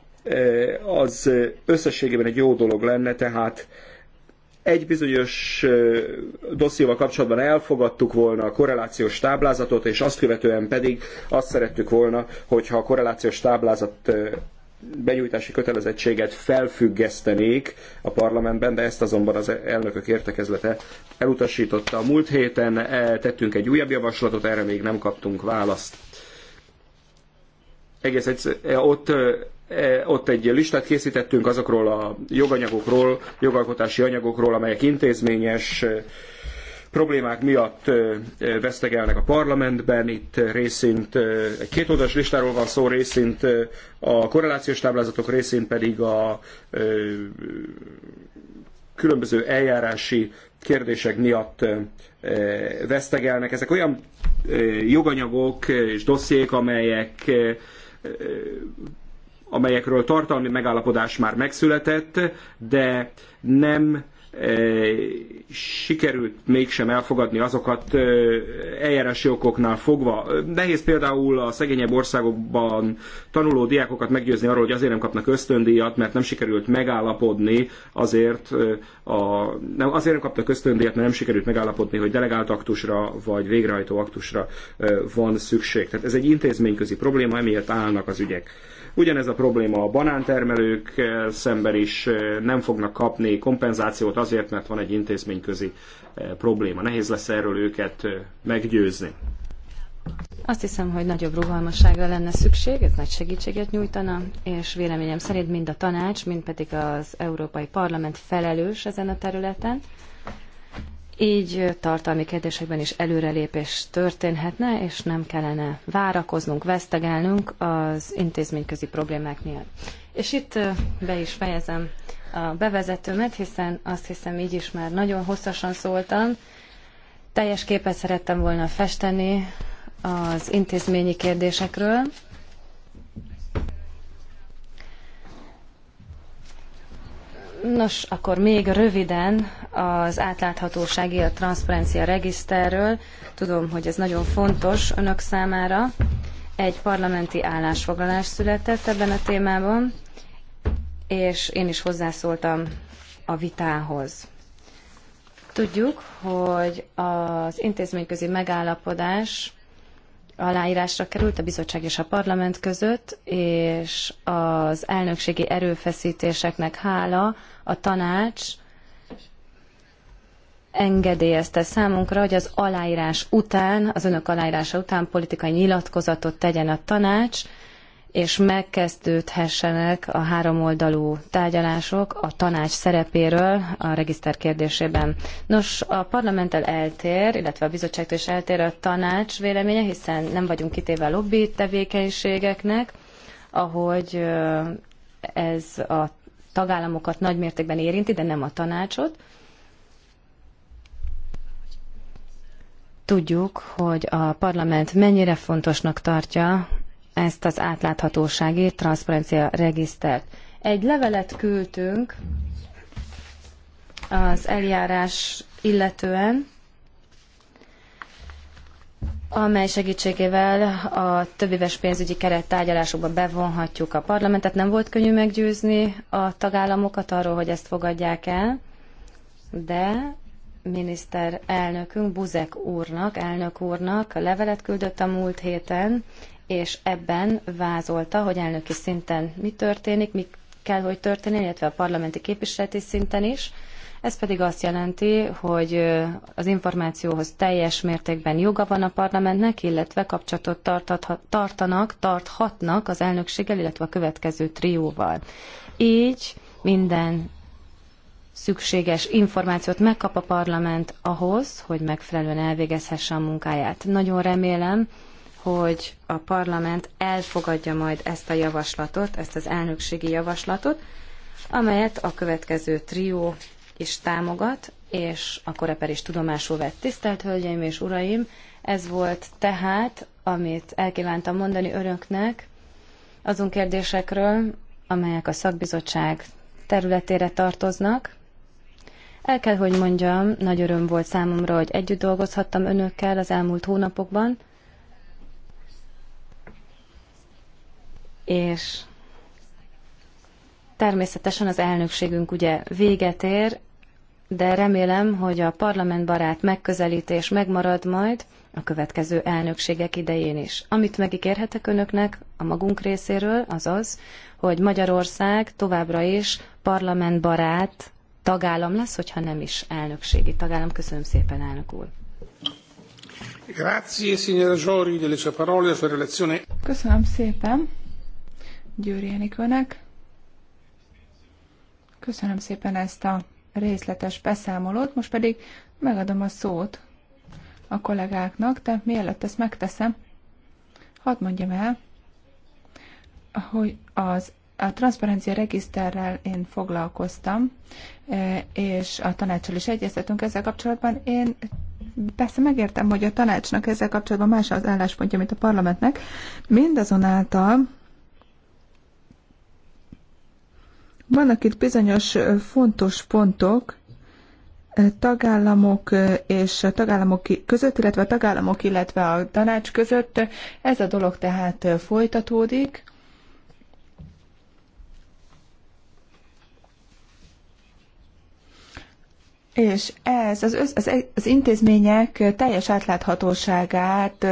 az összességében egy jó dolog lenne, tehát egy bizonyos dosszióval kapcsolatban elfogadtuk volna a korrelációs táblázatot, és azt követően pedig azt szerettük volna, hogyha a korrelációs táblázat benyújtási kötelezettséget felfüggesztenék a parlamentben, de ezt azonban az elnökök értekezlete elutasította. A múlt héten tettünk egy újabb javaslatot, erre még nem kaptunk választ. Egész egyszer, ott E, ott egy listát készítettünk azokról a joganyagokról, jogalkotási anyagokról, amelyek intézményes e, problémák miatt e, vesztegelnek a parlamentben, itt részint egy kétoldalas listáról van szó, részint a korrelációs táblázatok, részint pedig a különböző eljárási kérdések miatt vesztegelnek. Ezek olyan joganyagok és dossziék, amelyek amelyekről tartalmi megállapodás már megszületett, de nem e, sikerült mégsem elfogadni azokat e, eljárási okoknál fogva. Nehéz például a szegényebb országokban tanuló diákokat meggyőzni arról, hogy azért nem kapnak ösztöndíjat, mert nem sikerült megállapodni azért, e, a, nem, azért nem kaptak ösztöndíjat, mert nem sikerült megállapodni, hogy delegált aktusra vagy végrehajtó aktusra van szükség. Tehát ez egy intézményközi probléma, emiatt állnak az ügyek. Ugyanez a probléma a banántermelők szemben is eh, nem fognak kapni kompenzációt azért, mert van egy intézményközi eh, probléma. Nehéz lesz erről őket eh, meggyőzni. Azt hiszem, hogy nagyobb rugalmasságra lenne szükség, ez nagy segítséget nyújtana, és véleményem szerint mind a tanács, mind pedig az Európai Parlament felelős ezen a területen. Így tartalmi kérdésekben is előrelépés történhetne, és nem kellene várakoznunk, vesztegelnünk az intézményközi problémák miatt. És itt be is fejezem a bevezetőmet, hiszen azt hiszem így is már nagyon hosszasan szóltam. Teljes képet szerettem volna festeni az intézményi kérdésekről. Nos, akkor még röviden az átláthatósági, a transzparencia regiszterről. Tudom, hogy ez nagyon fontos önök számára. Egy parlamenti állásfoglalás született ebben a témában, és én is hozzászóltam a vitához. Tudjuk, hogy az intézményközi megállapodás aláírásra került a bizottság és a parlament között, és az elnökségi erőfeszítéseknek hála a tanács engedélyezte számunkra, hogy az aláírás után, az önök aláírása után politikai nyilatkozatot tegyen a tanács, és megkezdődhessenek a háromoldalú tárgyalások a tanács szerepéről a regiszter kérdésében. Nos, a parlamenttel eltér, illetve a bizottságtól is eltér a tanács véleménye, hiszen nem vagyunk kitéve lobby tevékenységeknek, ahogy ez a tagállamokat nagymértékben érinti, de nem a tanácsot. Tudjuk, hogy a parlament mennyire fontosnak tartja ezt az átláthatósági transzparencia regisztert. Egy levelet küldtünk az eljárás illetően, amely segítségével a többéves pénzügyi keret tárgyalásokba bevonhatjuk a parlamentet. Nem volt könnyű meggyőzni a tagállamokat arról, hogy ezt fogadják el, de miniszterelnökünk, Buzek úrnak, elnök úrnak levelet küldött a múlt héten, és ebben vázolta, hogy elnöki szinten mi történik, mi kell, hogy történjen, illetve a parlamenti képviseleti szinten is. Ez pedig azt jelenti, hogy az információhoz teljes mértékben joga van a parlamentnek, illetve kapcsolatot tartat, tartanak, tarthatnak az elnökséggel, illetve a következő trióval. Így minden szükséges információt megkap a parlament ahhoz, hogy megfelelően elvégezhesse a munkáját. Nagyon remélem, hogy a parlament elfogadja majd ezt a javaslatot, ezt az elnökségi javaslatot, amelyet a következő trió is támogat, és a Koreper is tudomásul vett. Tisztelt Hölgyeim és Uraim, ez volt tehát, amit elkívántam mondani önöknek azon kérdésekről, amelyek a szakbizottság területére tartoznak. El kell, hogy mondjam, nagy öröm volt számomra, hogy együtt dolgozhattam önökkel az elmúlt hónapokban, és természetesen az elnökségünk ugye véget ér, de remélem, hogy a parlamentbarát megközelítés megmarad majd a következő elnökségek idején is. Amit megígérhetek önöknek a magunk részéről, az az, hogy Magyarország továbbra is parlamentbarát tagállam lesz, hogyha nem is elnökségi tagállam. Köszönöm szépen, elnök úr! Grazie, signora Giori, delle sue parole, sua relazione. Köszönöm szépen! Győri Enikőnek. Köszönöm szépen ezt a részletes beszámolót, most pedig megadom a szót a kollégáknak, de mielőtt ezt megteszem, hadd mondjam el, hogy az a transzparencia regiszterrel én foglalkoztam, e, és a tanácsal is egyeztetünk ezzel kapcsolatban. Én persze megértem, hogy a tanácsnak ezzel kapcsolatban más az álláspontja, mint a parlamentnek. Mindazonáltal Vannak itt bizonyos fontos pontok, tagállamok és a tagállamok között, illetve a tagállamok, illetve a tanács között. Ez a dolog tehát folytatódik. És ez az, össz, az, az intézmények teljes átláthatóságát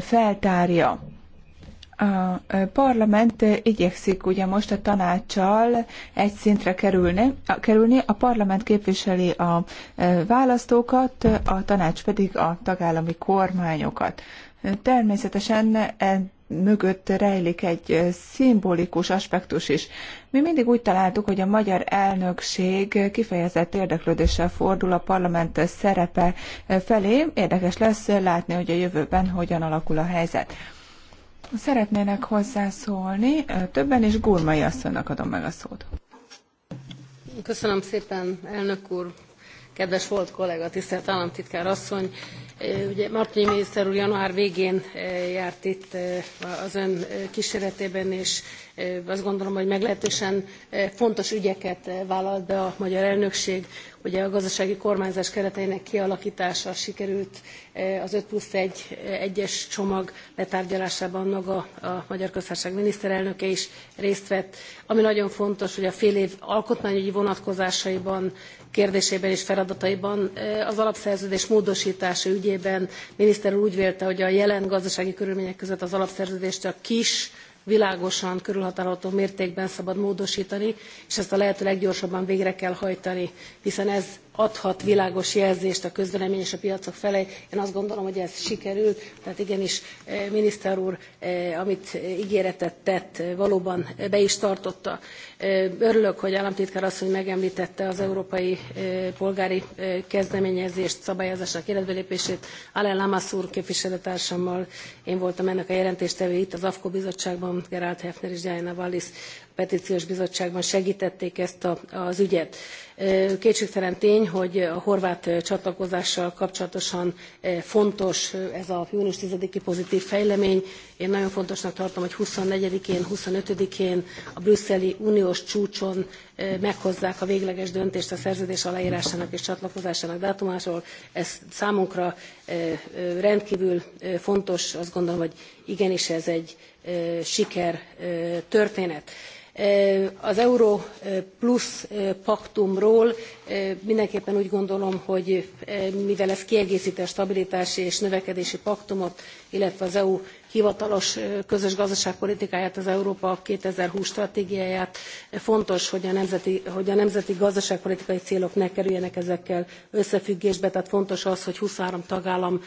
feltárja. A parlament igyekszik ugye most a tanácssal egy szintre kerülni. A, kerülni. a parlament képviseli a választókat, a tanács pedig a tagállami kormányokat. Természetesen e mögött rejlik egy szimbolikus aspektus is. Mi mindig úgy találtuk, hogy a magyar elnökség kifejezett érdeklődéssel fordul a parlament szerepe felé. Érdekes lesz látni, hogy a jövőben hogyan alakul a helyzet. Szeretnének hozzászólni többen, és Gurmai asszonynak adom meg a szót. Köszönöm szépen, elnök úr, kedves volt kollega, tisztelt államtitkár asszony! Ugye Martin miniszter úr január végén járt itt az ön kísérletében, és azt gondolom, hogy meglehetősen fontos ügyeket vállalt be a magyar elnökség. Ugye a gazdasági kormányzás kereteinek kialakítása sikerült az 5 plusz 1 egyes csomag letárgyalásában maga a Magyar Köztársaság miniszterelnöke is részt vett. Ami nagyon fontos, hogy a fél év alkotmányügyi vonatkozásaiban, kérdésében és feladataiban az alapszerződés módosítása ügyében ügyében miniszter úr úgy vélte, hogy a jelen gazdasági körülmények között az alapszerződést csak kis, világosan, körülhatárolható mértékben szabad módosítani, és ezt a lehető leggyorsabban végre kell hajtani, hiszen ez adhat világos jelzést a közvélemény és a piacok felé. Én azt gondolom, hogy ez sikerült, tehát igenis eh, miniszter úr, eh, amit ígéretet tett, eh, valóban be is tartotta. Örülök, hogy államtitkár asszony megemlítette az európai polgári kezdeményezést, szabályozásnak életbelépését. Alain Lamassur képviselőtársammal én voltam ennek a jelentéstevő itt az AFKO bizottságban, Gerald Hefner és Diana Wallis petíciós bizottságban segítették ezt a, az ügyet. Kétségtelen tény, hogy a horvát csatlakozással kapcsolatosan fontos ez a június 10-i pozitív fejlemény. Én nagyon fontosnak tartom, hogy 24-én, 25-én a brüsszeli uniós csúcson meghozzák a végleges döntést a szerződés aláírásának és csatlakozásának dátumáról. Ez számunkra rendkívül fontos, azt gondolom, hogy igenis ez egy siker történet. Az Euro Plus paktumról mindenképpen úgy gondolom, hogy mivel ez kiegészíti a stabilitási és növekedési paktumot, illetve az EU hivatalos közös gazdaságpolitikáját, az Európa 2020 stratégiáját, fontos, hogy a nemzeti, hogy a nemzeti gazdaságpolitikai célok ne kerüljenek ezekkel összefüggésbe, tehát fontos az, hogy 23 tagállam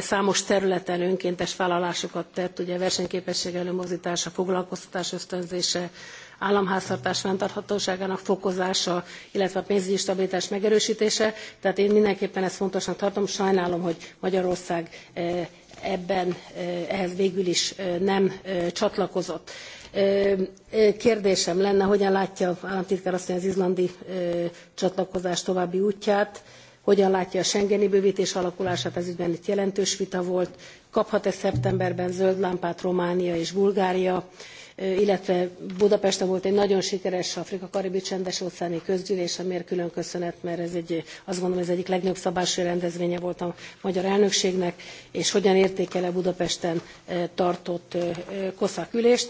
számos területen önkéntes vállalásokat tett, ugye a versenyképesség előmozdítása, foglalkoztatás ösztönzése, államháztartás fenntarthatóságának fokozása, illetve a pénzügyi stabilitás megerősítése. Tehát én mindenképpen ezt fontosnak tartom. Sajnálom, hogy Magyarország e, ebben e, ehhez végül is e, nem csatlakozott. Kérdésem lenne, hogyan látja államtitkár asszony az izlandi csatlakozás további útját, hogyan látja a Schengeni bővítés alakulását, ez ügyben itt jelentős vita volt, kaphat-e szeptemberben zöld lámpát Románia és Bulgária, illetve Budapesten volt egy nagyon sikeres Afrika-Karibi csendes óceáni közgyűlés, amiért külön köszönet, mert ez egy, azt gondolom ez egyik legnagyobb szabású rendezvénye volt a magyar elnökségnek, és hogyan értékele Budapesten tartott koszák ülést.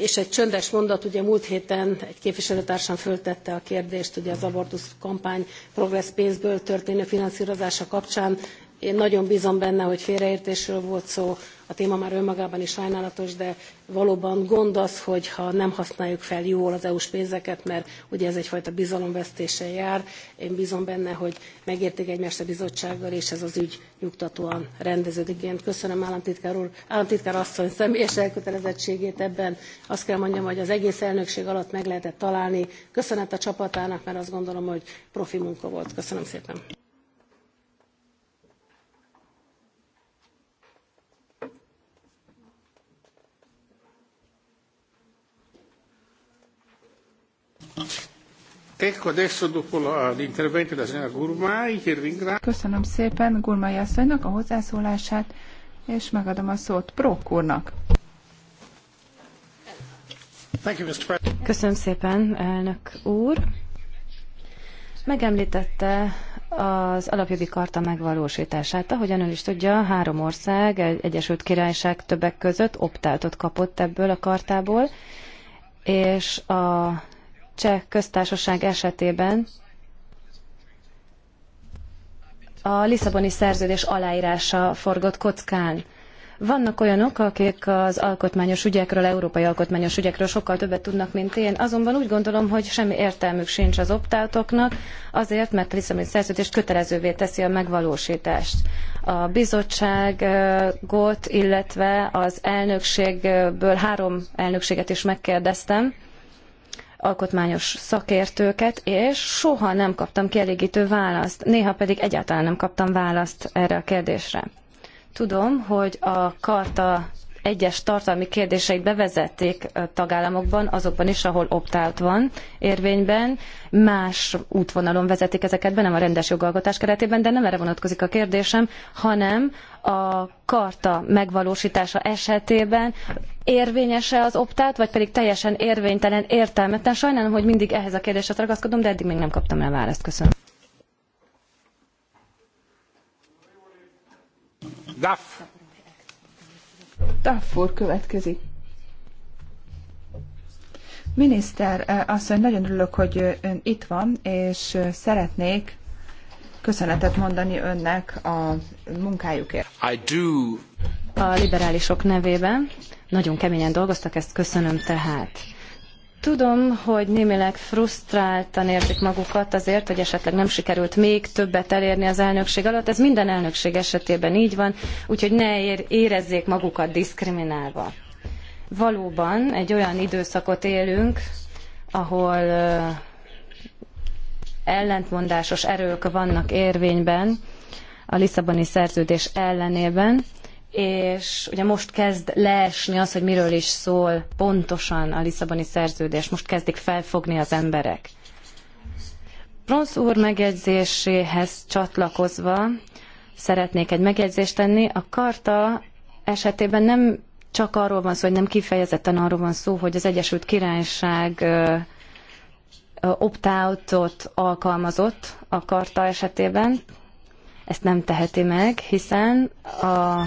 És egy csöndes mondat, ugye múlt héten egy képviselőtársam föltette a kérdést, ugye az abortusz kampány progress pénzből történő finanszírozása kapcsán. Én nagyon bízom benne, hogy félreértésről volt szó, a téma már önmagában is sajnálatos, de valóban gond az, hogyha nem használjuk fel jól az EU-s pénzeket, mert ugye ez egyfajta bizalomvesztéssel jár. Én bízom benne, hogy megértik egymást a bizottsággal, és ez az ügy nyugtatóan rendeződik. Én köszönöm államtitkár úr, államtitkár asszony személyes elkötelezettségét ebben. Azt kell mondjam, hogy az egész elnökség alatt meg lehetett találni. Köszönet a csapatának, mert azt gondolom, hogy profi munka volt. Köszönöm szépen. Köszönöm szépen Gurmai asszonynak a hozzászólását, és megadom a szót Prók úrnak. Köszönöm szépen, elnök úr. Megemlítette az alapjogi karta megvalósítását. Ahogyan ön is tudja, három ország, Egyesült Királyság többek között optáltot kapott ebből a kartából, és a cseh köztársaság esetében a Lisszaboni szerződés aláírása forgott kockán. Vannak olyanok, akik az alkotmányos ügyekről, európai alkotmányos ügyekről sokkal többet tudnak, mint én, azonban úgy gondolom, hogy semmi értelmük sincs az optáltoknak, azért, mert a Lisszaboni szerződés kötelezővé teszi a megvalósítást. A bizottságot, illetve az elnökségből három elnökséget is megkérdeztem, alkotmányos szakértőket, és soha nem kaptam kielégítő választ, néha pedig egyáltalán nem kaptam választ erre a kérdésre. Tudom, hogy a karta egyes tartalmi kérdéseit bevezették tagállamokban, azokban is, ahol opt-out van érvényben, más útvonalon vezetik ezeket be, nem a rendes jogalkotás keretében, de nem erre vonatkozik a kérdésem, hanem a karta megvalósítása esetében érvényese az optát, vagy pedig teljesen érvénytelen, értelmetlen. Sajnálom, hogy mindig ehhez a kérdéshez ragaszkodom, de eddig még nem kaptam rá választ. Köszönöm. Duff. Taffur következik. Miniszter mondja, eh, nagyon örülök, hogy ön itt van, és eh, szeretnék köszönetet mondani önnek a munkájukért. I do. A liberálisok nevében nagyon keményen dolgoztak, ezt köszönöm tehát. Tudom, hogy némileg frusztráltan érzik magukat azért, hogy esetleg nem sikerült még többet elérni az elnökség alatt. Ez minden elnökség esetében így van, úgyhogy ne érezzék magukat diszkriminálva. Valóban egy olyan időszakot élünk, ahol ellentmondásos erők vannak érvényben a Lisszaboni szerződés ellenében, és ugye most kezd leesni az, hogy miről is szól pontosan a Lisszaboni szerződés, most kezdik felfogni az emberek. Bronz úr megjegyzéséhez csatlakozva szeretnék egy megjegyzést tenni. A karta esetében nem csak arról van szó, hogy nem kifejezetten arról van szó, hogy az Egyesült Királyság opt-outot alkalmazott a karta esetében. Ezt nem teheti meg, hiszen a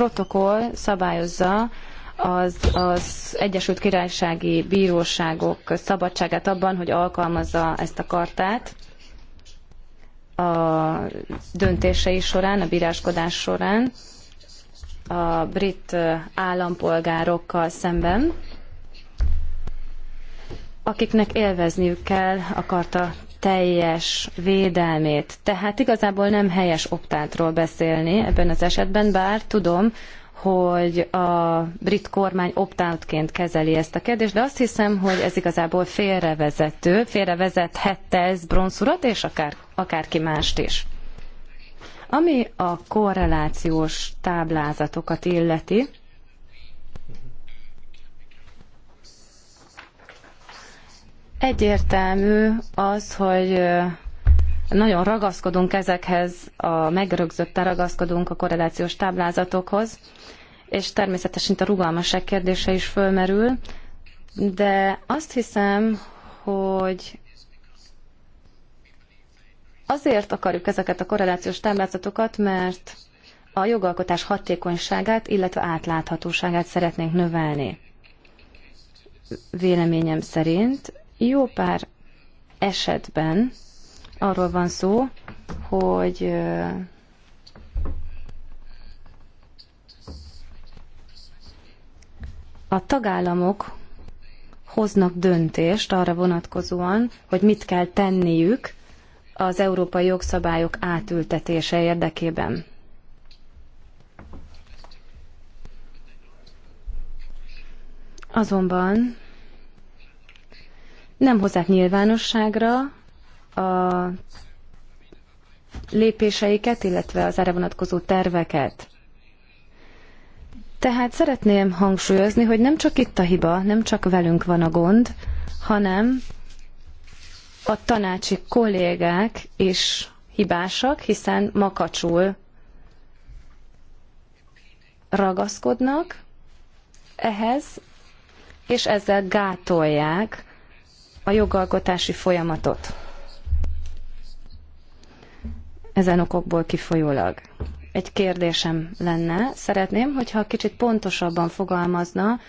protokoll szabályozza az, az Egyesült Királysági Bíróságok szabadságát abban, hogy alkalmazza ezt a kartát a döntései során, a bíráskodás során a brit állampolgárokkal szemben, akiknek élvezniük kell a karta teljes védelmét. Tehát igazából nem helyes optátról beszélni ebben az esetben, bár tudom, hogy a brit kormány optáltként kezeli ezt a kérdést, de azt hiszem, hogy ez igazából félrevezető, félrevezethette ez bronzurat és akár, akárki mást is. Ami a korrelációs táblázatokat illeti, Egyértelmű az, hogy nagyon ragaszkodunk ezekhez, a megrögzötten ragaszkodunk a korrelációs táblázatokhoz, és természetesen itt a rugalmasság kérdése is fölmerül, de azt hiszem, hogy azért akarjuk ezeket a korrelációs táblázatokat, mert a jogalkotás hatékonyságát, illetve átláthatóságát szeretnénk növelni. Véleményem szerint jó pár esetben arról van szó, hogy a tagállamok hoznak döntést arra vonatkozóan, hogy mit kell tenniük az európai jogszabályok átültetése érdekében. Azonban nem hozzák nyilvánosságra a lépéseiket, illetve az erre vonatkozó terveket. Tehát szeretném hangsúlyozni, hogy nem csak itt a hiba, nem csak velünk van a gond, hanem a tanácsi kollégák is hibásak, hiszen makacsul ragaszkodnak ehhez, és ezzel gátolják a jogalkotási folyamatot. Ezen okokból kifolyólag. Egy kérdésem lenne, szeretném, hogyha kicsit pontosabban fogalmazna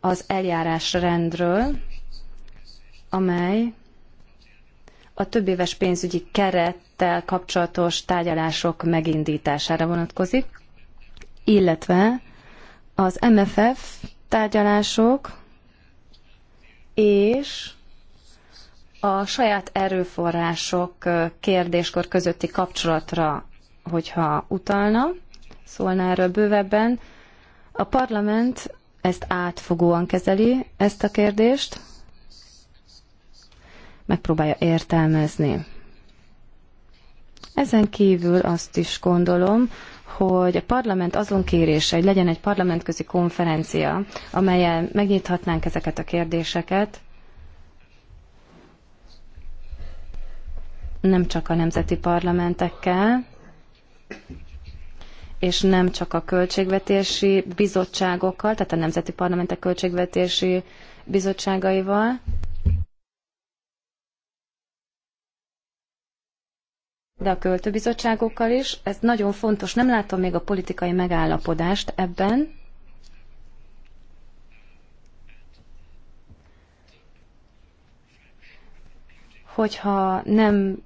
az eljárásrendről, amely a éves pénzügyi kerettel kapcsolatos tárgyalások megindítására vonatkozik, illetve az MFF tárgyalások és a saját erőforrások kérdéskor közötti kapcsolatra, hogyha utalna, szólna erről bővebben. A parlament ezt átfogóan kezeli, ezt a kérdést, megpróbálja értelmezni. Ezen kívül azt is gondolom, hogy a parlament azon kérése, hogy legyen egy parlamentközi konferencia, amelyen megnyithatnánk ezeket a kérdéseket, nem csak a nemzeti parlamentekkel, és nem csak a költségvetési bizottságokkal, tehát a nemzeti parlamentek költségvetési bizottságaival, de a költőbizottságokkal is. Ez nagyon fontos. Nem látom még a politikai megállapodást ebben. Hogyha nem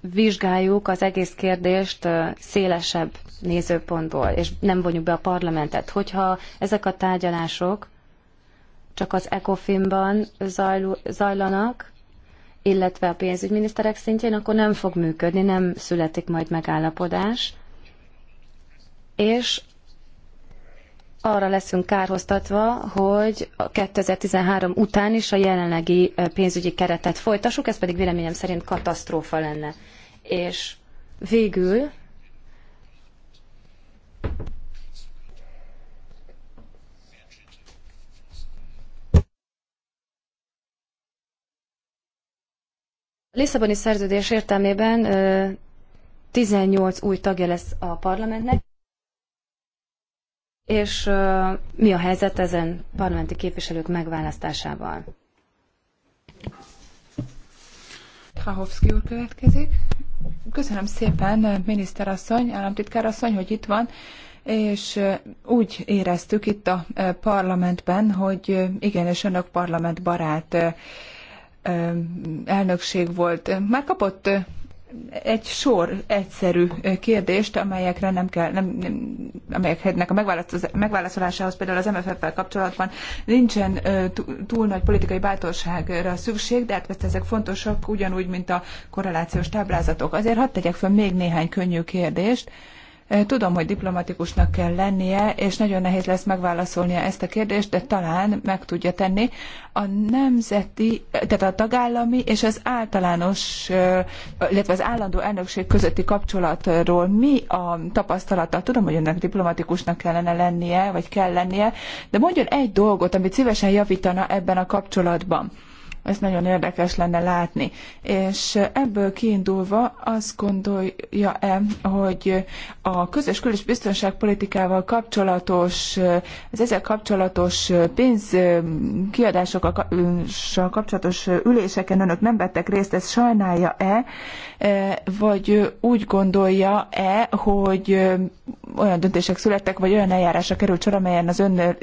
vizsgáljuk az egész kérdést szélesebb nézőpontból, és nem vonjuk be a parlamentet. Hogyha ezek a tárgyalások csak az ECOFIN-ban zajlanak, illetve a pénzügyminiszterek szintjén, akkor nem fog működni, nem születik majd megállapodás. És arra leszünk kárhoztatva, hogy 2013 után is a jelenlegi pénzügyi keretet folytassuk, ez pedig véleményem szerint katasztrófa lenne. És végül A Lisszaboni szerződés értelmében 18 új tagja lesz a parlamentnek és mi a helyzet ezen parlamenti képviselők megválasztásával? Kahovszki úr következik. Köszönöm szépen, miniszterasszony, államtitkárasszony, hogy itt van, és úgy éreztük itt a parlamentben, hogy igenis önök parlamentbarát elnökség volt. Már kapott egy sor egyszerű kérdést, amelyekre nem kell, nem, nem, amelyeknek a megválaszolásához például az mff vel kapcsolatban nincsen túl nagy politikai bátorságra szükség, de hát persze ezek fontosak ugyanúgy, mint a korrelációs táblázatok. Azért hadd tegyek fel még néhány könnyű kérdést. Ö, Tudom, hogy diplomatikusnak kell lennie, és nagyon nehéz lesz megválaszolnia ezt a kérdést, de talán meg tudja tenni. A nemzeti, tehát a tagállami és az általános, illetve az állandó elnökség közötti kapcsolatról mi a tapasztalata? Tudom, hogy önnek diplomatikusnak kellene lennie, vagy kell lennie, de mondjon egy dolgot, amit szívesen javítana ebben a kapcsolatban. Ezt nagyon érdekes lenne látni. És ebből kiindulva azt gondolja-e, hogy a közös külös biztonságpolitikával kapcsolatos, az ezzel kapcsolatos pénzkiadásokkal kapcsolatos üléseken önök nem vettek részt, ez sajnálja-e, e, vagy úgy gondolja-e, hogy olyan döntések születtek, vagy olyan eljárásra került sor, amelyen az ön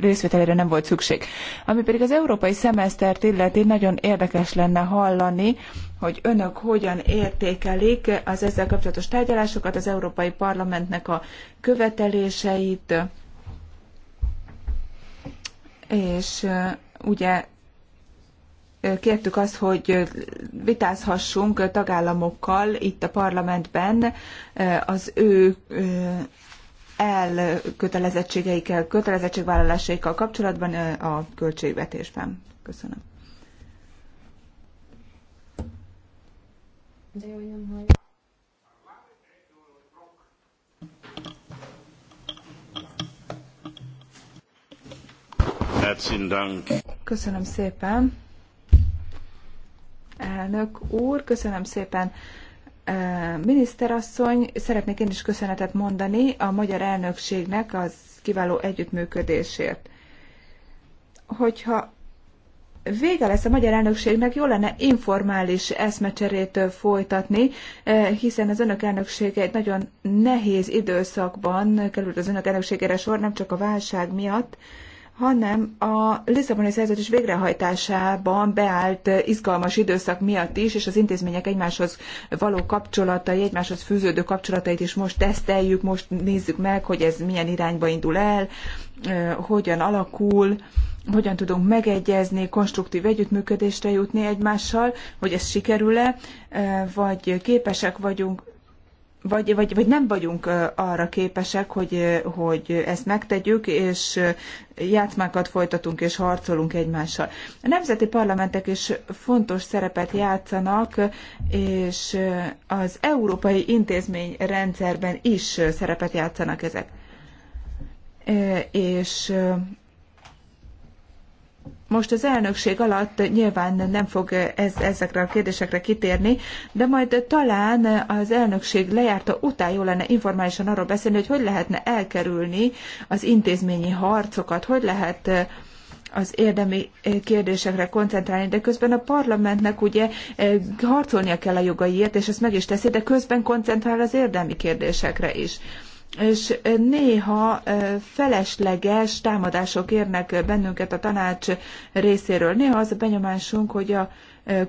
részvételére nem volt szükség. Ami pedig az európai szemesztert illeti, nagyon érdekes lenne hallani, hogy önök hogyan értékelik az ezzel kapcsolatos tárgyalásokat, az Európai Parlamentnek a követeléseit, és ugye kértük azt, hogy vitázhassunk tagállamokkal itt a parlamentben az ő elkötelezettségeikkel, kötelezettségvállalásaikkal kapcsolatban a költségvetésben. Köszönöm. De jó, hogy nem hallja. Köszönöm szépen. Elnök úr, köszönöm szépen. Miniszterasszony, szeretnék én is köszönetet mondani a magyar elnökségnek az kiváló együttműködésért. Hogyha vége lesz a magyar elnökségnek, jó lenne informális eszmecserét folytatni, hiszen az önök elnöksége egy nagyon nehéz időszakban került az önök elnökségére sor, nem csak a válság miatt, hanem a Lisszaboni szerződés végrehajtásában beállt izgalmas időszak miatt is, és az intézmények egymáshoz való kapcsolatai, egymáshoz fűződő kapcsolatait is most teszteljük, most nézzük meg, hogy ez milyen irányba indul el, hogyan alakul, hogyan tudunk megegyezni, konstruktív együttműködésre jutni egymással, hogy ez sikerül-e, vagy képesek vagyunk vagy, vagy, vagy nem vagyunk arra képesek, hogy, hogy ezt megtegyük, és játszmákat folytatunk és harcolunk egymással. A nemzeti parlamentek is fontos szerepet játszanak, és az európai intézményrendszerben is szerepet játszanak ezek. És most az elnökség alatt nyilván nem fog ez, ezekre a kérdésekre kitérni, de majd talán az elnökség lejárta után jó lenne informálisan arról beszélni, hogy hogy lehetne elkerülni az intézményi harcokat, hogy lehet eh, az érdemi eh, kérdésekre koncentrálni, de közben a parlamentnek ugye eh, harcolnia kell a jogaiért, és ezt meg is teszi, de közben koncentrál az érdemi kérdésekre is és néha felesleges támadások érnek bennünket a tanács részéről. Néha az a benyomásunk, hogy a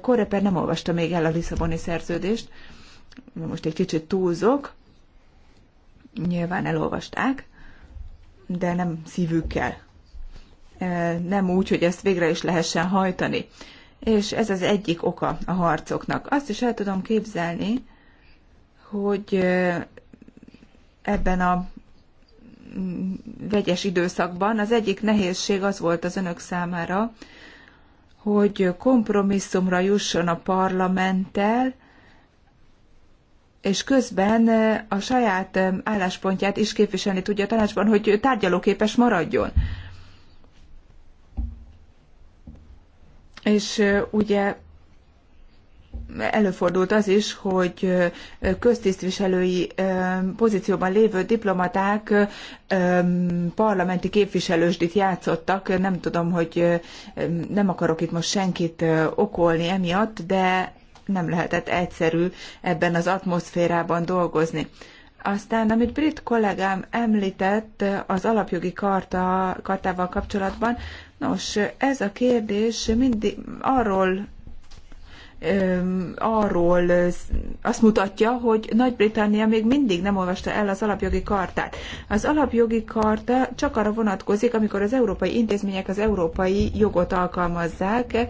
Koreper nem olvasta még el a Lisszaboni szerződést. Most egy kicsit túlzok. Nyilván elolvasták, de nem szívükkel. Nem úgy, hogy ezt végre is lehessen hajtani. És ez az egyik oka a harcoknak. Azt is el tudom képzelni, hogy ebben a vegyes időszakban. Az egyik nehézség az volt az önök számára, hogy kompromisszumra jusson a parlamenttel, és közben a saját álláspontját is képviselni tudja a tanácsban, hogy tárgyalóképes maradjon. És ugye előfordult az is, hogy köztisztviselői pozícióban lévő diplomaták parlamenti képviselősdit játszottak. Nem tudom, hogy nem akarok itt most senkit okolni emiatt, de nem lehetett egyszerű ebben az atmoszférában dolgozni. Aztán, amit brit kollégám említett az alapjogi karta, kartával kapcsolatban, nos, ez a kérdés mindig arról arról azt mutatja, hogy Nagy-Britannia még mindig nem olvasta el az alapjogi kartát. Az alapjogi karta csak arra vonatkozik, amikor az európai intézmények az európai jogot alkalmazzák,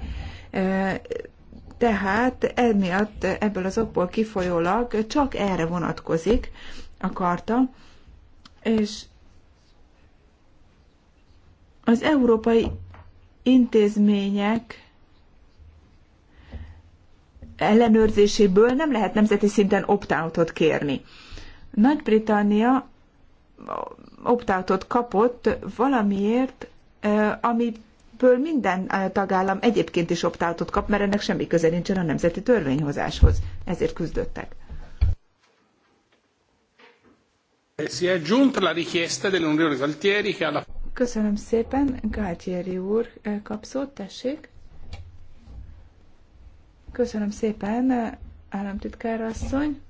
tehát emiatt ebből az okból kifolyólag csak erre vonatkozik a karta, és az európai intézmények ellenőrzéséből nem lehet nemzeti szinten opt-outot kérni. Nagy-Britannia opt-outot kapott valamiért, amiből minden tagállam egyébként is opt-outot kap, mert ennek semmi köze nincsen a nemzeti törvényhozáshoz. Ezért küzdöttek. Köszönöm szépen, Galtieri úr kap tessék. Köszönöm szépen, államtitkár asszony.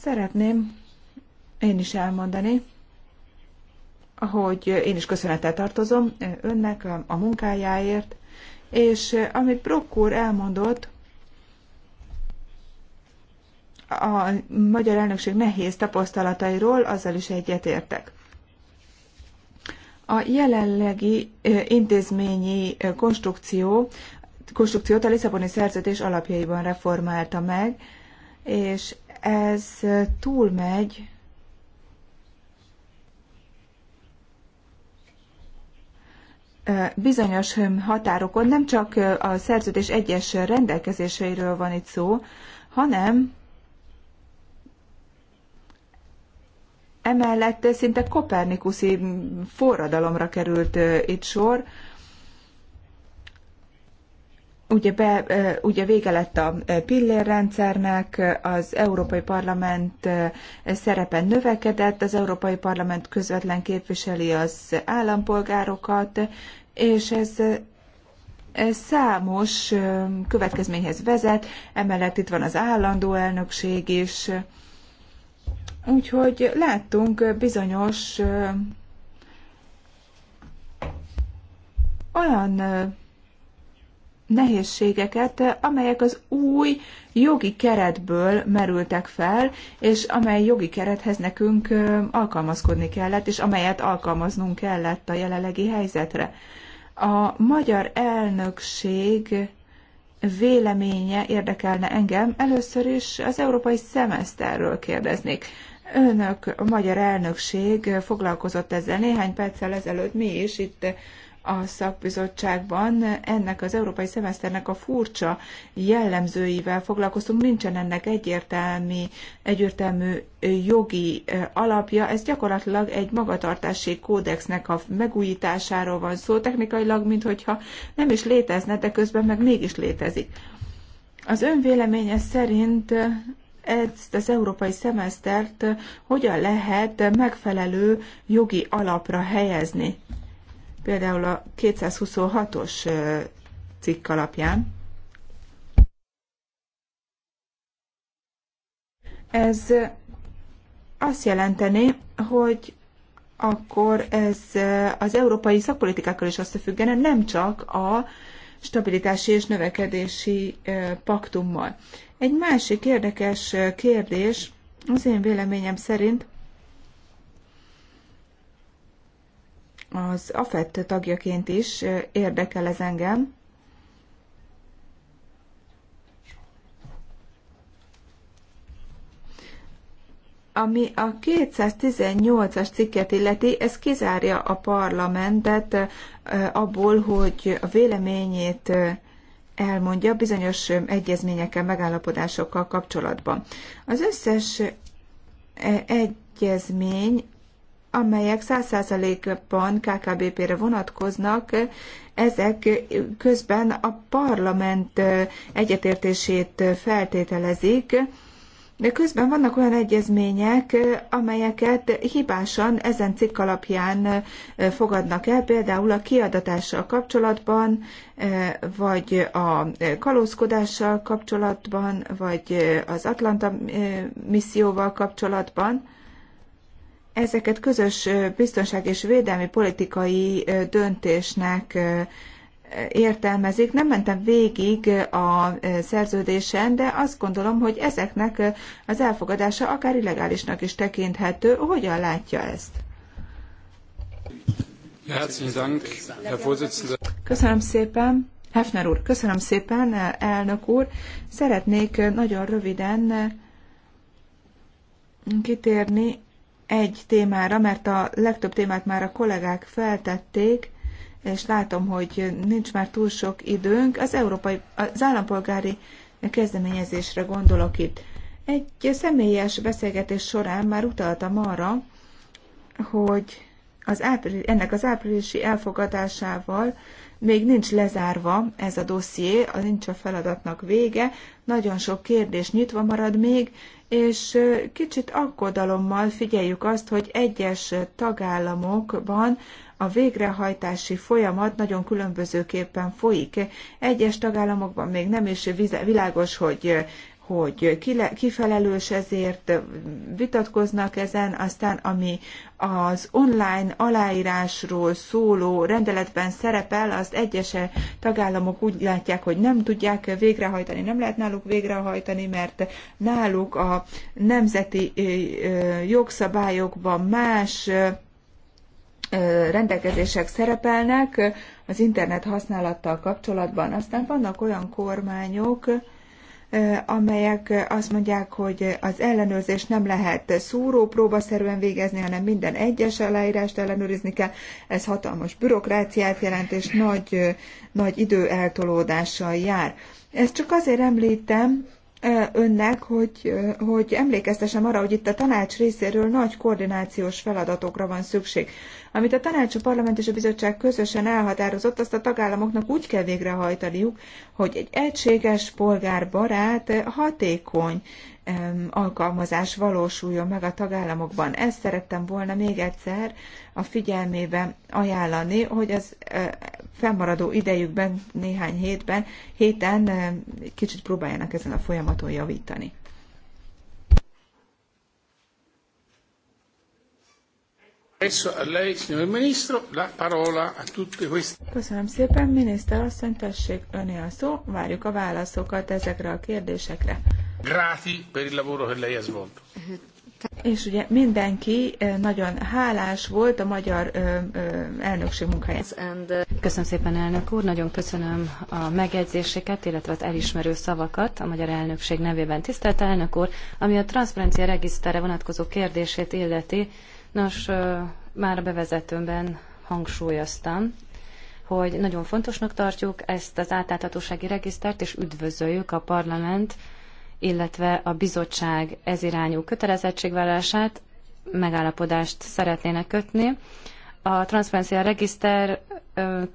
Szeretném én is elmondani, hogy én is köszönettel tartozom önnek a munkájáért, és amit Brock úr elmondott, a magyar elnökség nehéz tapasztalatairól, azzal is egyetértek. A jelenlegi intézményi konstrukció, konstrukciót a Lisszaboni szerződés alapjaiban reformálta meg, és ez túlmegy bizonyos határokon nem csak a szerződés egyes rendelkezéseiről van itt szó, hanem Emellett szinte kopernikuszi forradalomra került itt sor. Ugye, be, ugye vége lett a pillérrendszernek, az Európai Parlament szerepe növekedett, az Európai Parlament közvetlen képviseli az állampolgárokat, és ez számos következményhez vezet, emellett itt van az állandó elnökség is, Úgyhogy láttunk bizonyos olyan nehézségeket, amelyek az új jogi keretből merültek fel, és amely jogi kerethez nekünk alkalmazkodni kellett, és amelyet alkalmaznunk kellett a jelenlegi helyzetre. A magyar elnökség véleménye érdekelne engem, először is az európai szemeszterről kérdeznék. Önök, a magyar elnökség foglalkozott ezzel néhány perccel ezelőtt, mi is itt a szakbizottságban ennek az európai szemeszternek a furcsa jellemzőivel foglalkoztunk, nincsen ennek egyértelmi, egyértelmű jogi alapja, ez gyakorlatilag egy magatartási kódexnek a megújításáról van szó, technikailag, minthogyha nem is létezne, de közben meg mégis létezik. Az ön véleménye szerint ezt az európai szemesztert hogyan lehet megfelelő jogi alapra helyezni. Például a 226-os cikk alapján. Ez azt jelenteni, hogy akkor ez az európai szakpolitikákkal is összefüggene, nem csak a stabilitási és növekedési paktummal. Egy másik érdekes kérdés, az én véleményem szerint az AFET tagjaként is érdekel ez engem, ami a 218-as cikket illeti, ez kizárja a parlamentet abból, hogy a véleményét elmondja bizonyos egyezményekkel, megállapodásokkal kapcsolatban. Az összes e, egyezmény, amelyek 100%-ban KKBP-re vonatkoznak, ezek közben a parlament egyetértését feltételezik, de közben vannak olyan egyezmények, amelyeket hibásan ezen cikk alapján fogadnak el, például a kiadatással kapcsolatban, vagy a kalózkodással kapcsolatban, vagy az Atlanta misszióval kapcsolatban. Ezeket közös biztonság és védelmi politikai döntésnek értelmezik. Nem mentem végig a e, szerződésen, de azt gondolom, hogy ezeknek e, az elfogadása akár illegálisnak is tekinthető. Hogyan látja ezt? Köszönöm szépen. Hefner úr, köszönöm szépen, e, elnök úr. Szeretnék nagyon röviden kitérni egy témára, mert a legtöbb témát már a kollégák feltették és látom, hogy nincs már túl sok időnk, az, európai, az állampolgári kezdeményezésre gondolok itt. Egy személyes beszélgetés során már utaltam arra, hogy az április, ennek az áprilisi elfogadásával még nincs lezárva ez a dosszié, az nincs a feladatnak vége, nagyon sok kérdés nyitva marad még, és kicsit aggodalommal figyeljük azt, hogy egyes tagállamokban a végrehajtási folyamat nagyon különbözőképpen folyik. Egyes tagállamokban még nem is világos, hogy hogy kifelelős ki ezért, vitatkoznak ezen, aztán ami az online aláírásról szóló rendeletben szerepel, azt egyes tagállamok úgy látják, hogy nem tudják végrehajtani, nem lehet náluk végrehajtani, mert náluk a nemzeti jogszabályokban más rendelkezések szerepelnek az internet használattal kapcsolatban. Aztán vannak olyan kormányok, amelyek azt mondják, hogy az ellenőrzés nem lehet szúró próbaszerűen végezni, hanem minden egyes aláírást ellenőrizni kell. Ez hatalmas bürokráciát jelent, és nagy, nagy időeltolódással jár. Ezt csak azért említem, önnek, hogy, hogy emlékeztesem arra, hogy itt a tanács részéről nagy koordinációs feladatokra van szükség. Amit a tanács, a parlament és a bizottság közösen elhatározott, azt a tagállamoknak úgy kell végrehajtaniuk, hogy egy egységes, polgárbarát, hatékony alkalmazás valósuljon meg a tagállamokban. Ezt szerettem volna még egyszer a figyelmébe ajánlani, hogy az e, fennmaradó idejükben, néhány hétben, héten e, kicsit próbáljanak ezen a folyamaton javítani. Köszönöm szépen, miniszter asszony, tessék öné a szó, várjuk a válaszokat ezekre a kérdésekre per il lavoro che lei ha svolto. És ugye mindenki eh, nagyon hálás volt a magyar elnökség munkáját. Köszönöm szépen, elnök úr, nagyon köszönöm a megjegyzéseket, illetve az elismerő szavakat a magyar elnökség nevében. Tisztelt elnök úr, ami a transzparencia regiszterre vonatkozó kérdését illeti, nos, már a bevezetőmben hangsúlyoztam, hogy nagyon fontosnak tartjuk ezt az átláthatósági regisztert, és üdvözöljük a parlament illetve a bizottság ezirányú kötelezettségvállalását megállapodást szeretnének kötni. A transzparencia regiszter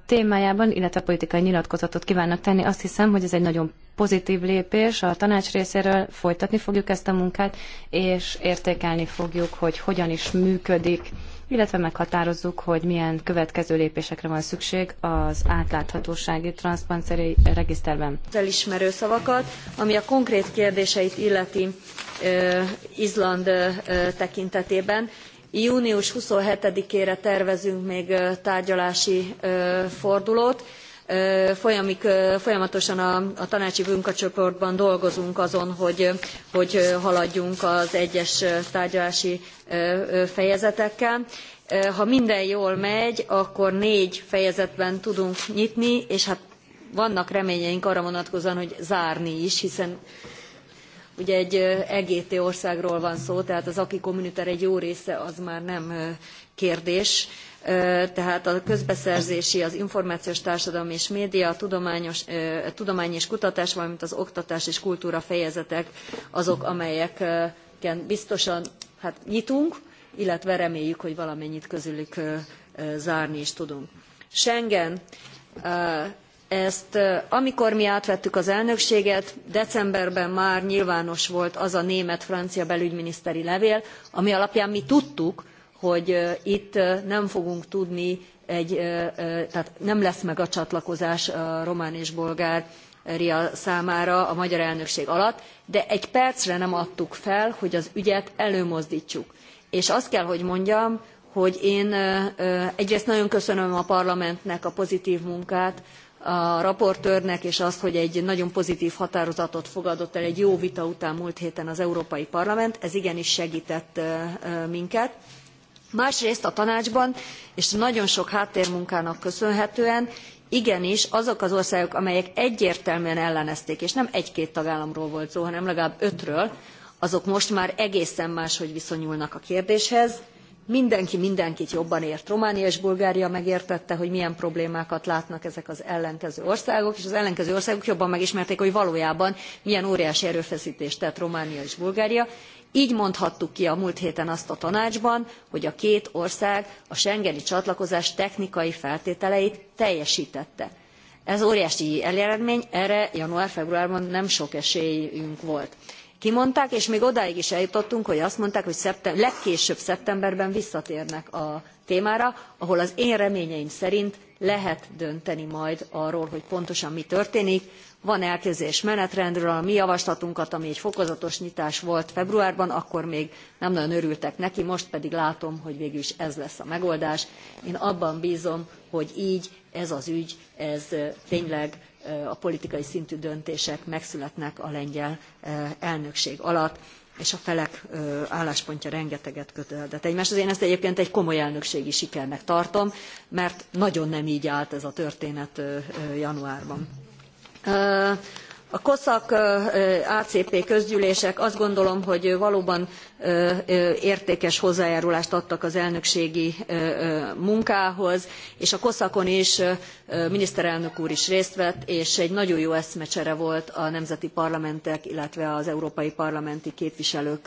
témájában, illetve politikai nyilatkozatot kívánnak tenni. Azt hiszem, hogy ez egy nagyon pozitív lépés a tanács részéről, folytatni fogjuk ezt a munkát, és értékelni fogjuk, hogy hogyan is működik illetve meghatározzuk, hogy milyen következő lépésekre van szükség az átláthatósági transzpanceri regiszterben. Elismerő szavakat, ami a konkrét kérdéseit illeti ö, Izland ö, tekintetében. Június 27-ére tervezünk még tárgyalási fordulót folyamatosan a, tanácsi munkacsoportban dolgozunk azon, hogy, haladjunk az egyes tárgyalási fejezetekkel. Ha minden jól megy, akkor négy fejezetben tudunk nyitni, és hát vannak reményeink arra vonatkozóan, hogy zárni is, hiszen ugye egy EGT országról van szó, tehát az aki communautaire egy jó része az már nem kérdés tehát a közbeszerzési, az információs társadalom és média, a tudományos, tudomány és kutatás, valamint az oktatás és kultúra fejezetek azok, amelyeken biztosan hát nyitunk, illetve reméljük, hogy valamennyit közülük zárni is tudunk. Schengen. Ezt amikor mi átvettük az elnökséget, decemberben már nyilvános volt az a német-francia belügyminiszteri levél, ami alapján mi tudtuk, hogy itt nem fogunk tudni egy, tehát nem lesz meg a csatlakozás a román és bolgár Ria számára a magyar elnökség alatt, de egy percre nem adtuk fel, hogy az ügyet előmozdítsuk. És azt kell, hogy mondjam, hogy én egyrészt nagyon köszönöm a parlamentnek a pozitív munkát, a raportőrnek és azt, hogy egy nagyon pozitív határozatot fogadott el egy jó vita után múlt héten az Európai Parlament, ez igenis segített minket másrészt a tanácsban és nagyon sok háttérmunkának köszönhetően igenis azok az országok amelyek egyértelműen ellenezték és nem egy két tagállamról volt szó hanem legalább ötről azok most már egészen máshogy viszonyulnak a kérdéshez mindenki mindenkit jobban ért. Románia és Bulgária megértette, hogy milyen problémákat látnak ezek az ellenkező országok, és az ellenkező országok jobban megismerték, hogy valójában milyen óriási erőfeszítést tett Románia és Bulgária, így mondhattuk ki a múlt héten azt a tanácsban, hogy a két ország a Schengeni csatlakozás technikai feltételeit teljesítette. Ez óriási eredmény, erre január-februárban nem sok esélyünk volt. Kimondták, és még odáig is eljutottunk, hogy azt mondták, hogy legkésőbb szeptemberben visszatérnek a témára, ahol az én reményeim szerint lehet dönteni majd arról, hogy pontosan mi történik, van elképzelés menetrendről a mi javaslatunkat ami egy fokozatos nyitás volt februárban akkor még nem nagyon örültek neki most pedig látom hogy végül is ez lesz a megoldás. én abban bzom hogy gy ez az ügy ez tényleg a politikai szintű döntések megszületnek a lengyel elnökség alatt és a felek álláspontja rengeteget kötődött egymáshoz. Én ezt egyébként egy komoly elnökségi sikernek tartom, mert nagyon nem így állt ez a történet januárban a cosac acp közgyűlések azt gondolom hogy valóban értékes hozzájárulást adtak az elnökségi munkához és a cosac on is miniszterelnök úr is részt vett és egy nagyon jó eszmecsere volt a nemzeti parlamentek illetve az európai parlamenti képviselők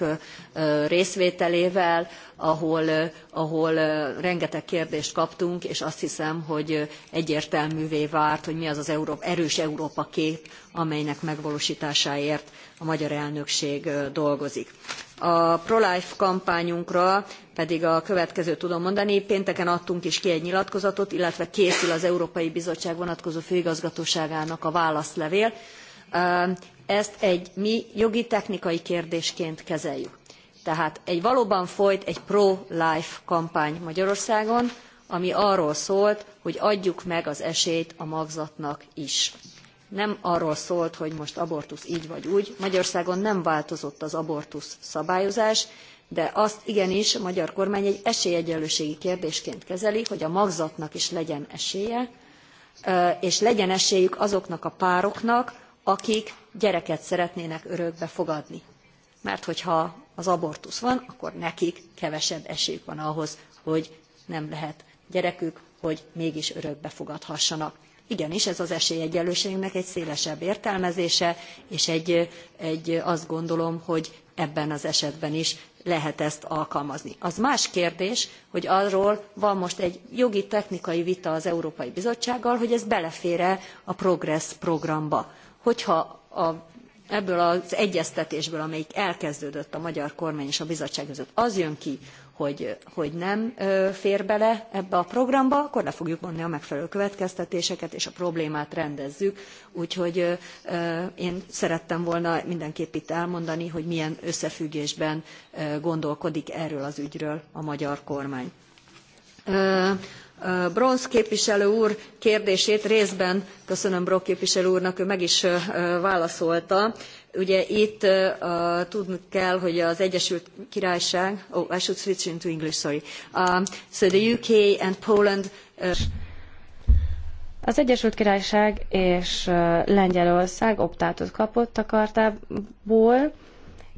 részvételével ahol, ahol rengeteg kérdést kaptunk és azt hiszem hogy egyértelművé vált hogy mi az az erős európa kép amelynek megvalóstásáért a magyar elnökség dolgozik. A pro-life kampányunkra pedig a következőt tudom mondani. Pénteken adtunk is ki egy nyilatkozatot, illetve készül az Európai Bizottság vonatkozó főigazgatóságának a válaszlevél. Ezt egy mi jogi technikai kérdésként kezeljük. Tehát egy valóban folyt egy pro-life kampány Magyarországon, ami arról szólt, hogy adjuk meg az esélyt a magzatnak is nem arról szólt, hogy most abortusz így vagy úgy. Magyarországon nem változott az abortusz szabályozás, de azt igenis a magyar kormány egy esélyegyenlőségi kérdésként kezeli, hogy a magzatnak is legyen esélye, és legyen esélyük azoknak a pároknak, akik gyereket szeretnének örökbe fogadni. Mert hogyha az abortusz van, akkor nekik kevesebb esélyük van ahhoz, hogy nem lehet gyerekük, hogy mégis örökbe fogadhassanak. Igenis, ez az esélyegyenlőségnek egy szélesebb értelmezése, és egy, azt gondolom, hogy ebben az esetben is lehet ezt alkalmazni. Az más kérdés, hogy arról van most egy jogi technikai vita az Európai Bizottsággal, hogy ez belefér-e a Progress programba. Hogyha ebből az egyeztetésből, amelyik elkezdődött a magyar kormány és a bizottság között, az jön ki, hogy, hogy nem fér bele ebbe a programba, akkor le fogjuk vonni a megfelelő következtetéseket, és a problémát rendezzük. Úgyhogy én szerettem volna mindenképp itt elmondani, hogy milyen összefüggésben gondolkodik erről az ügyről a magyar kormány. Bronz képviselő úr kérdését részben köszönöm Brok képviselő úrnak, ő meg is válaszolta Ugye itt uh, tudni kell, hogy az Egyesült Királyság, oh, I should switch into English, sorry. Um, so the UK and Poland... Uh... Az Egyesült Királyság és Lengyelország optátot kapott a kartából,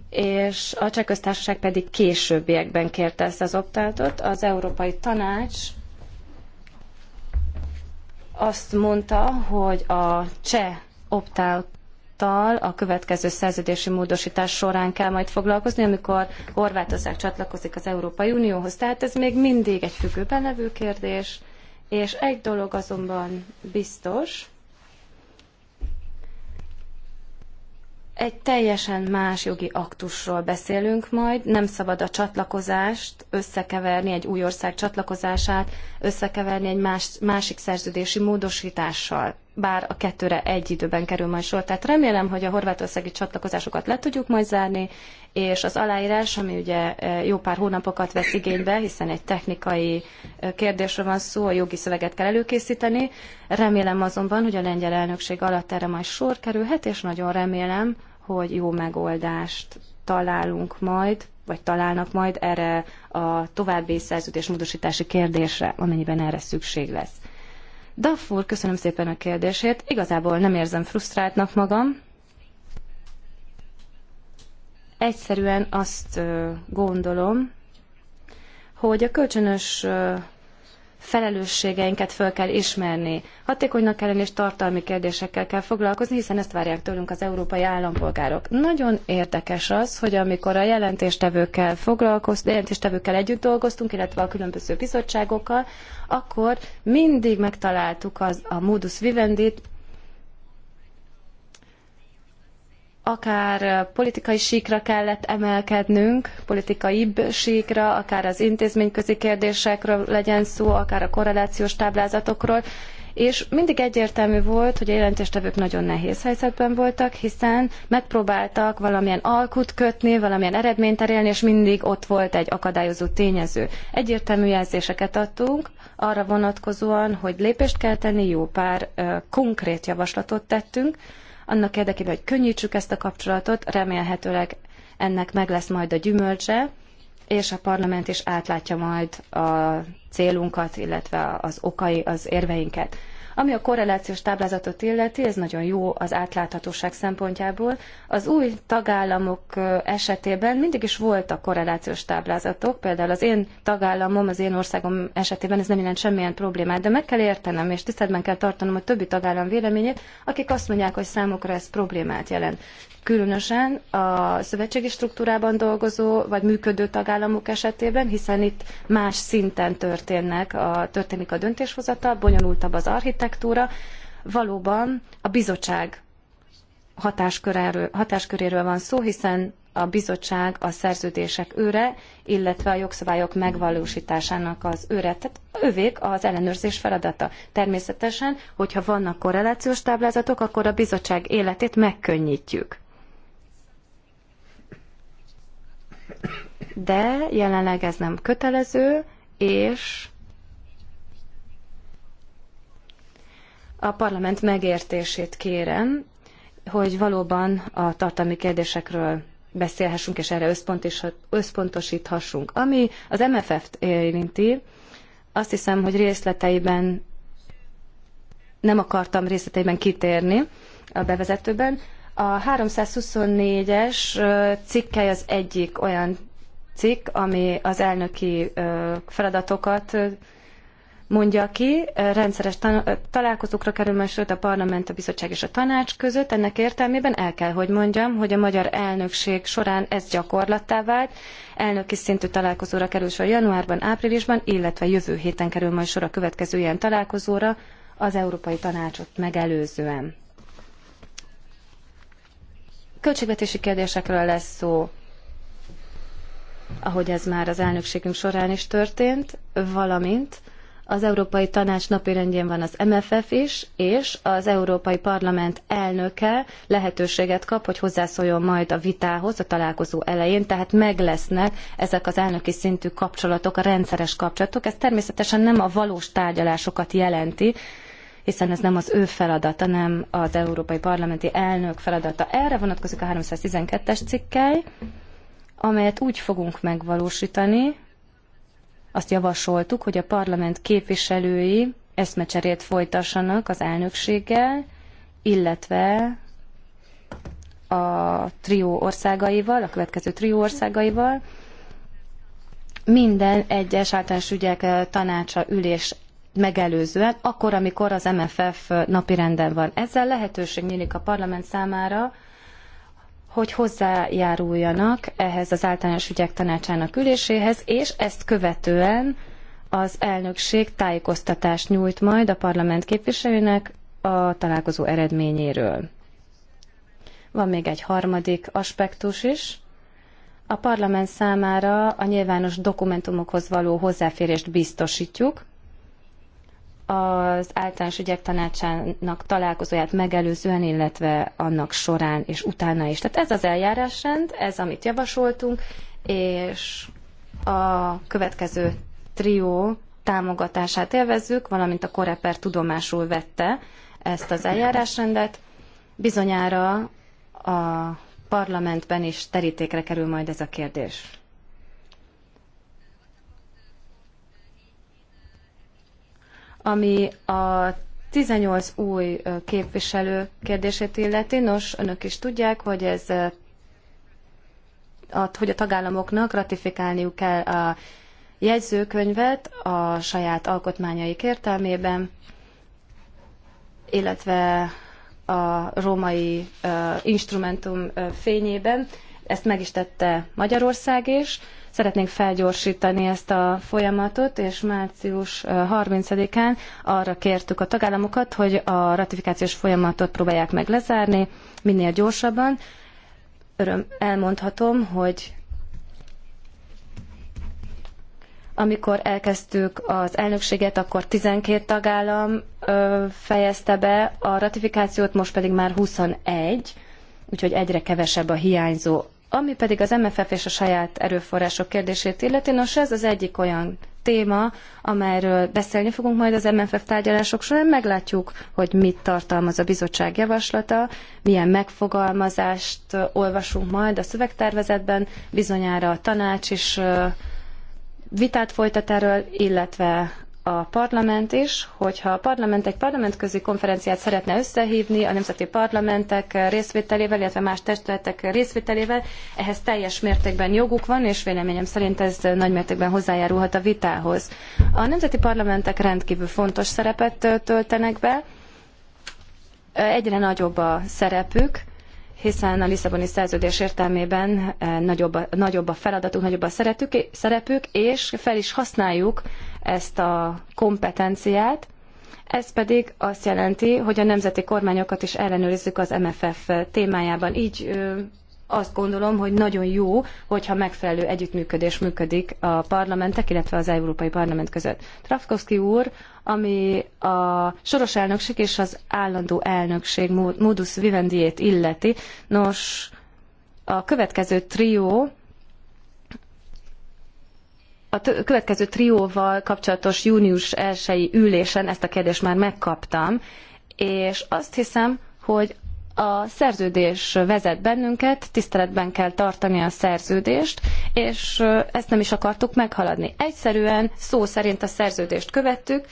és a cseh köztársaság pedig későbbiekben kérte ezt az optátot. Az Európai Tanács azt mondta, hogy a cseh optátot tal a következő szerződési módosítás során kell majd foglalkozni, amikor Horvátország csatlakozik az Európai Unióhoz. Tehát ez még mindig egy függőben levő kérdés, és egy dolog azonban biztos, egy teljesen más jogi aktusról beszélünk majd, nem szabad a csatlakozást összekeverni, egy új ország csatlakozását összekeverni egy más, másik szerződési módosítással bár a kettőre egy időben kerül majd sor. Tehát remélem, hogy a horvátországi csatlakozásokat le tudjuk majd zárni, és az aláírás, ami ugye e, jó pár hónapokat vesz igénybe, hiszen egy technikai e, kérdésről van szó, a jogi szöveget kell előkészíteni. Remélem azonban, hogy a lengyel elnökség alatt erre majd sor kerülhet, és nagyon remélem, hogy jó megoldást találunk majd, vagy találnak majd erre a további szerződés módosítási kérdésre, amennyiben erre szükség lesz. Daffur, köszönöm szépen a kérdését. Igazából nem érzem frusztráltnak magam. Egyszerűen azt gondolom, hogy a kölcsönös felelősségeinket föl kell ismerni. Hatékonynak kell lenni, és tartalmi kérdésekkel kell foglalkozni, hiszen ezt várják tőlünk az európai állampolgárok. Nagyon érdekes az, hogy amikor a jelentéstevőkkel foglalkoztunk, jelentéstevőkkel együtt dolgoztunk, illetve a különböző bizottságokkal, akkor mindig megtaláltuk az, a modus vivendit, akár politikai síkra kellett emelkednünk, politikaibb síkra, akár az intézményközi kérdésekről legyen szó, akár a korrelációs táblázatokról, és mindig egyértelmű volt, hogy a jelentéstevők nagyon nehéz helyzetben voltak, hiszen megpróbáltak valamilyen alkut kötni, valamilyen eredményt elérni, és mindig ott volt egy akadályozó tényező. Egyértelmű jelzéseket adtunk arra vonatkozóan, hogy lépést kell tenni, jó pár ö, konkrét javaslatot tettünk, annak érdekében, hogy könnyítsük ezt a kapcsolatot, remélhetőleg ennek meg lesz majd a gyümölcse, és a parlament is átlátja majd a célunkat, illetve az okai, az érveinket. Ami a korrelációs táblázatot illeti, ez nagyon jó az átláthatóság szempontjából. Az új tagállamok esetében mindig is voltak korrelációs táblázatok, például az én tagállamom, az én országom esetében ez nem jelent semmilyen problémát, de meg kell értenem, és tiszteletben kell tartanom a többi tagállam véleményét, akik azt mondják, hogy számukra ez problémát jelent különösen a szövetségi struktúrában dolgozó vagy működő tagállamok esetében, hiszen itt más szinten történnek a, történik a döntéshozatal, bonyolultabb az architektúra. Valóban a bizottság hatásköréről, hatásköréről van szó, hiszen a bizottság a szerződések őre, illetve a jogszabályok megvalósításának az őre. Tehát Ővék az ellenőrzés feladata. Természetesen, hogyha vannak korrelációs táblázatok, akkor a bizottság életét megkönnyítjük. de jelenleg ez nem kötelező, és a parlament megértését kérem, hogy valóban a tartalmi kérdésekről beszélhessünk, és erre összpontosíthassunk. Ami az MFF-t érinti, azt hiszem, hogy részleteiben nem akartam részleteiben kitérni a bevezetőben. A 324-es cikkely az egyik olyan cikk, ami az elnöki feladatokat mondja ki, rendszeres találkozókra kerül majd, sőt a parlament, a bizottság és a tanács között. Ennek értelmében el kell, hogy mondjam, hogy a magyar elnökség során ez gyakorlattá vált. Elnöki szintű találkozóra kerül sor januárban, áprilisban, illetve jövő héten kerül majd sor a következő ilyen találkozóra az Európai Tanácsot megelőzően. Költségvetési kérdésekről lesz szó, ahogy ez már az elnökségünk során is történt, valamint az Európai Tanács napirendjén van az MFF is, és az Európai Parlament elnöke lehetőséget kap, hogy hozzászóljon majd a vitához a találkozó elején, tehát meglesznek ezek az elnöki szintű kapcsolatok, a rendszeres kapcsolatok. Ez természetesen nem a valós tárgyalásokat jelenti, hiszen ez nem az ő feladata, nem az Európai Parlamenti elnök feladata. Erre vonatkozik a 312-es cikkely amelyet úgy fogunk megvalósítani, azt javasoltuk, hogy a parlament képviselői eszmecserét folytassanak az elnökséggel, illetve a trió országaival, a következő trió országaival. Minden egyes általános ügyek eh, tanácsa ülés megelőzően, akkor, amikor az MFF napirenden van. Ezzel lehetőség nyílik a parlament számára hogy hozzájáruljanak ehhez az általános ügyek tanácsának üléséhez, és ezt követően az elnökség tájékoztatást nyújt majd a parlament képviselőnek a találkozó eredményéről. Van még egy harmadik aspektus is. A parlament számára a nyilvános dokumentumokhoz való hozzáférést biztosítjuk, az általános ügyek tanácsának találkozóját megelőzően, illetve annak során és utána is. Tehát ez az eljárásrend, ez amit javasoltunk, és a következő trió támogatását élvezzük, valamint a Koreper tudomásul vette ezt az eljárásrendet. Bizonyára a parlamentben is terítékre kerül majd ez a kérdés. Ami a 18 új képviselő kérdését illeti, nos, önök is tudják, hogy ez a, hogy a tagállamoknak ratifikálniuk kell a jegyzőkönyvet a saját alkotmányaik értelmében, illetve a római uh, instrumentum uh, fényében. Ezt meg is tette Magyarország is. Uh, Szeretnénk felgyorsítani ezt a folyamatot, és március 30-án arra kértük a tagállamokat, hogy a ratifikációs folyamatot próbálják meg lezárni minél gyorsabban. Öröm, elmondhatom, hogy amikor elkezdtük az elnökséget, akkor 12 tagállam fejezte be a ratifikációt, most pedig már 21, úgyhogy egyre kevesebb a hiányzó ami pedig az MFF és a saját erőforrások kérdését illeti, nos ez az egyik olyan téma, amelyről beszélni fogunk majd az MFF tárgyalások során, meglátjuk, hogy mit tartalmaz a bizottság javaslata, milyen megfogalmazást olvasunk majd a szövegtervezetben, bizonyára a tanács is vitát folytat erről, illetve a parlament is, hogyha a parlament egy parlamentközi konferenciát szeretne összehívni a nemzeti parlamentek részvételével, illetve más testületek részvételével, ehhez teljes mértékben joguk van, és véleményem szerint ez nagy mértékben hozzájárulhat a vitához. A nemzeti parlamentek rendkívül fontos szerepet töltenek be, egyre nagyobb a szerepük, hiszen a Lisszaboni szerződés értelmében eh, nagyobb a, nagyobb a feladatuk, nagyobb a szerepük, és fel is használjuk ezt a kompetenciát, ez pedig azt jelenti, hogy a nemzeti kormányokat is ellenőrizzük az MFF témájában. Így azt gondolom, hogy nagyon jó, hogyha megfelelő együttműködés működik a parlamentek, illetve az Európai Parlament között. Trafkovski úr, ami a soros elnökség és az állandó elnökség modus vivendiét illeti, nos, a következő trió a következő trióval kapcsolatos június 1 ülésen ezt a kérdést már megkaptam, és azt hiszem, hogy a szerződés vezet bennünket, tiszteletben kell tartani a szerződést, és ezt nem is akartuk meghaladni. Egyszerűen szó szerint a szerződést követtük,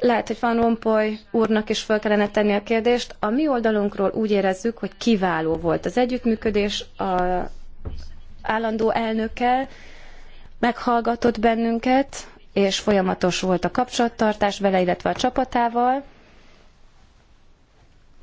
lehet, hogy Van Rompuy úrnak is fel kellene tenni a kérdést. A mi oldalunkról úgy érezzük, hogy kiváló volt az együttműködés a állandó elnökkel, meghallgatott bennünket, és folyamatos volt a kapcsolattartás vele, illetve a csapatával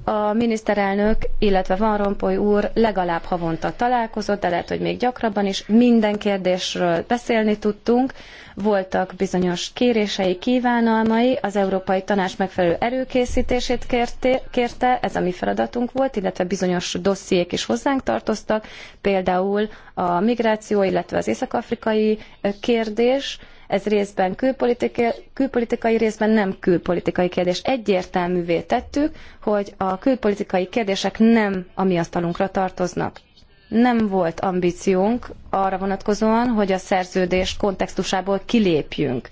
a miniszterelnök, illetve Van Rompuy úr legalább havonta találkozott, de lehet, hogy még gyakrabban is. Minden kérdésről beszélni tudtunk. Voltak bizonyos kérései, kívánalmai, az Európai Tanács megfelelő erőkészítését kérte, kérte, ez a mi feladatunk volt, illetve bizonyos dossziék is hozzánk tartoztak, például a migráció, illetve az észak-afrikai kérdés, ez részben külpolitikai, külpolitikai, részben nem külpolitikai kérdés. Egyértelművé tettük, hogy a külpolitikai kérdések nem a mi asztalunkra tartoznak. Nem volt ambíciónk arra vonatkozóan, hogy a szerződés kontextusából kilépjünk.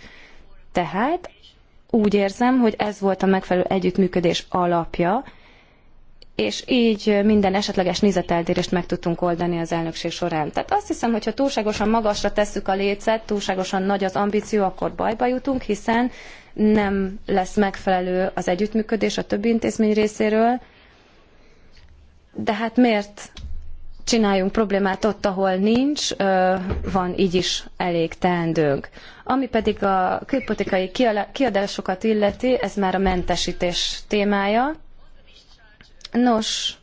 Tehát úgy érzem, hogy ez volt a megfelelő együttműködés alapja, és így minden esetleges nézeteltérést meg tudtunk oldani az elnökség során. Tehát azt hiszem, hogy ha túlságosan magasra tesszük a lécet, túlságosan nagy az ambíció, akkor bajba jutunk, hiszen nem lesz megfelelő az együttműködés a többi intézmény részéről. De hát miért csináljunk problémát ott, ahol nincs, van így is elég teendőnk. Ami pedig a külpolitikai kiadásokat illeti, ez már a mentesítés témája. Nos,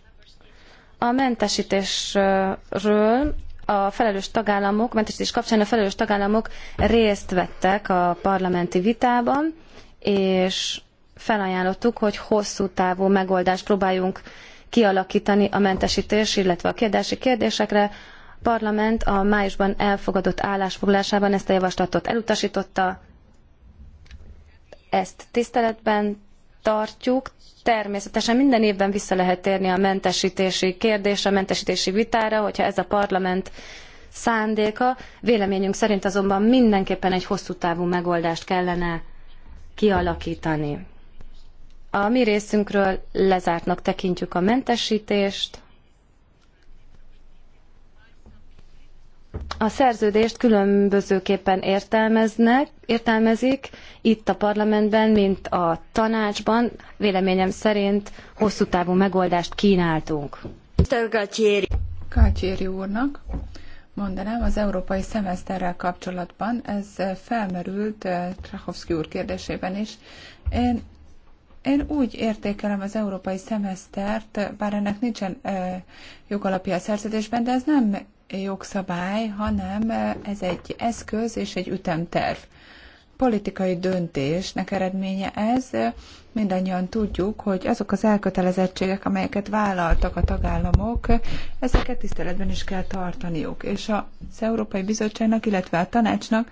a mentesítésről a felelős tagállamok, mentesítés kapcsán a felelős tagállamok részt vettek a parlamenti vitában, és felajánlottuk, hogy hosszú távú megoldást próbáljunk kialakítani a mentesítés, illetve a kiadási kérdésekre. A parlament a májusban elfogadott állásfoglalásában ezt a javaslatot elutasította, ezt tiszteletben tartjuk. Természetesen minden évben vissza lehet térni a mentesítési kérdésre, a mentesítési vitára, hogyha ez a parlament szándéka. Véleményünk szerint azonban mindenképpen egy hosszú távú megoldást kellene kialakítani. A mi részünkről lezártnak tekintjük a mentesítést, a szerződést különbözőképpen értelmeznek, értelmezik itt a parlamentben, mint a tanácsban. Véleményem szerint hosszú távú megoldást kínáltunk. Kátyéri úrnak mondanám, az európai szemeszterrel kapcsolatban ez felmerült eh, Trachowski úr kérdésében is. Én, én úgy értékelem az európai szemesztert, bár ennek nincsen eh, jogalapja a szerződésben, de ez nem jogszabály, hanem e, ez egy eszköz és egy ütemterv. Politikai döntésnek eredménye ez. Mindannyian tudjuk, hogy azok az elkötelezettségek, amelyeket vállaltak a tagállamok, ezeket tiszteletben is kell tartaniuk. És az Európai Bizottságnak, illetve a tanácsnak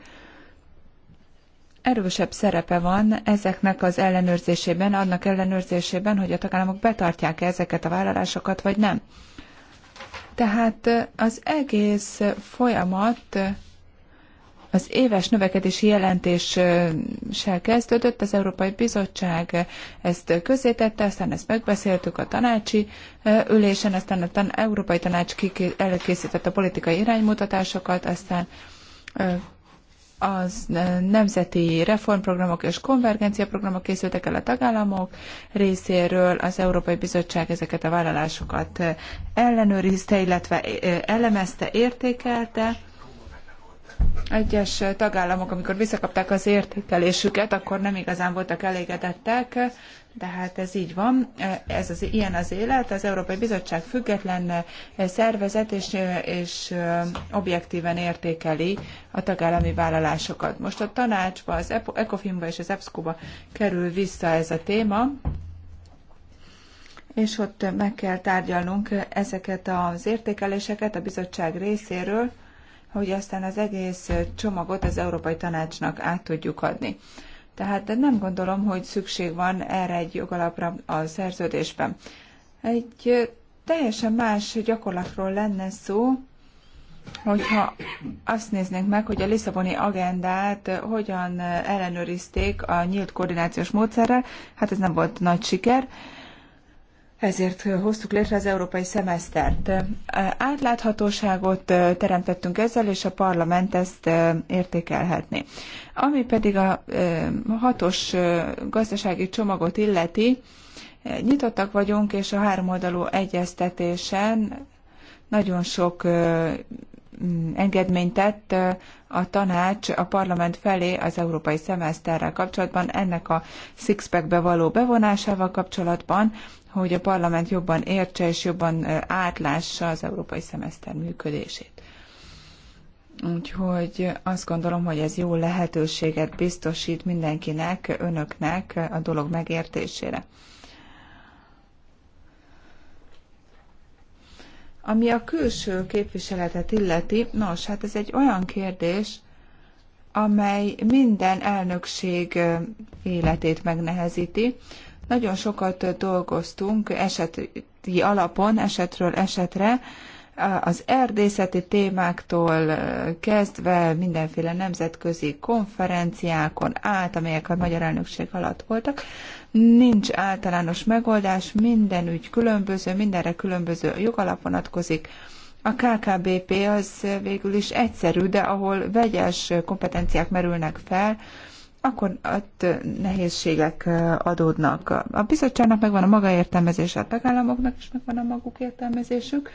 erősebb szerepe van ezeknek az ellenőrzésében, annak ellenőrzésében, hogy a tagállamok betartják -e ezeket a vállalásokat, vagy nem. Tehát az egész folyamat az éves növekedési jelentéssel kezdődött, az Európai Bizottság ezt közzétette, aztán ezt megbeszéltük a tanácsi ülésen, aztán a tan- Európai Tanács elkészítette a politikai iránymutatásokat, aztán az e, nemzeti reformprogramok és konvergenciaprogramok készültek el a tagállamok részéről. Az Európai Bizottság ezeket a vállalásokat e, ellenőrizte, illetve e, elemezte, értékelte egyes tagállamok, amikor visszakapták az értékelésüket, akkor nem igazán voltak elégedettek, de hát ez így van, ez az, ilyen az élet. Az Európai Bizottság független szervezet és, és objektíven értékeli a tagállami vállalásokat. Most a tanácsba, az ECOFIN-ba és az epsco ba kerül vissza ez a téma, és ott meg kell tárgyalnunk ezeket az értékeléseket a bizottság részéről, hogy aztán az egész csomagot az Európai Tanácsnak át tudjuk adni. Tehát nem gondolom, hogy szükség van erre egy jogalapra a szerződésben. Egy teljesen más gyakorlatról lenne szó, hogyha azt néznénk meg, hogy a Lisszaboni agendát hogyan ellenőrizték a nyílt koordinációs módszerrel, hát ez nem volt nagy siker, ezért hoztuk létre az európai szemesztert. Átláthatóságot teremtettünk ezzel, és a parlament ezt értékelhetné. Ami pedig a hatos gazdasági csomagot illeti, nyitottak vagyunk, és a háromoldalú egyeztetésen nagyon sok engedményt tett a tanács a parlament felé az európai szemeszterrel kapcsolatban, ennek a Sixpack-be való bevonásával kapcsolatban, hogy a parlament jobban értse és jobban átlássa az európai szemeszter működését. Úgyhogy azt gondolom, hogy ez jó lehetőséget biztosít mindenkinek, önöknek a dolog megértésére. Ami a külső képviseletet illeti, nos, hát ez egy olyan kérdés, amely minden elnökség életét megnehezíti. Nagyon sokat dolgoztunk eseti alapon, esetről esetre, az erdészeti témáktól kezdve mindenféle nemzetközi konferenciákon át, amelyek a magyar elnökség alatt voltak nincs általános megoldás, minden ügy különböző, mindenre különböző jogalap vonatkozik. A KKBP az végül is egyszerű, de ahol vegyes kompetenciák merülnek fel, akkor ott nehézségek adódnak. A bizottságnak megvan a maga értelmezése, a tagállamoknak is megvan a maguk értelmezésük.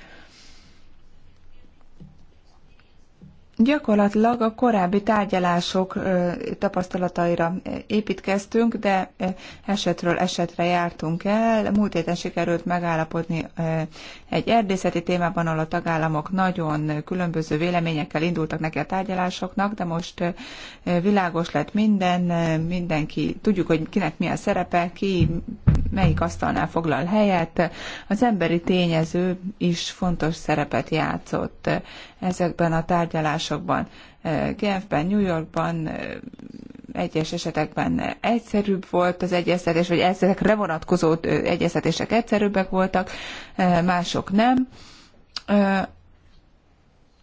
Gyakorlatilag a korábbi tárgyalások tapasztalataira építkeztünk, de esetről esetre jártunk el. Múlt héten sikerült megállapodni egy erdészeti témában, ahol a tagállamok nagyon különböző véleményekkel indultak neki a tárgyalásoknak, de most világos lett minden, mindenki, tudjuk, hogy kinek mi a szerepe, ki melyik asztalnál foglal helyet. Az emberi tényező is fontos szerepet játszott ezekben a tárgyalásokban. Genfben, New Yorkban egyes esetekben egyszerűbb volt az egyeztetés, vagy ezekre vonatkozó egyeztetések egyszerűbbek voltak, mások nem.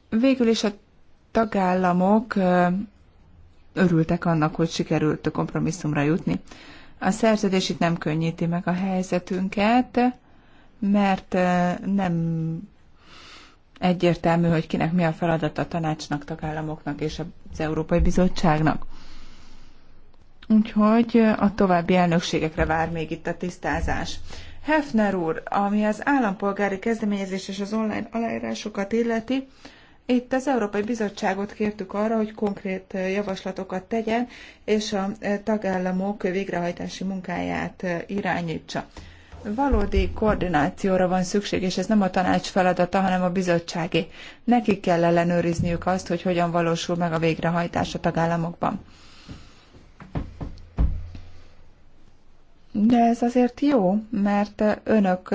Végül is a tagállamok örültek annak, hogy sikerült a kompromisszumra jutni. A szerződés itt nem könnyíti meg a helyzetünket, mert nem egyértelmű, hogy kinek mi a feladata a tanácsnak, tagállamoknak és az Európai Bizottságnak. Úgyhogy a további elnökségekre vár még itt a tisztázás. Hefner úr, ami az állampolgári kezdeményezés és az online aláírásokat illeti, itt az Európai Bizottságot kértük arra, hogy konkrét javaslatokat tegyen, és a tagállamok végrehajtási munkáját irányítsa. Valódi koordinációra van szükség, és ez nem a tanács feladata, hanem a bizottságé. Nekik kell ellenőrizniük azt, hogy hogyan valósul meg a végrehajtás a tagállamokban. De ez azért jó, mert önök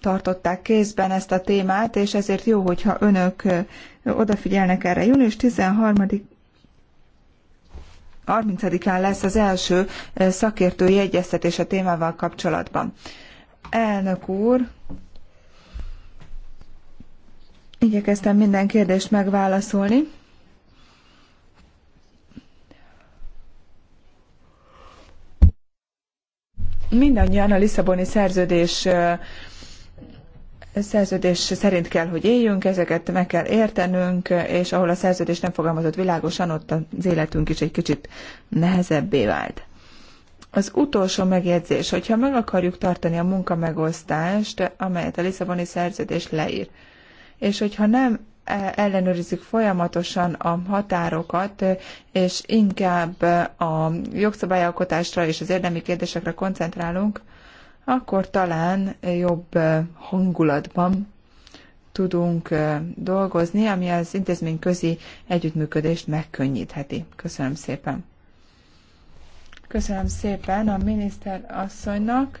tartották kézben ezt a témát, és ezért jó, hogyha önök odafigyelnek erre. Június 13 30-án lesz az első szakértői egyeztetés a témával kapcsolatban. Elnök úr, igyekeztem minden kérdést megválaszolni. Mindannyian a Lisszaboni szerződés szerződés szerint kell, hogy éljünk, ezeket meg kell értenünk, és ahol a szerződés nem fogalmazott világosan, ott az életünk is egy kicsit nehezebbé vált. Az utolsó megjegyzés, hogyha meg akarjuk tartani a munkamegosztást, amelyet a Lisszaboni szerződés leír, és hogyha nem e, ellenőrizzük folyamatosan a határokat, és inkább a jogszabályalkotásra és az érdemi kérdésekre koncentrálunk, akkor talán jobb hangulatban tudunk e, dolgozni, ami az intézményközi együttműködést megkönnyítheti. Köszönöm szépen! Köszönöm szépen a miniszter asszonynak.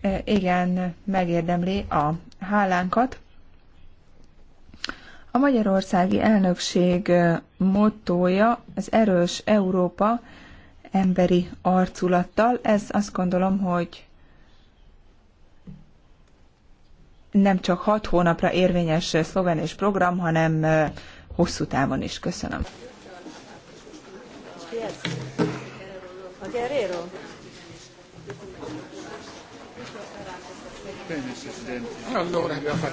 E, igen, megérdemli a hálánkat. A magyarországi elnökség e, mottója az erős Európa emberi arculattal. Ez azt gondolom, hogy nem csak hat hónapra érvényes szlogen és program, hanem e, hosszú távon is. Köszönöm. Yes. A Guerrero. Bene, Presidente. Allora, abbiamo fatto.